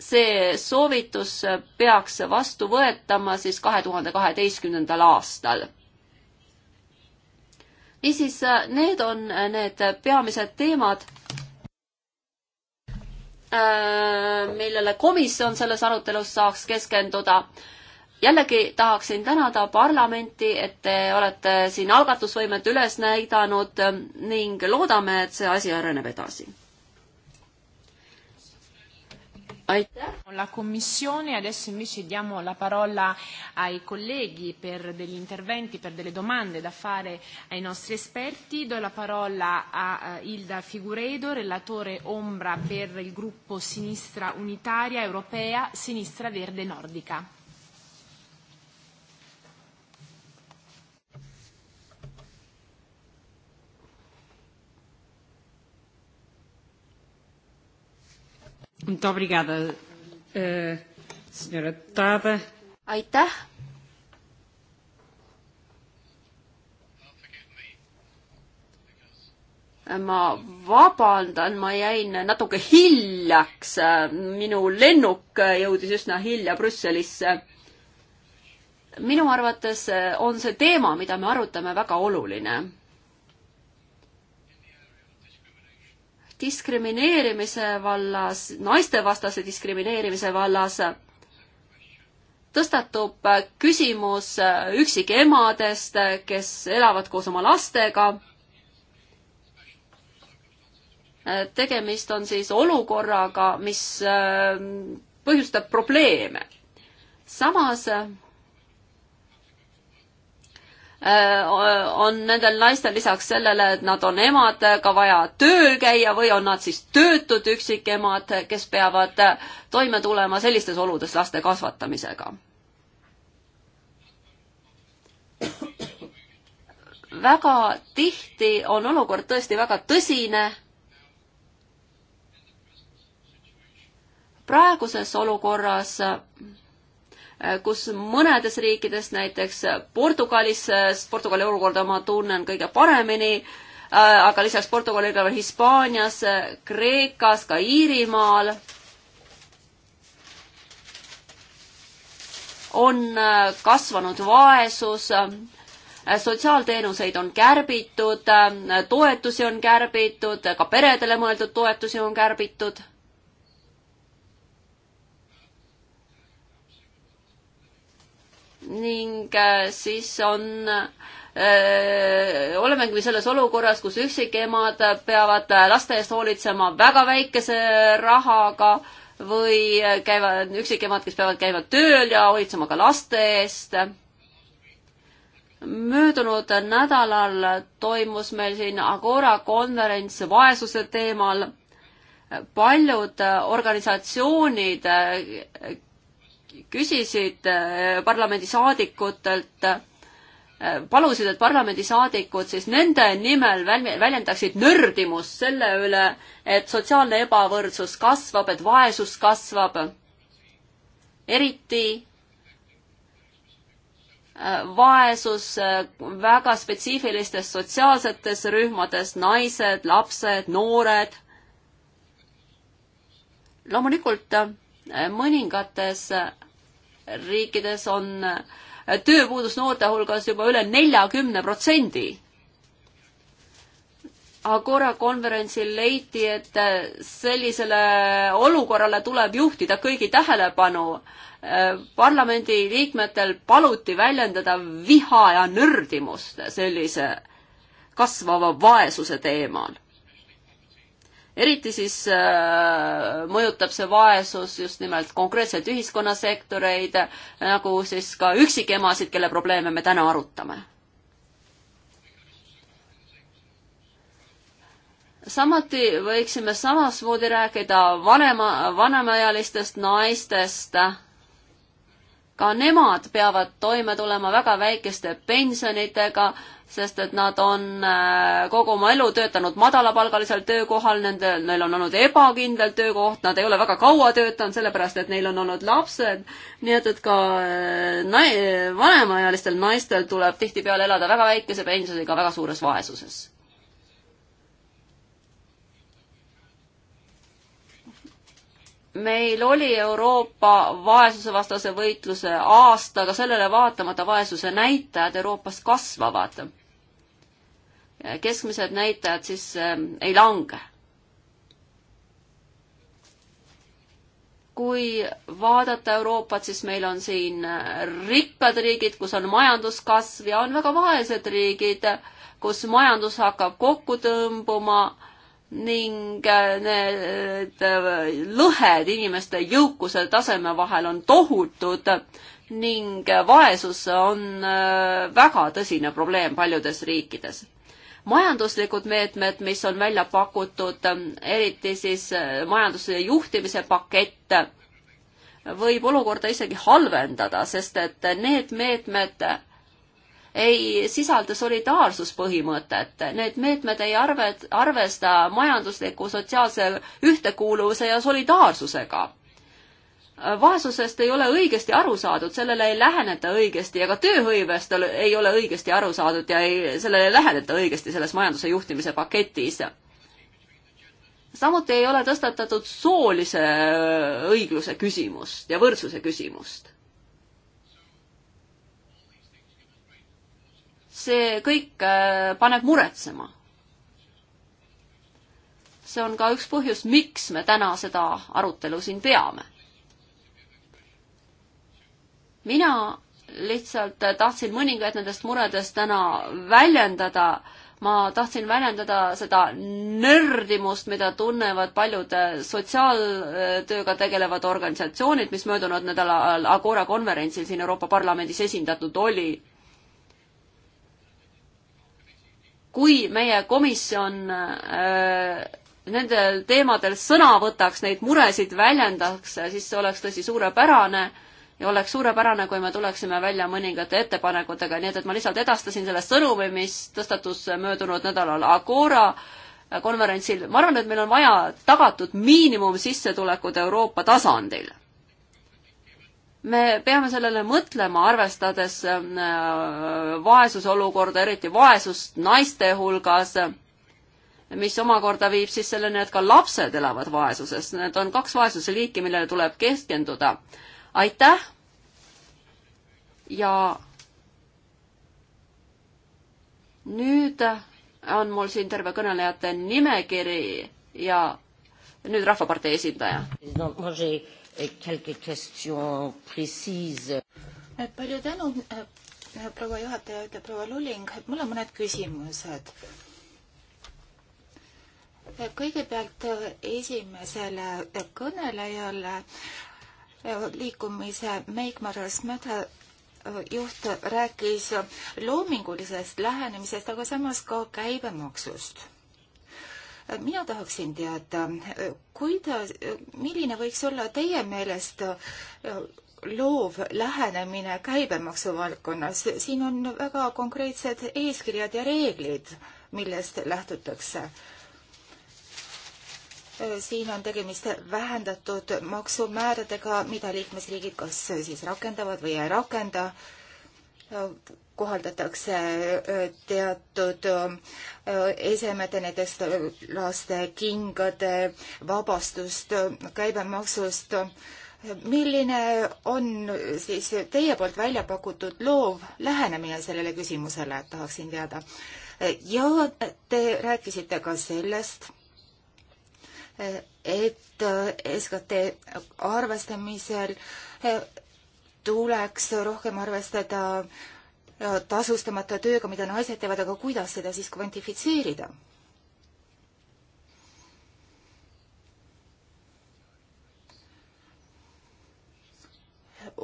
[SPEAKER 1] see soovitus peaks vastu võetama siis kahe tuhande kaheteistkümnendal aastal niisiis, need on need peamised teemad, millele komisjon selles arutelus saaks keskenduda jällegi tahaksin tänada parlamenti, et te olete siin algatusvõimet üles näidanud ähm, ning loodame, et see asi areneb edasi.
[SPEAKER 4] aitäh. La commissione, adesso invece diamo la parola ai colleghi per degli interventi, per delle domande da fare ai nostri esperti. Do la parola a eh, Ilda Figuredo, relatore ombra per il gruppo Sinistra Unitaria Europea, Sinistra Verde Nordica.
[SPEAKER 1] Muito obrigada, eh, senhora deputada. aitäh. ma vabandan, ma jäin natuke hiljaks, minu lennuk jõudis üsna hilja Brüsselisse. minu arvates on see teema, mida me arutame, väga oluline diskrimineerimise vallas, naistevastase diskrimineerimise vallas tõstatub küsimus üksikemadest, kes elavad koos oma lastega. tegemist on siis olukorraga, mis põhjustab probleeme. samas Äh, on nendel naistel lisaks sellele, et nad on emad, ka vaja tööl käia või on nad siis töötud üksikemad, kes peavad toime tulema sellistes oludes laste kasvatamisega? väga tihti on olukord tõesti väga tõsine. praeguses olukorras Äh, kus mõnedes riikides, näiteks Portugalis, äh, Portugali olukorda ma tunnen kõige paremini, äh, aga lisaks Portugalile veel Hispaanias, Kreekas, ka Iirimaal on kasvanud vaesus, sotsiaalteenuseid on kärbitud, toetusi on kärbitud, ka peredele mõeldud toetusi on kärbitud ning äh, siis on öö, äh, olemegi me selles olukorras, kus üksikemad peavad laste eest hoolitsema väga väikese rahaga või käivad üksikemad, kes peavad käima tööl ja hoolitsema ka laste eest. möödunud nädalal toimus meil siin Agora konverents vaesuse teemal. paljud organisatsioonid küsisid äh, parlamendisaadikutelt, äh, palusid, et parlamendisaadikud siis nende nimel väljendaksid nördimust selle üle, et sotsiaalne ebavõrdsus kasvab, et vaesus kasvab. eriti äh, vaesus väga spetsiifilistes sotsiaalsetes rühmades, naised, lapsed, noored. loomulikult mõningates riikides on äh, tööpuudus noorte hulgas juba üle neljakümne protsendi. Agora konverentsil leiti, et äh, sellisele olukorrale tuleb juhtida kõigi tähelepanu. Äh, parlamendi liikmetel paluti väljendada viha ja nördimust sellise kasvava vaesuse teemal eriti siis äh, mõjutab see vaesus just nimelt konkreetseid ühiskonnasektoreid, nagu siis ka üksikemasid, kelle probleeme me täna arutame. samuti võiksime samasmoodi rääkida vanema, vanemaealistest naistest äh,, ka nemad peavad toime tulema väga väikeste pensionitega, sest et nad on äh, kogu oma elu töötanud madalapalgalisel töökohal, nende, neil on olnud ebakindel töökoht, nad ei ole väga kaua töötanud, sellepärast et neil on olnud lapsed, nii et, et ka äh, nai-, vanemaealistel naistel tuleb tihtipeale elada väga väikese pensioniga väga suures vaesuses meil oli Euroopa vaesusevastase võitluse aasta, aga sellele vaatamata vaesuse näitajad Euroopas kasvavad. keskmised näitajad siis äh, ei lange. kui vaadata Euroopat, siis meil on siin äh, rikkad riigid, kus on majanduskasv ja on väga vaesed riigid, kus majandus hakkab kokku tõmbuma ning äh, need äh, lõhed inimeste jõukuse taseme vahel on tohutud ning vaesus on äh, väga tõsine probleem paljudes riikides. majanduslikud meetmed, mis on välja pakutud, eriti siis majanduse juhtimise pakett, võib olukorda isegi halvendada, sest et need meetmed ei sisalda solidaarsuspõhimõtet. Need meetmed ei arve, arvesta majandusliku, sotsiaalse ühtekuuluvuse ja solidaarsusega. vaesusest ei ole õigesti aru saadud, sellele ei läheneta õigesti ja ka tööhõivest ei ole õigesti aru saadud ja ei, sellele ei läheneta õigesti selles majanduse juhtimise paketis. samuti ei ole tõstatatud soolise õigluse küsimust ja võrdsuse küsimust see kõik äh, paneb muretsema. see on ka üks põhjus, miks me täna seda arutelu siin peame. mina lihtsalt tahtsin mõningaid nendest muredest täna väljendada. ma tahtsin väljendada seda nördimust, mida tunnevad paljud äh, sotsiaaltööga tegelevad organisatsioonid, mis möödunud nädalal Agora konverentsil siin Euroopa Parlamendis esindatud oli kui meie komisjon äh, nendel teemadel sõna võtaks, neid muresid väljendaks, siis see oleks tõesti suurepärane ja oleks suurepärane, kui me tuleksime välja mõningate ettepanekutega, nii et, et ma lihtsalt edastasin selle sõnumi, mis tõstatus möödunud nädalal Agora äh, konverentsil. ma arvan, et meil on vaja tagatud miinimumsissetulekud Euroopa tasandil me peame sellele mõtlema, arvestades äh, vaesusolukorda, eriti vaesust naiste hulgas, mis omakorda viib siis selleni, et ka lapsed elavad vaesuses. Need on kaks vaesuse liiki, millele tuleb keskenduda. aitäh ja nüüd on mul siin terve kõnelejate nimekiri ja nüüd Rahvapartei esindaja no,
[SPEAKER 2] quelques questions précises. Eh, palju tänu, eh, eh, proua juhataja, ütleb proua Luling, et mul on mõned küsimused. kõigepealt esimesele kõnelejale liikumise Make Matters Matter juht rääkis loomingulisest lähenemisest, aga samas ka käibemaksust. mina tahaksin teada, kuidas, milline võiks olla teie meelest äh, loov lähenemine käibemaksu valdkonnas, siin on väga konkreetsed eeskirjad ja reeglid, millest lähtutakse. Äh, siin on tegemist vähendatud maksumääradega, mida liikmesriigid kas äh, siis rakendavad või ei rakenda kohaldatakse teatud esemete, näiteks laste kingade vabastust käibemaksust. milline on siis teie poolt välja pakutud loov lähenemine sellele küsimusele, tahaksin teada. ja te rääkisite ka sellest, et SKT arvestamisel tuleks rohkem arvestada äh, tasustamata tööga, mida naised teevad, aga kuidas seda siis kvantifitseerida?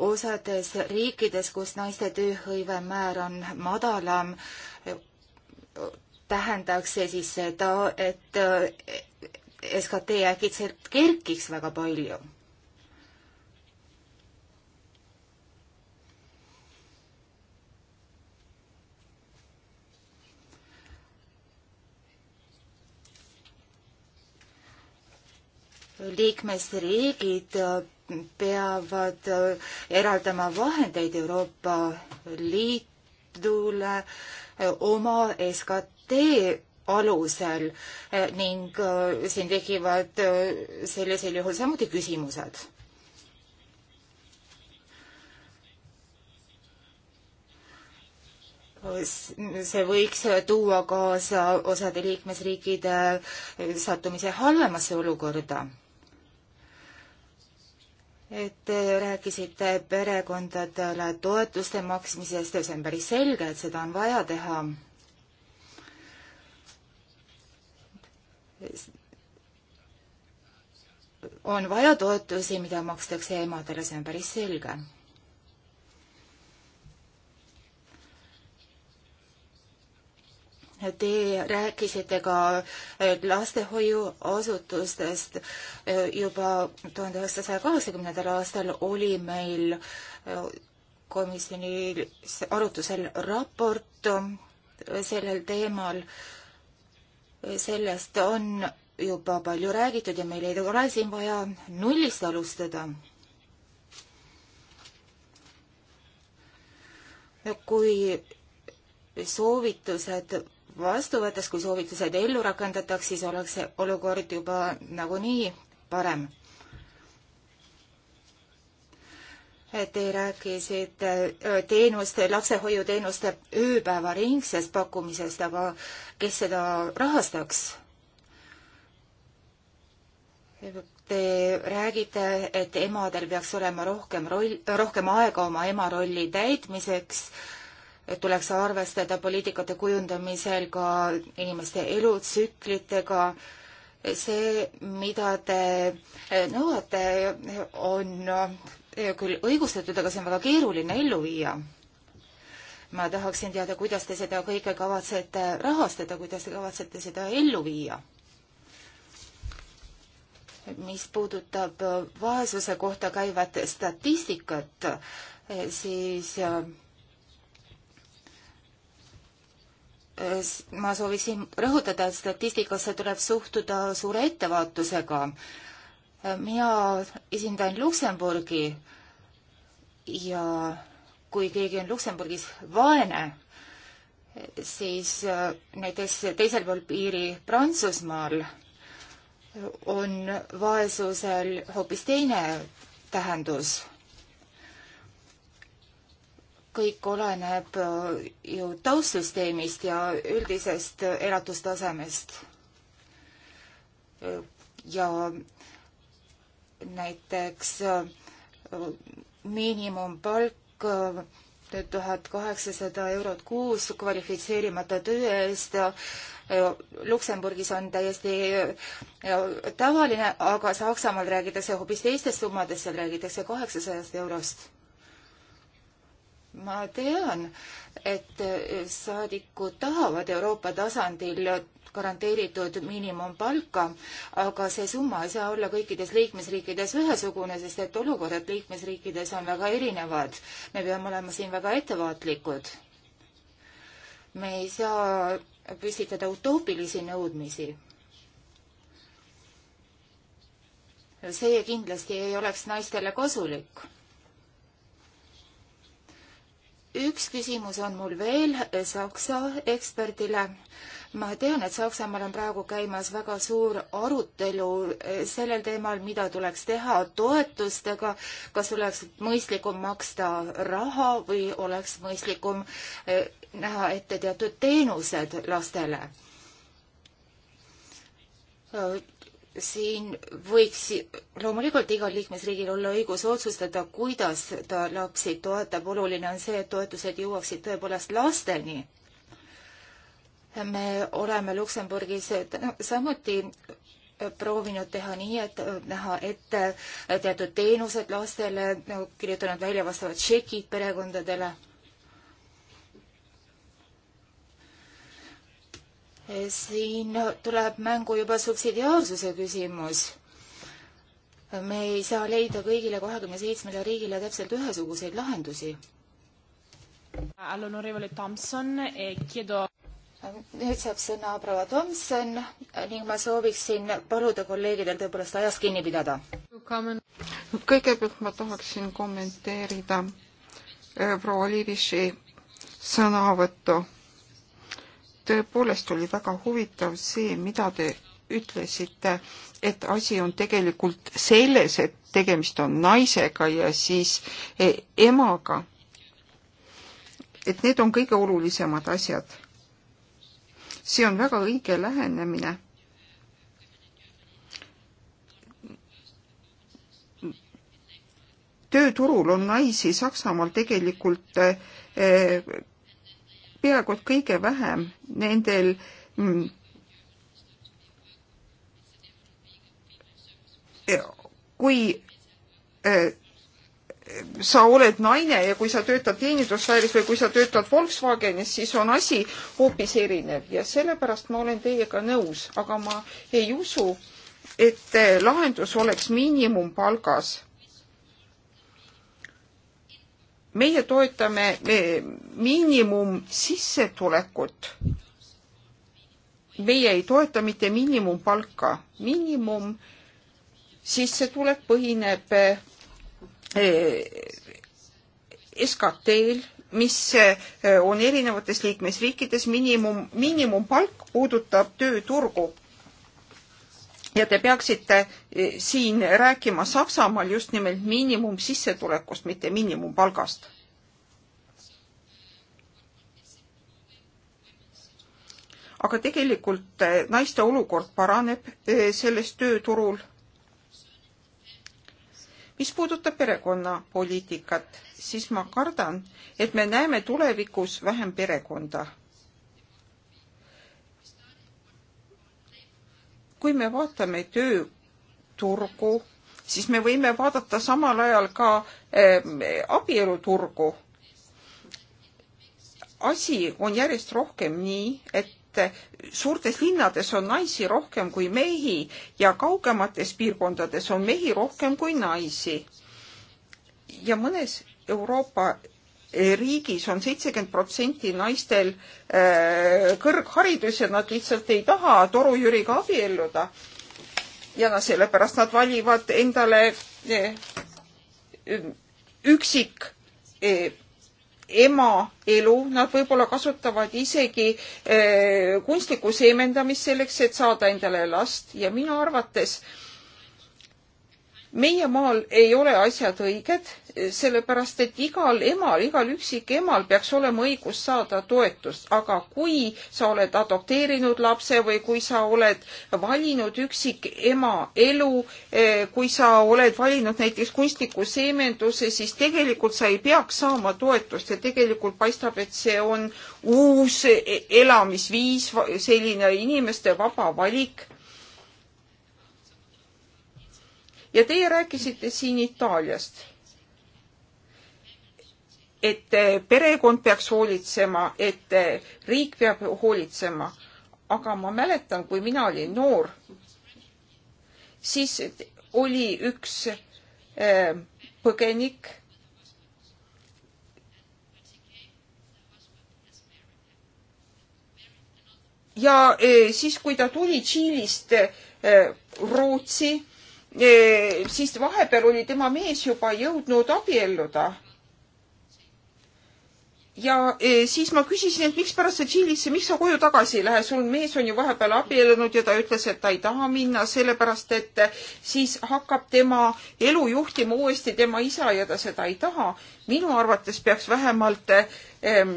[SPEAKER 2] osades riikides, kus naiste tööhõive määr on madalam, tähendaks see siis seda, et SKT äkitselt kerkiks väga palju liikmesriigid äh, peavad äh, eraldama vahendeid Euroopa Liidule äh, oma SKT alusel ning siin tekivad sellisel juhul samuti küsimused see võiks tuua kaasa osade liikmesriikide sattumise halvemasse olukorda. Te äh, rääkisite perekondadele toetuste maksmisest ja see on päris selge, et seda on vaja teha. on vaja toetusi, mida makstakse emadele, see on päris selge Te rääkisite ka äh, lastehoiuasutustest. Äh, juba tuhande üheksasaja kaheksakümnendal aastal oli meil äh, komisjonis arutusel raport sellel teemal. sellest on juba palju räägitud ja meil ei ole siin vaja nullist alustada. kui soovitused vastu võttes, kui soovitused ellu rakendataks, siis oleks see olukord juba nagunii parem. Te rääkisite äh, teenuste, lapsehoiuteenuste ööpäevaringsest pakkumisest, aga kes seda rahastaks? Te räägite, et emadel peaks olema rohkem roll, rohkem aega oma ema rolli täitmiseks äh, tuleks arvestada poliitikate kujundamisel ka inimeste elutsüklitega. see, mida te eh, nõuate, on eh, küll õigustatud, aga see on väga keeruline ellu viia. ma tahaksin teada, kuidas te seda kõike kavatsete rahastada, kuidas te kavatsete seda ellu viia? mis puudutab vaesuse kohta käivat statistikat, eh, siis Äh, ma sooviksin rõhutada, et statistikasse tuleb suhtuda suure ettevaatusega. Äh, mina esindan Luksemburgi ja kui keegi on Luksemburgis vaene, siis äh, näiteks teisel pool piiri Prantsusmaal on vaesusel hoopis teine tähendus kõik oleneb äh, ju taustsüsteemist ja üldisest elatustasemest. Äh, ja näiteks äh, miinimumpalk tuhat kaheksasada eurot kuus kvalifitseerimata töö eest Luksemburgis on täiesti tavaline, aga Saksamaal räägitakse hoopis teistest summadest, seal räägitakse kaheksasajast eurost ma tean, et eh, saadikud tahavad Euroopa tasandil garanteeritud miinimumpalka, aga see summa ei saa olla kõikides liikmesriikides ühesugune, sest et olukorrad liikmesriikides on väga erinevad. me peame olema siin väga ettevaatlikud. me ei saa püstitada utoopilisi nõudmisi. see kindlasti ei oleks naistele kasulik üks küsimus on mul veel eh, Saksa eksperdile. ma tean, et Saksamaal on praegu käimas väga suur arutelu eh, sellel teemal, mida tuleks teha toetustega, kas oleks mõistlikum maksta raha või oleks mõistlikum eh, näha ette teatud teenused lastele siin võiks loomulikult igal liikmesriigil olla õigus otsustada, kuidas ta lapsi toetab. oluline on see, et toetused jõuaksid tõepoolest lasteni. me oleme Luksemburgis no, samuti proovinud teha nii, et äh, näha ette äh, teatud teenused lastele no,, kirjutanud välja vastavad tšekid perekondadele siin tuleb mängu juba subsidiaarsuse küsimus. me ei saa leida kõigile kahekümne seitsmele riigile täpselt ühesuguseid lahendusi. Eh, nüüd saab sõna proua Tomson ning ma sooviksin paluda kolleegidel tõepoolest ajast kinni pidada.
[SPEAKER 3] kõigepealt ma tahaksin kommenteerida eh, proua Liiviši sõnavõttu tõepoolest oli väga huvitav see, mida te ütlesite, et asi on tegelikult selles, et tegemist on naisega ja siis eh, emaga. et need on kõige olulisemad asjad. see on väga õige lähenemine. tööturul on naisi Saksamaal tegelikult eh, peaaegu et kõige vähem nendel mm, kui äh, sa oled naine ja kui sa töötad teenindussfääris või kui sa töötad Volkswagenis, siis on asi hoopis erinev ja sellepärast ma olen teiega nõus, aga ma ei usu, et äh, lahendus oleks miinimumpalgas meie toetame eh, miinimumsissetulekut. meie ei toeta mitte miinimumpalka, miinimumsissetulek põhineb eh, SKT-l, mis eh, on erinevates liikmesriikides miinimum, miinimumpalk puudutab tööturgu ja te peaksite e, siin rääkima Saksamaal just nimelt miinimumsissetulekust, mitte miinimumpalgast. aga tegelikult e, naiste olukord paraneb e, selles tööturul. mis puudutab perekonnapoliitikat, siis ma kardan, et me näeme tulevikus vähem perekonda kui me vaatame tööturgu, siis me võime vaadata samal ajal ka äh, abieluturgu. asi on järjest rohkem nii, et suurtes linnades on naisi rohkem kui mehi ja kaugemates piirkondades on mehi rohkem kui naisi. ja mõnes Euroopa riigis on seitsekümmend protsenti naistel äh, kõrgharidus ja nad lihtsalt ei taha torujüriga abielluda. ja no sellepärast nad valivad endale äh, üksik äh, ema elu, nad võib-olla kasutavad isegi kunstlikku seemendamist selleks, et saada endale last ja minu arvates äh, meie maal ei ole asjad õiged, sellepärast et igal emal, igal üksikemal peaks olema õigus saada toetust, aga kui sa oled adopteerinud lapse või kui sa oled valinud üksikema elu, eh, kui sa oled valinud näiteks kunstliku seemenduse, siis tegelikult sa ei peaks saama toetust ja tegelikult paistab, et see on uus e-, elamisviis, selline inimeste vaba valik ja teie rääkisite siin Itaaliast, et eh, perekond peaks hoolitsema, et eh, riik peab hoolitsema. aga ma mäletan, kui mina olin noor, siis oli üks eh, põgenik ja siis, kui ta tuli Tšiilist Rootsi, E, siis vahepeal oli tema mees juba jõudnud abielluda. ja e, siis ma küsisin, et mikspärast sa Tšiilisse, miks sa koju tagasi ei lähe, sul mees on ju vahepeal abiellunud ja ta ütles, et ta ei taha minna, sellepärast et siis hakkab tema elu juhtima uuesti tema isa ja ta seda ei taha minu arvates peaks vähemalt ehm,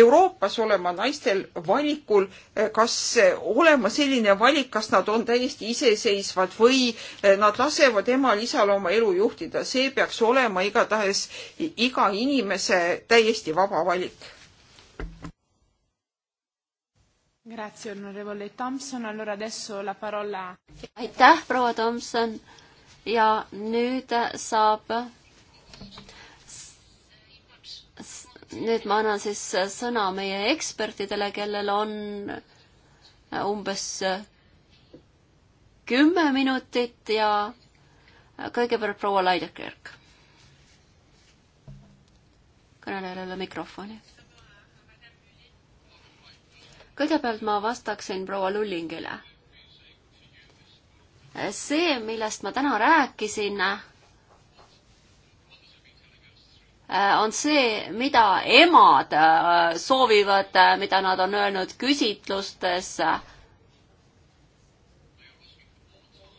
[SPEAKER 3] Euroopas olema naistel valikul, eh, kas eh, olema selline valik, kas nad on täiesti iseseisvad või eh, nad lasevad emal-isal oma elu juhtida, see peaks olema igatahes iga inimese täiesti vaba valik.
[SPEAKER 4] Grazie onorevole Tomson, allora adesso la parola. aitäh,
[SPEAKER 1] proua Tomson ja nüüd saab nüüd ma annan siis sõna meie ekspertidele, kellel on umbes kümme minutit ja kõigepealt proua Laidekirk. kõnelejal ei ole mikrofoni. kõigepealt ma vastaksin proua Lullingile. see, millest ma täna rääkisin Äh, on see, mida emad äh, soovivad, äh, mida nad on öelnud küsitlustes.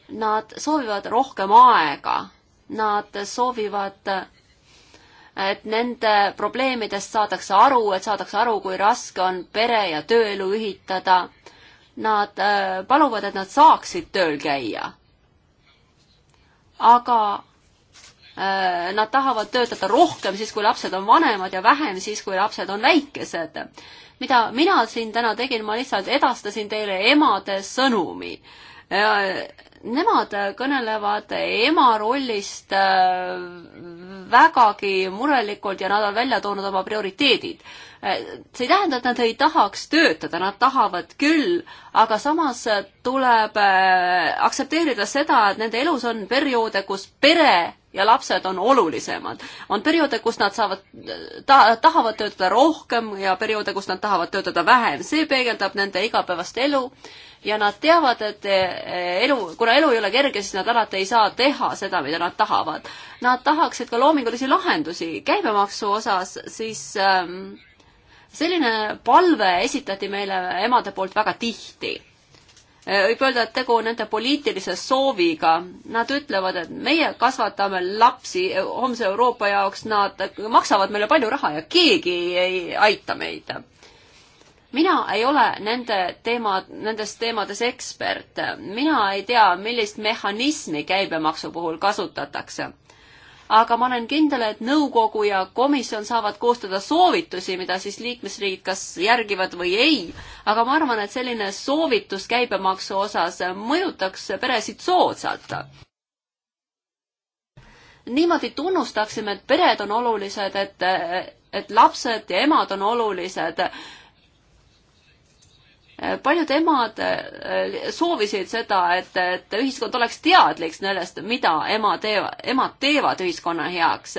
[SPEAKER 1] Nad soovivad rohkem aega, nad soovivad, et nende probleemidest saadakse aru, et saadakse aru, kui raske on pere ja tööelu ühitada. Nad paluvad, et nad saaksid tööl käia. aga Äh, nad tahavad töötada rohkem siis, kui lapsed on vanemad ja vähem siis, kui lapsed on väikesed. mida mina siin täna tegin, ma lihtsalt edastasin teile emade sõnumi. Äh, nemad kõnelevad ema rollist äh, vägagi murelikult ja nad on välja toonud oma prioriteedid see ei tähenda, et nad ei tahaks töötada, nad tahavad küll, aga samas tuleb aktsepteerida seda, et nende elus on perioode, kus pere ja lapsed on olulisemad. on perioode, kus nad saavad ta,, tahavad töötada rohkem ja perioode, kus nad tahavad töötada vähem. see peegeldab nende igapäevast elu ja nad teavad, et eh, elu, kuna elu ei ole kerge, siis nad alati ei saa teha seda, mida nad tahavad. Nad tahaksid ka loomingulisi lahendusi käibemaksu osas, siis ähm, selline palve esitati meile emade poolt väga tihti võib öelda, et tegu on nende poliitilise sooviga. Nad ütlevad, et meie kasvatame lapsi homse Euroopa jaoks, nad maksavad meile palju raha ja keegi ei aita meid. mina ei ole nende teemad, nendes teemades ekspert. mina ei tea, millist mehhanismi käibemaksu puhul kasutatakse aga ma olen kindel, et nõukogu ja komisjon saavad koostada soovitusi, mida siis liikmesriigid kas järgivad või ei. aga ma arvan, et selline soovitus käibemaksu osas mõjutaks peresid soodsalt. niimoodi tunnustaksime, et pered on olulised, et, et lapsed ja emad on olulised paljud emad äh, soovisid seda, et, et ühiskond oleks teadlik sellest, mida ema teeva, emad teevad ühiskonna heaks.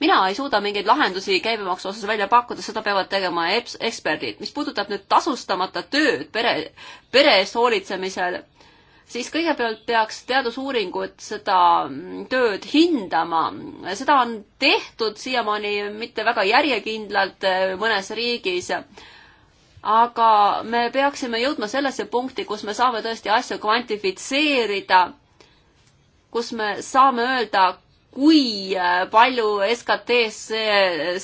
[SPEAKER 1] mina ei suuda mingeid lahendusi käibemaksu osas välja pakkuda, seda peavad tegema eksperdid. mis puudutab nüüd tasustamata tööd pere, pere eest hoolitsemisel, siis kõigepealt peaks teadusuuringud seda tööd hindama. seda on tehtud siiamaani mitte väga järjekindlalt äh, mõnes riigis aga me peaksime jõudma sellesse punkti, kus me saame tõesti asju kvantifitseerida, kus me saame öelda, kui äh, palju SKT-s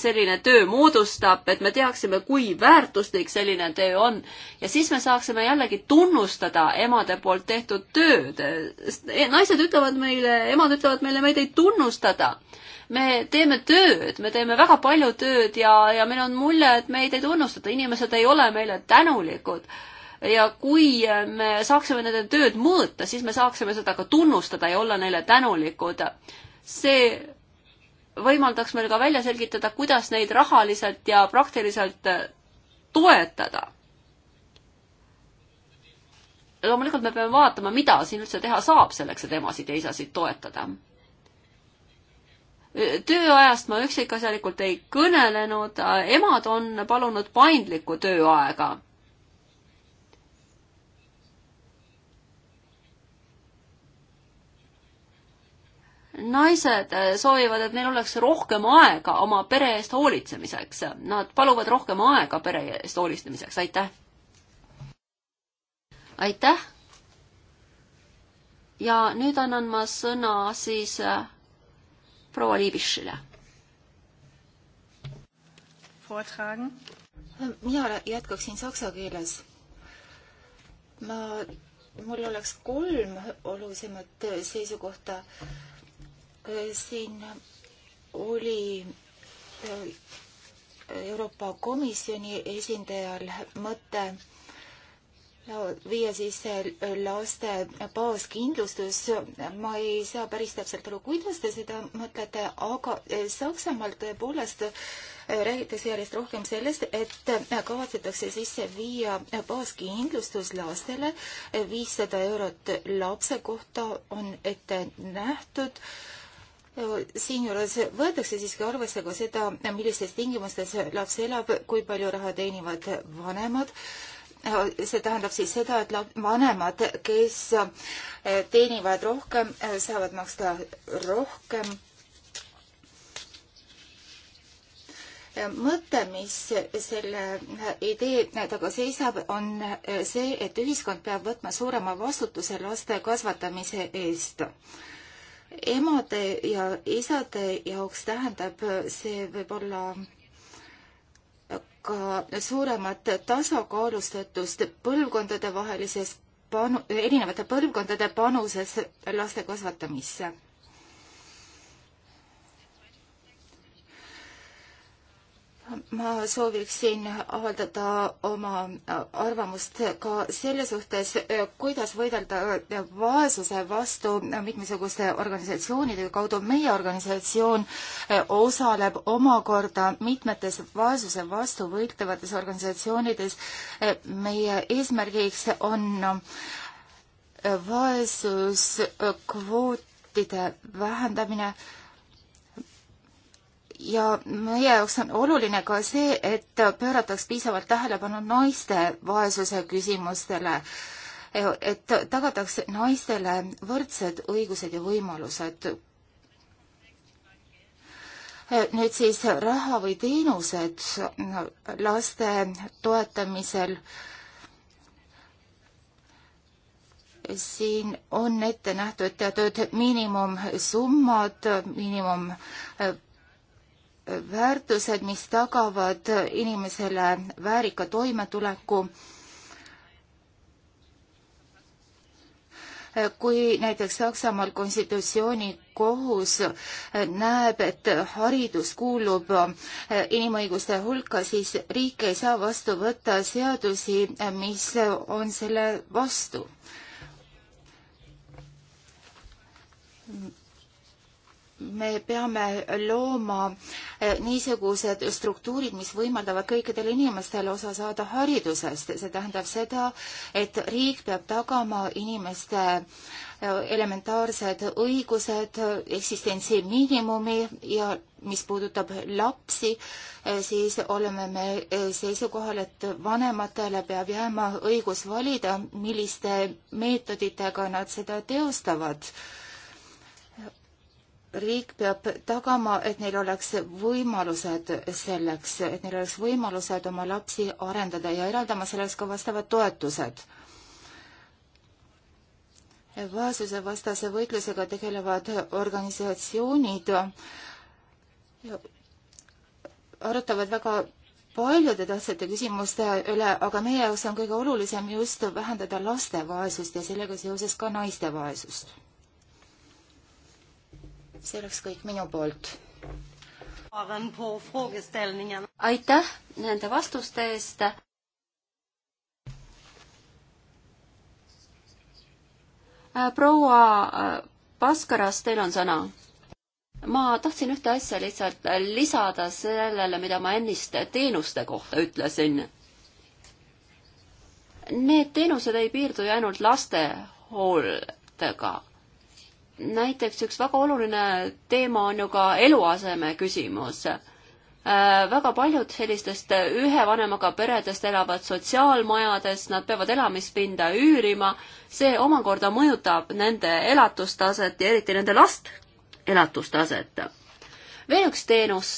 [SPEAKER 1] selline töö moodustab, et me teaksime, kui väärtuslik selline töö on. ja siis me saaksime jällegi tunnustada emade poolt tehtud tööd. Eh, naised ütlevad meile, emad ütlevad meile, meid ei tunnustada. me teeme tööd, me teeme väga palju tööd ja, ja meil on mulje, et meid ei tunnustata, inimesed ei ole meile tänulikud ja kui äh, me saaksime nende tööd mõõta, siis me saaksime seda ka tunnustada ja olla neile tänulikud see võimaldaks meil ka välja selgitada, kuidas neid rahaliselt ja praktiliselt toetada. loomulikult me peame vaatama, mida siin üldse teha saab selleks, et emasid ja isasid toetada. tööajast ma üksikasjalikult ei kõnelenud, emad on palunud paindlikku tööaega naised äh, soovivad, et neil oleks rohkem aega oma pere eest hoolitsemiseks. Nad paluvad rohkem aega pere eest hoolitsemiseks, aitäh! aitäh! ja nüüd annan ma sõna siis äh, proua Liibischile.
[SPEAKER 2] Ähm, mina jätkaksin saksa keeles. ma mul oleks kolm olulisemat äh, seisukohta siin oli äh, Euroopa Komisjoni esindajal mõte viia siis äh, laste baaskindlustus. ma ei saa päris täpselt aru, kuidas te seda mõtlete, aga äh, Saksamaal tõepoolest räägitakse järjest rohkem sellest, et kavatsetakse sisse viia baaskindlustus lastele. viissada eurot lapse kohta on ette nähtud siinjuures võetakse siiski arvesse ka seda, millistes tingimustes laps elab, kui palju raha teenivad vanemad. see tähendab siis seda, et vanemad, kes eh, teenivad rohkem, eh, saavad maksta rohkem. Eh, mõte, mis selle idee taga seisab, on see, et ühiskond peab võtma suurema vastutuse laste kasvatamise eest emade ja isade jaoks tähendab see võib-olla ka suuremat tasakaalustatust põlvkondade vahelises panu, erinevate põlvkondade panuses laste kasvatamisse. ma sooviksin avaldada oma arvamust ka selle suhtes, kuidas võidelda vaesuse vastu mitmesuguste organisatsioonide kaudu. meie organisatsioon osaleb omakorda mitmetes vaesuse vastu võitlevates organisatsioonides. meie eesmärgiks on vaesuskvootide vähendamine ja meie jaoks on oluline ka see, et pöörataks piisavalt tähelepanu naiste vaesuse küsimustele, et tagatakse naistele võrdsed õigused ja võimalused. nüüd siis raha või teenused laste toetamisel siin on ette nähtud teatud miinimumsummad, miinimum väärtused, mis tagavad inimesele väärika toimetuleku. kui näiteks Saksamaal konstitutsioonikohus näeb, et haridus kuulub inimõiguste hulka, siis riik ei saa vastu võtta seadusi, mis on selle vastu me peame looma eh, niisugused struktuurid, mis võimaldavad kõikidel inimestel osa saada haridusest. see tähendab seda, et riik peab tagama inimeste eh, elementaarsed õigused, eksistentsi miinimumi ja mis puudutab lapsi, eh, siis oleme me seisukohal, et vanematele peab jääma õigus valida, milliste meetoditega nad seda teostavad riik peab tagama, et neil oleks võimalused selleks, et neil oleks võimalused oma lapsi arendada ja eraldama selleks ka vastavad toetused. vaesusevastase võitlusega tegelevad organisatsioonid arutavad väga paljude tähtsate küsimuste üle, aga meie jaoks on kõige olulisem just vähendada laste vaesust ja sellega seoses ka naiste vaesust see oleks kõik minu
[SPEAKER 1] poolt. aitäh nende vastuste eest. Äh, proua äh, Paskaras, teil on sõna. ma tahtsin ühte asja lihtsalt lisada sellele, mida ma ennist teenuste kohta ütlesin. Need teenused ei piirdu ju ainult lastehooltega näiteks üks väga oluline teema on ju ka eluaseme küsimus. Äh, väga paljud sellistest ühe vanemaga peredest elavad sotsiaalmajades, nad peavad elamispinda üürima, see omakorda mõjutab nende elatustaset ja eriti nende last elatustaset. veel üks teenus,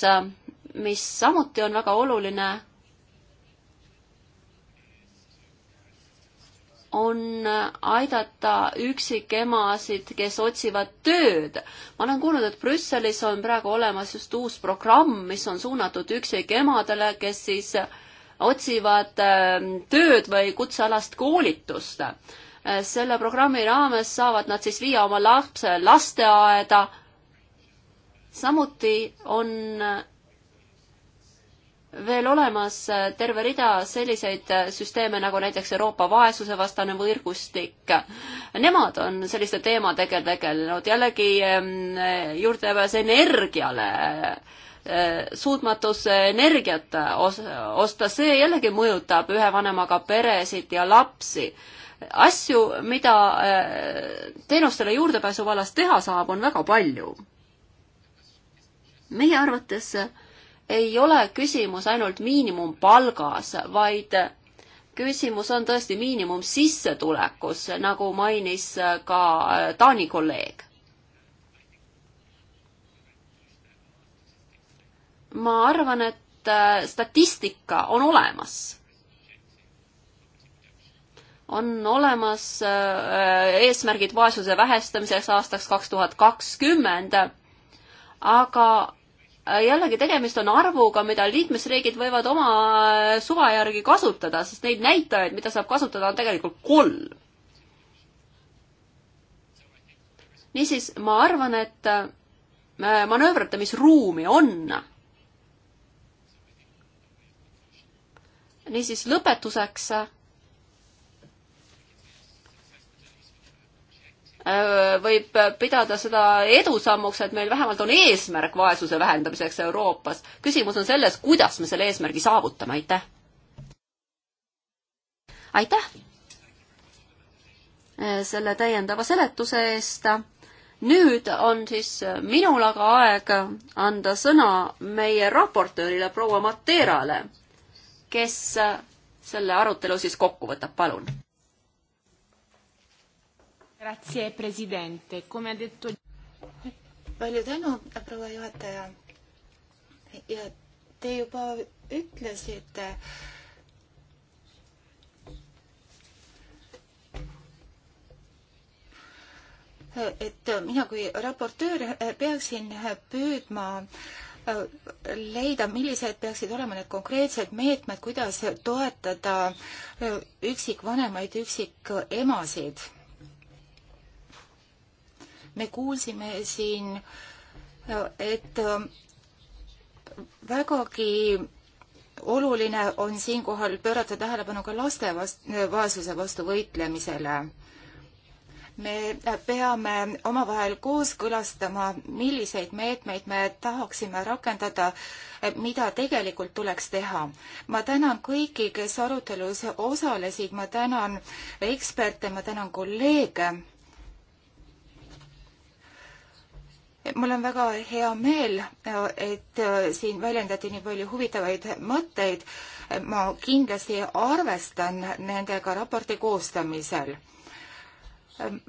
[SPEAKER 1] mis samuti on väga oluline on aidata üksikemasid, kes otsivad tööd. ma olen kuulnud, et Brüsselis on praegu olemas just uus programm, mis on suunatud üksikemadele, kes siis otsivad ähm, tööd või kutsealast koolitust. Äh, selle programmi raames saavad nad siis viia oma lapse lasteaeda. samuti on äh, veel olemas terve rida selliseid süsteeme nagu näiteks Euroopa vaesusevastane võrgustik. Nemad on selliste teemadega tegelenud, jällegi juurdepääs energiale, eh, suutmatus energiat osta, see jällegi mõjutab ühe vanemaga peresid ja lapsi. asju, mida eh, teenustele juurdepääsu vallas teha saab, on väga palju. meie arvates ei ole küsimus ainult miinimumpalgas, vaid küsimus on tõesti miinimumsissetulekus, nagu mainis ka äh, Taani kolleeg. ma arvan, et äh, statistika on olemas. on olemas äh, eesmärgid vaesuse vähestamiseks aastaks kaks tuhat kakskümmend, aga Äh, jällegi tegemist on arvuga, mida liikmesriigid võivad oma äh, suva järgi kasutada, sest neid näitajaid, mida saab kasutada, on tegelikult kolm. niisiis, ma arvan, et äh, manööverdamisruumi on. niisiis lõpetuseks Äh, võib pidada seda edusammuks, et meil vähemalt on eesmärk vaesuse vähendamiseks Euroopas. küsimus on selles, kuidas me selle eesmärgi saavutame, aitäh! aitäh äh, selle täiendava seletuse eest. nüüd on siis minul aga aeg anda sõna meie raportöörile proua Materale, kes selle arutelu siis kokku võtab, palun
[SPEAKER 2] palju tänu, proua juhataja. ja te juba ütlesite, et mina kui raportöör peaksin püüdma leida, millised peaksid olema need konkreetsed meetmed, kuidas toetada üksikvanemaid, üksikemasid me kuulsime siin, et vägagi oluline on siinkohal pöörata tähelepanu ka laste vast-, vaesuse vastu võitlemisele. me peame omavahel kooskõlastama, milliseid meetmeid me tahaksime rakendada, mida tegelikult tuleks teha. ma tänan kõiki, kes arutelus osalesid, ma tänan eksperte, ma tänan kolleege mul on väga hea meel, et äh, siin väljendati nii palju huvitavaid mõtteid. ma kindlasti arvestan nendega raporti koostamisel.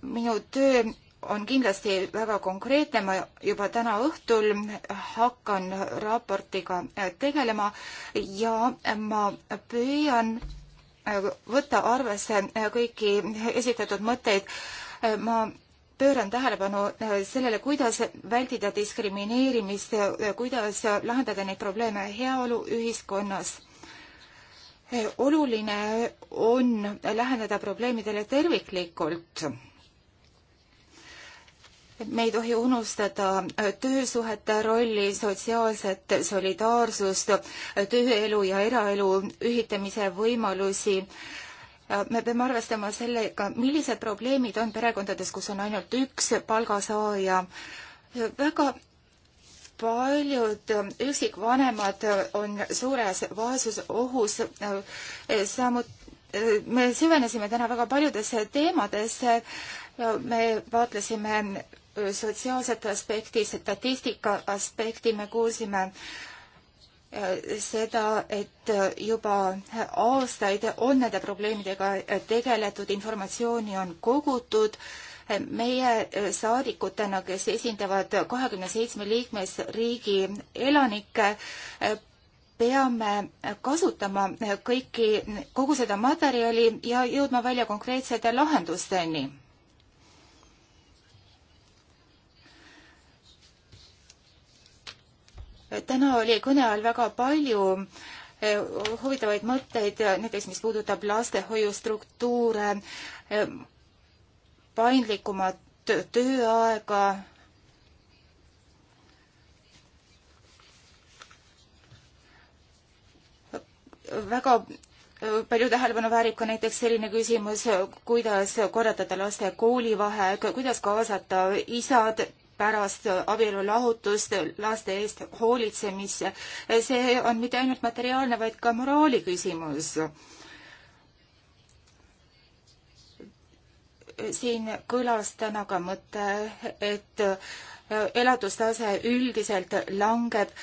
[SPEAKER 2] minu töö on kindlasti väga konkreetne, ma juba täna õhtul hakkan raportiga tegelema ja ma püüan äh, võtta arvesse kõiki esitatud mõtteid. Äh, ma pööran tähelepanu äh, sellele, kuidas vältida diskrimineerimist, kuidas lahendada neid probleeme heaoluühiskonnas. Äh, oluline on läheneda probleemidele terviklikult me ei tohi unustada äh, töösuhete rolli, sotsiaalset solidaarsust, tööelu ja eraelu ühitamise võimalusi Äh, me peame arvestama sellega, millised probleemid on perekondades, kus on ainult üks palgasaaja. Äh, väga paljud äh, üksikvanemad on suures vaesusohus, samuti me süvenesime täna väga paljudesse teemadesse, me vaatlesime sotsiaalset aspekti, statistika aspekti, me kuulsime äh, seda, et juba aastaid on nende probleemidega tegeletud, informatsiooni on kogutud. meie saadikutena, kes esindavad kahekümne seitsme liikmesriigi elanikke, peame kasutama kõiki, kogu seda materjali ja jõudma välja konkreetsete lahendusteni täna oli kõne all väga palju eh, huvitavaid mõtteid, näiteks mis puudutab lastehoiustruktuure, eh, paindlikumat tööaega, väga eh, palju tähelepanu väärib ka näiteks selline küsimus, kuidas korraldada laste koolivaheaeg, kuidas kaasata isad pärast abielulahutust laste eest hoolitsemisse. see on mitte ainult materiaalne, vaid ka moraali küsimus. siin kõlas täna ka mõte, et elatustase üldiselt langeb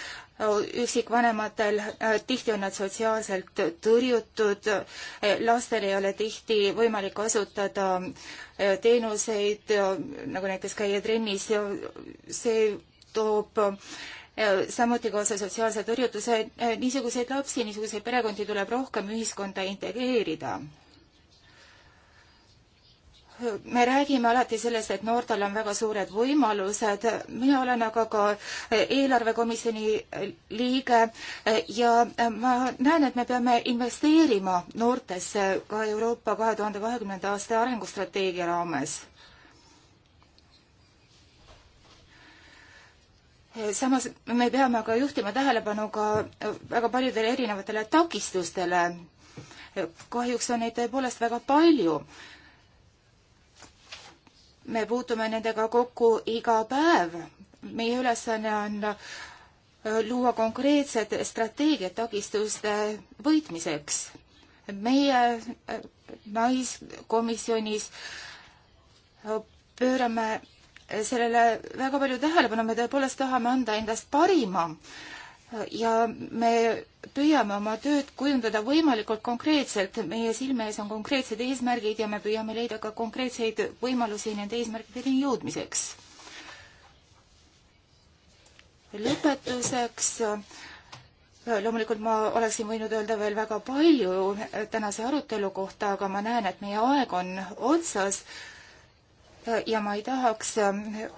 [SPEAKER 2] üksikvanematel, äh, tihti on nad sotsiaalselt tõrjutud, äh, lastel ei ole tihti võimalik kasutada äh, teenuseid, nagu näiteks käia trennis ja see toob samuti kaasa sotsiaalse tõrjutuse, niisuguseid lapsi, niisuguseid perekondi tuleb rohkem ühiskonda integreerida me räägime alati sellest, et noortel on väga suured võimalused, mina olen aga ka eelarvekomisjoni liige ja ma näen, et me peame investeerima noortesse ka Euroopa kahe tuhande kahekümnenda aasta arengustrateegia raames. samas me peame ka juhtima tähelepanu ka väga paljudele erinevatele takistustele. kahjuks on neid tõepoolest väga palju me puutume nendega kokku iga päev. meie ülesanne on äh, luua konkreetsed strateegiad takistuste võitmiseks. meie äh, naiskomisjonis äh, pöörame sellele väga palju tähelepanu, me tõepoolest tahame anda endast parima ja me püüame oma tööd kujundada võimalikult konkreetselt, meie silme ees on konkreetsed eesmärgid ja me püüame leida ka konkreetseid võimalusi nende eesmärkideni jõudmiseks. lõpetuseks, loomulikult ma oleksin võinud öelda veel väga palju tänase arutelu kohta, aga ma näen, et meie aeg on otsas ja ma ei tahaks äh,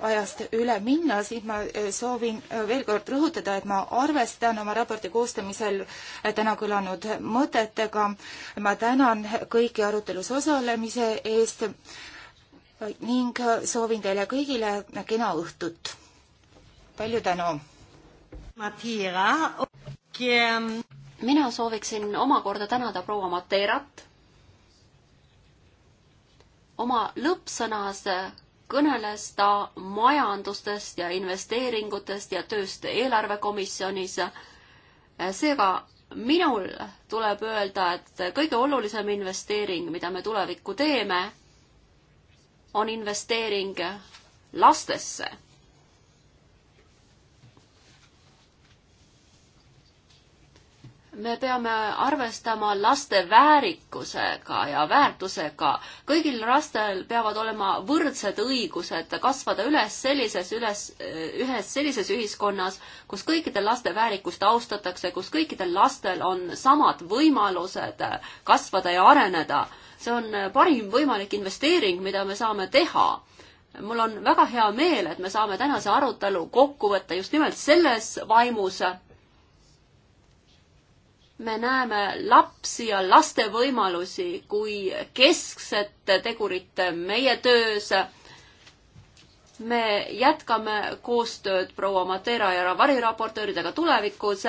[SPEAKER 2] ajast üle minna, siis ma äh, soovin äh, veel kord rõhutada, et ma arvestan oma raporti koostamisel täna kõlanud mõtetega. ma tänan kõiki arutelus osalemise eest ning soovin teile kõigile kena õhtut. palju tänu!
[SPEAKER 1] Ähm, mina sooviksin omakorda tänada proua Mateerat oma lõppsõnas kõneles ta majandustest ja investeeringutest ja tööst eelarvekomisjonis. seega minul tuleb öelda, et kõige olulisem investeering, mida me tulevikku teeme, on investeering lastesse me peame arvestama laste väärikusega ja väärtusega. kõigil lastel peavad olema võrdsed õigused kasvada üles sellises, üles, ühes sellises ühiskonnas, kus kõikide laste väärikust austatakse, kus kõikidel lastel on samad võimalused kasvada ja areneda. see on parim võimalik investeering, mida me saame teha mul on väga hea meel, et me saame tänase arutelu kokku võtta just nimelt selles vaimus me näeme lapsi ja laste võimalusi kui keskset tegurit meie töös. me jätkame koostööd proua Matera ja variraportööridega tulevikus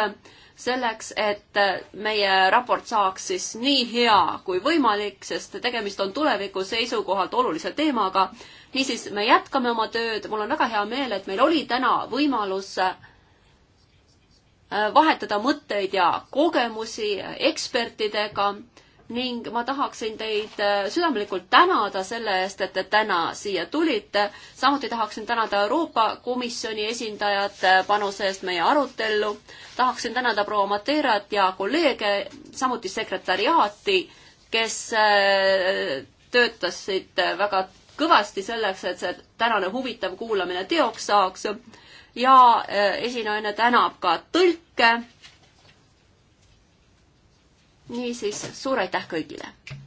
[SPEAKER 1] selleks, et meie raport saaks siis nii hea kui võimalik, sest tegemist on tuleviku seisukohalt olulise teemaga. niisiis, me jätkame oma tööd, mul on väga hea meel, et meil oli täna võimalus äh, Äh, vahetada mõtteid ja kogemusi ekspertidega ning ma tahaksin teid äh, südamlikult tänada selle eest, et te täna siia tulite. samuti tahaksin tänada Euroopa Komisjoni esindajat äh, panuse eest meie arutellu. tahaksin tänada proua Mateerat ja kolleege, samuti sekretariaati, kes töötasid väga kõvasti selleks, et see tänane huvitav kuulamine teoks saaks ja äh, esinaine tänab ka tõlke. niisiis, suur aitäh kõigile!